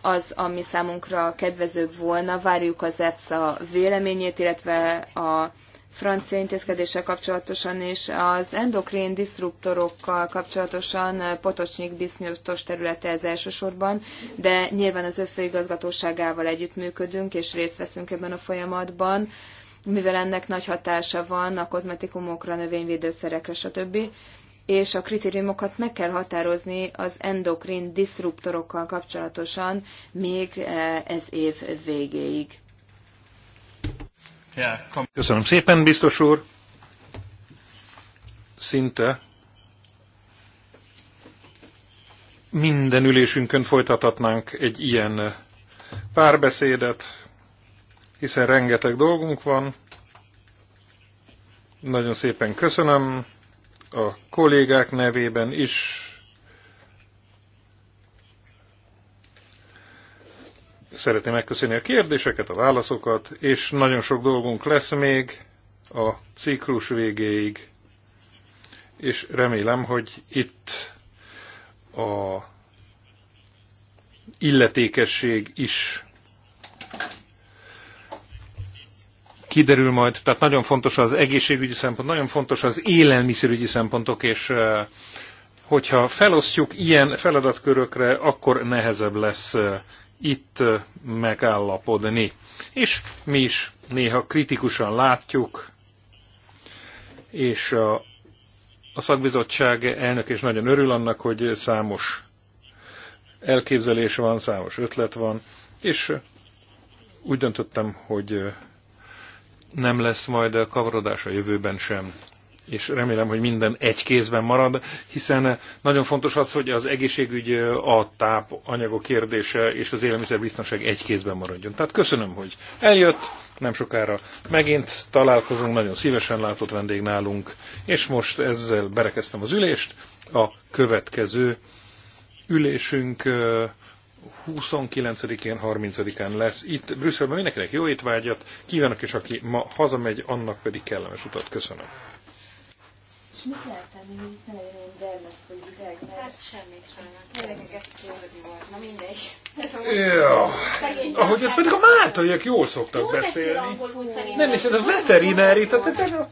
az, ami számunkra kedvezőbb volna. Várjuk az EFSA véleményét, illetve a francia intézkedéssel kapcsolatosan és az endokrén diszruptorokkal kapcsolatosan Potocsnyik bizonyos területe ez elsősorban, de nyilván az ő főigazgatóságával együttműködünk és részt veszünk ebben a folyamatban, mivel ennek nagy hatása van a kozmetikumokra, növényvédőszerekre, stb és a kritériumokat meg kell határozni az endokrin diszruptorokkal kapcsolatosan még eh, ez év végéig. Köszönöm szépen, biztos úr. Szinte minden ülésünkön folytathatnánk egy ilyen eh, párbeszédet, hiszen rengeteg dolgunk van. Nagyon szépen köszönöm a kollégák nevében is. Szeretném megköszönni a kérdéseket, a válaszokat, és nagyon sok dolgunk lesz még a ciklus végéig, és remélem, hogy itt a illetékesség is kiderül majd. Tehát nagyon fontos az egészségügyi szempont, nagyon fontos az élelmiszerügyi szempontok, és hogyha felosztjuk ilyen feladatkörökre, akkor nehezebb lesz itt megállapodni. És mi is néha kritikusan látjuk, és a, a szakbizottság elnök is nagyon örül annak, hogy számos elképzelés van, számos ötlet van, és úgy döntöttem, hogy nem lesz majd kavarodás a jövőben sem. És remélem, hogy minden egy kézben marad, hiszen nagyon fontos az, hogy az egészségügy, a anyagok kérdése és az élelmiszerbiztonság egy kézben maradjon. Tehát köszönöm, hogy eljött, nem sokára megint találkozunk, nagyon szívesen látott vendég nálunk, és most ezzel berekeztem az ülést. A következő ülésünk 29-én, 30-án lesz itt Brüsszelben. Mindenkinek jó étvágyat kívánok, és aki ma hazamegy, annak pedig kellemes utat köszönöm. És mit lehet tenni, hogy ne legyen olyan dermesztő ideg? Mert hát semmit sajnálom. Tényleg egész volt. Na mindegy. Ja. Ahogy pedig a máltaiak jól szoktak jól beszélni. Angolul, nem, hiszen a veterinári, tehát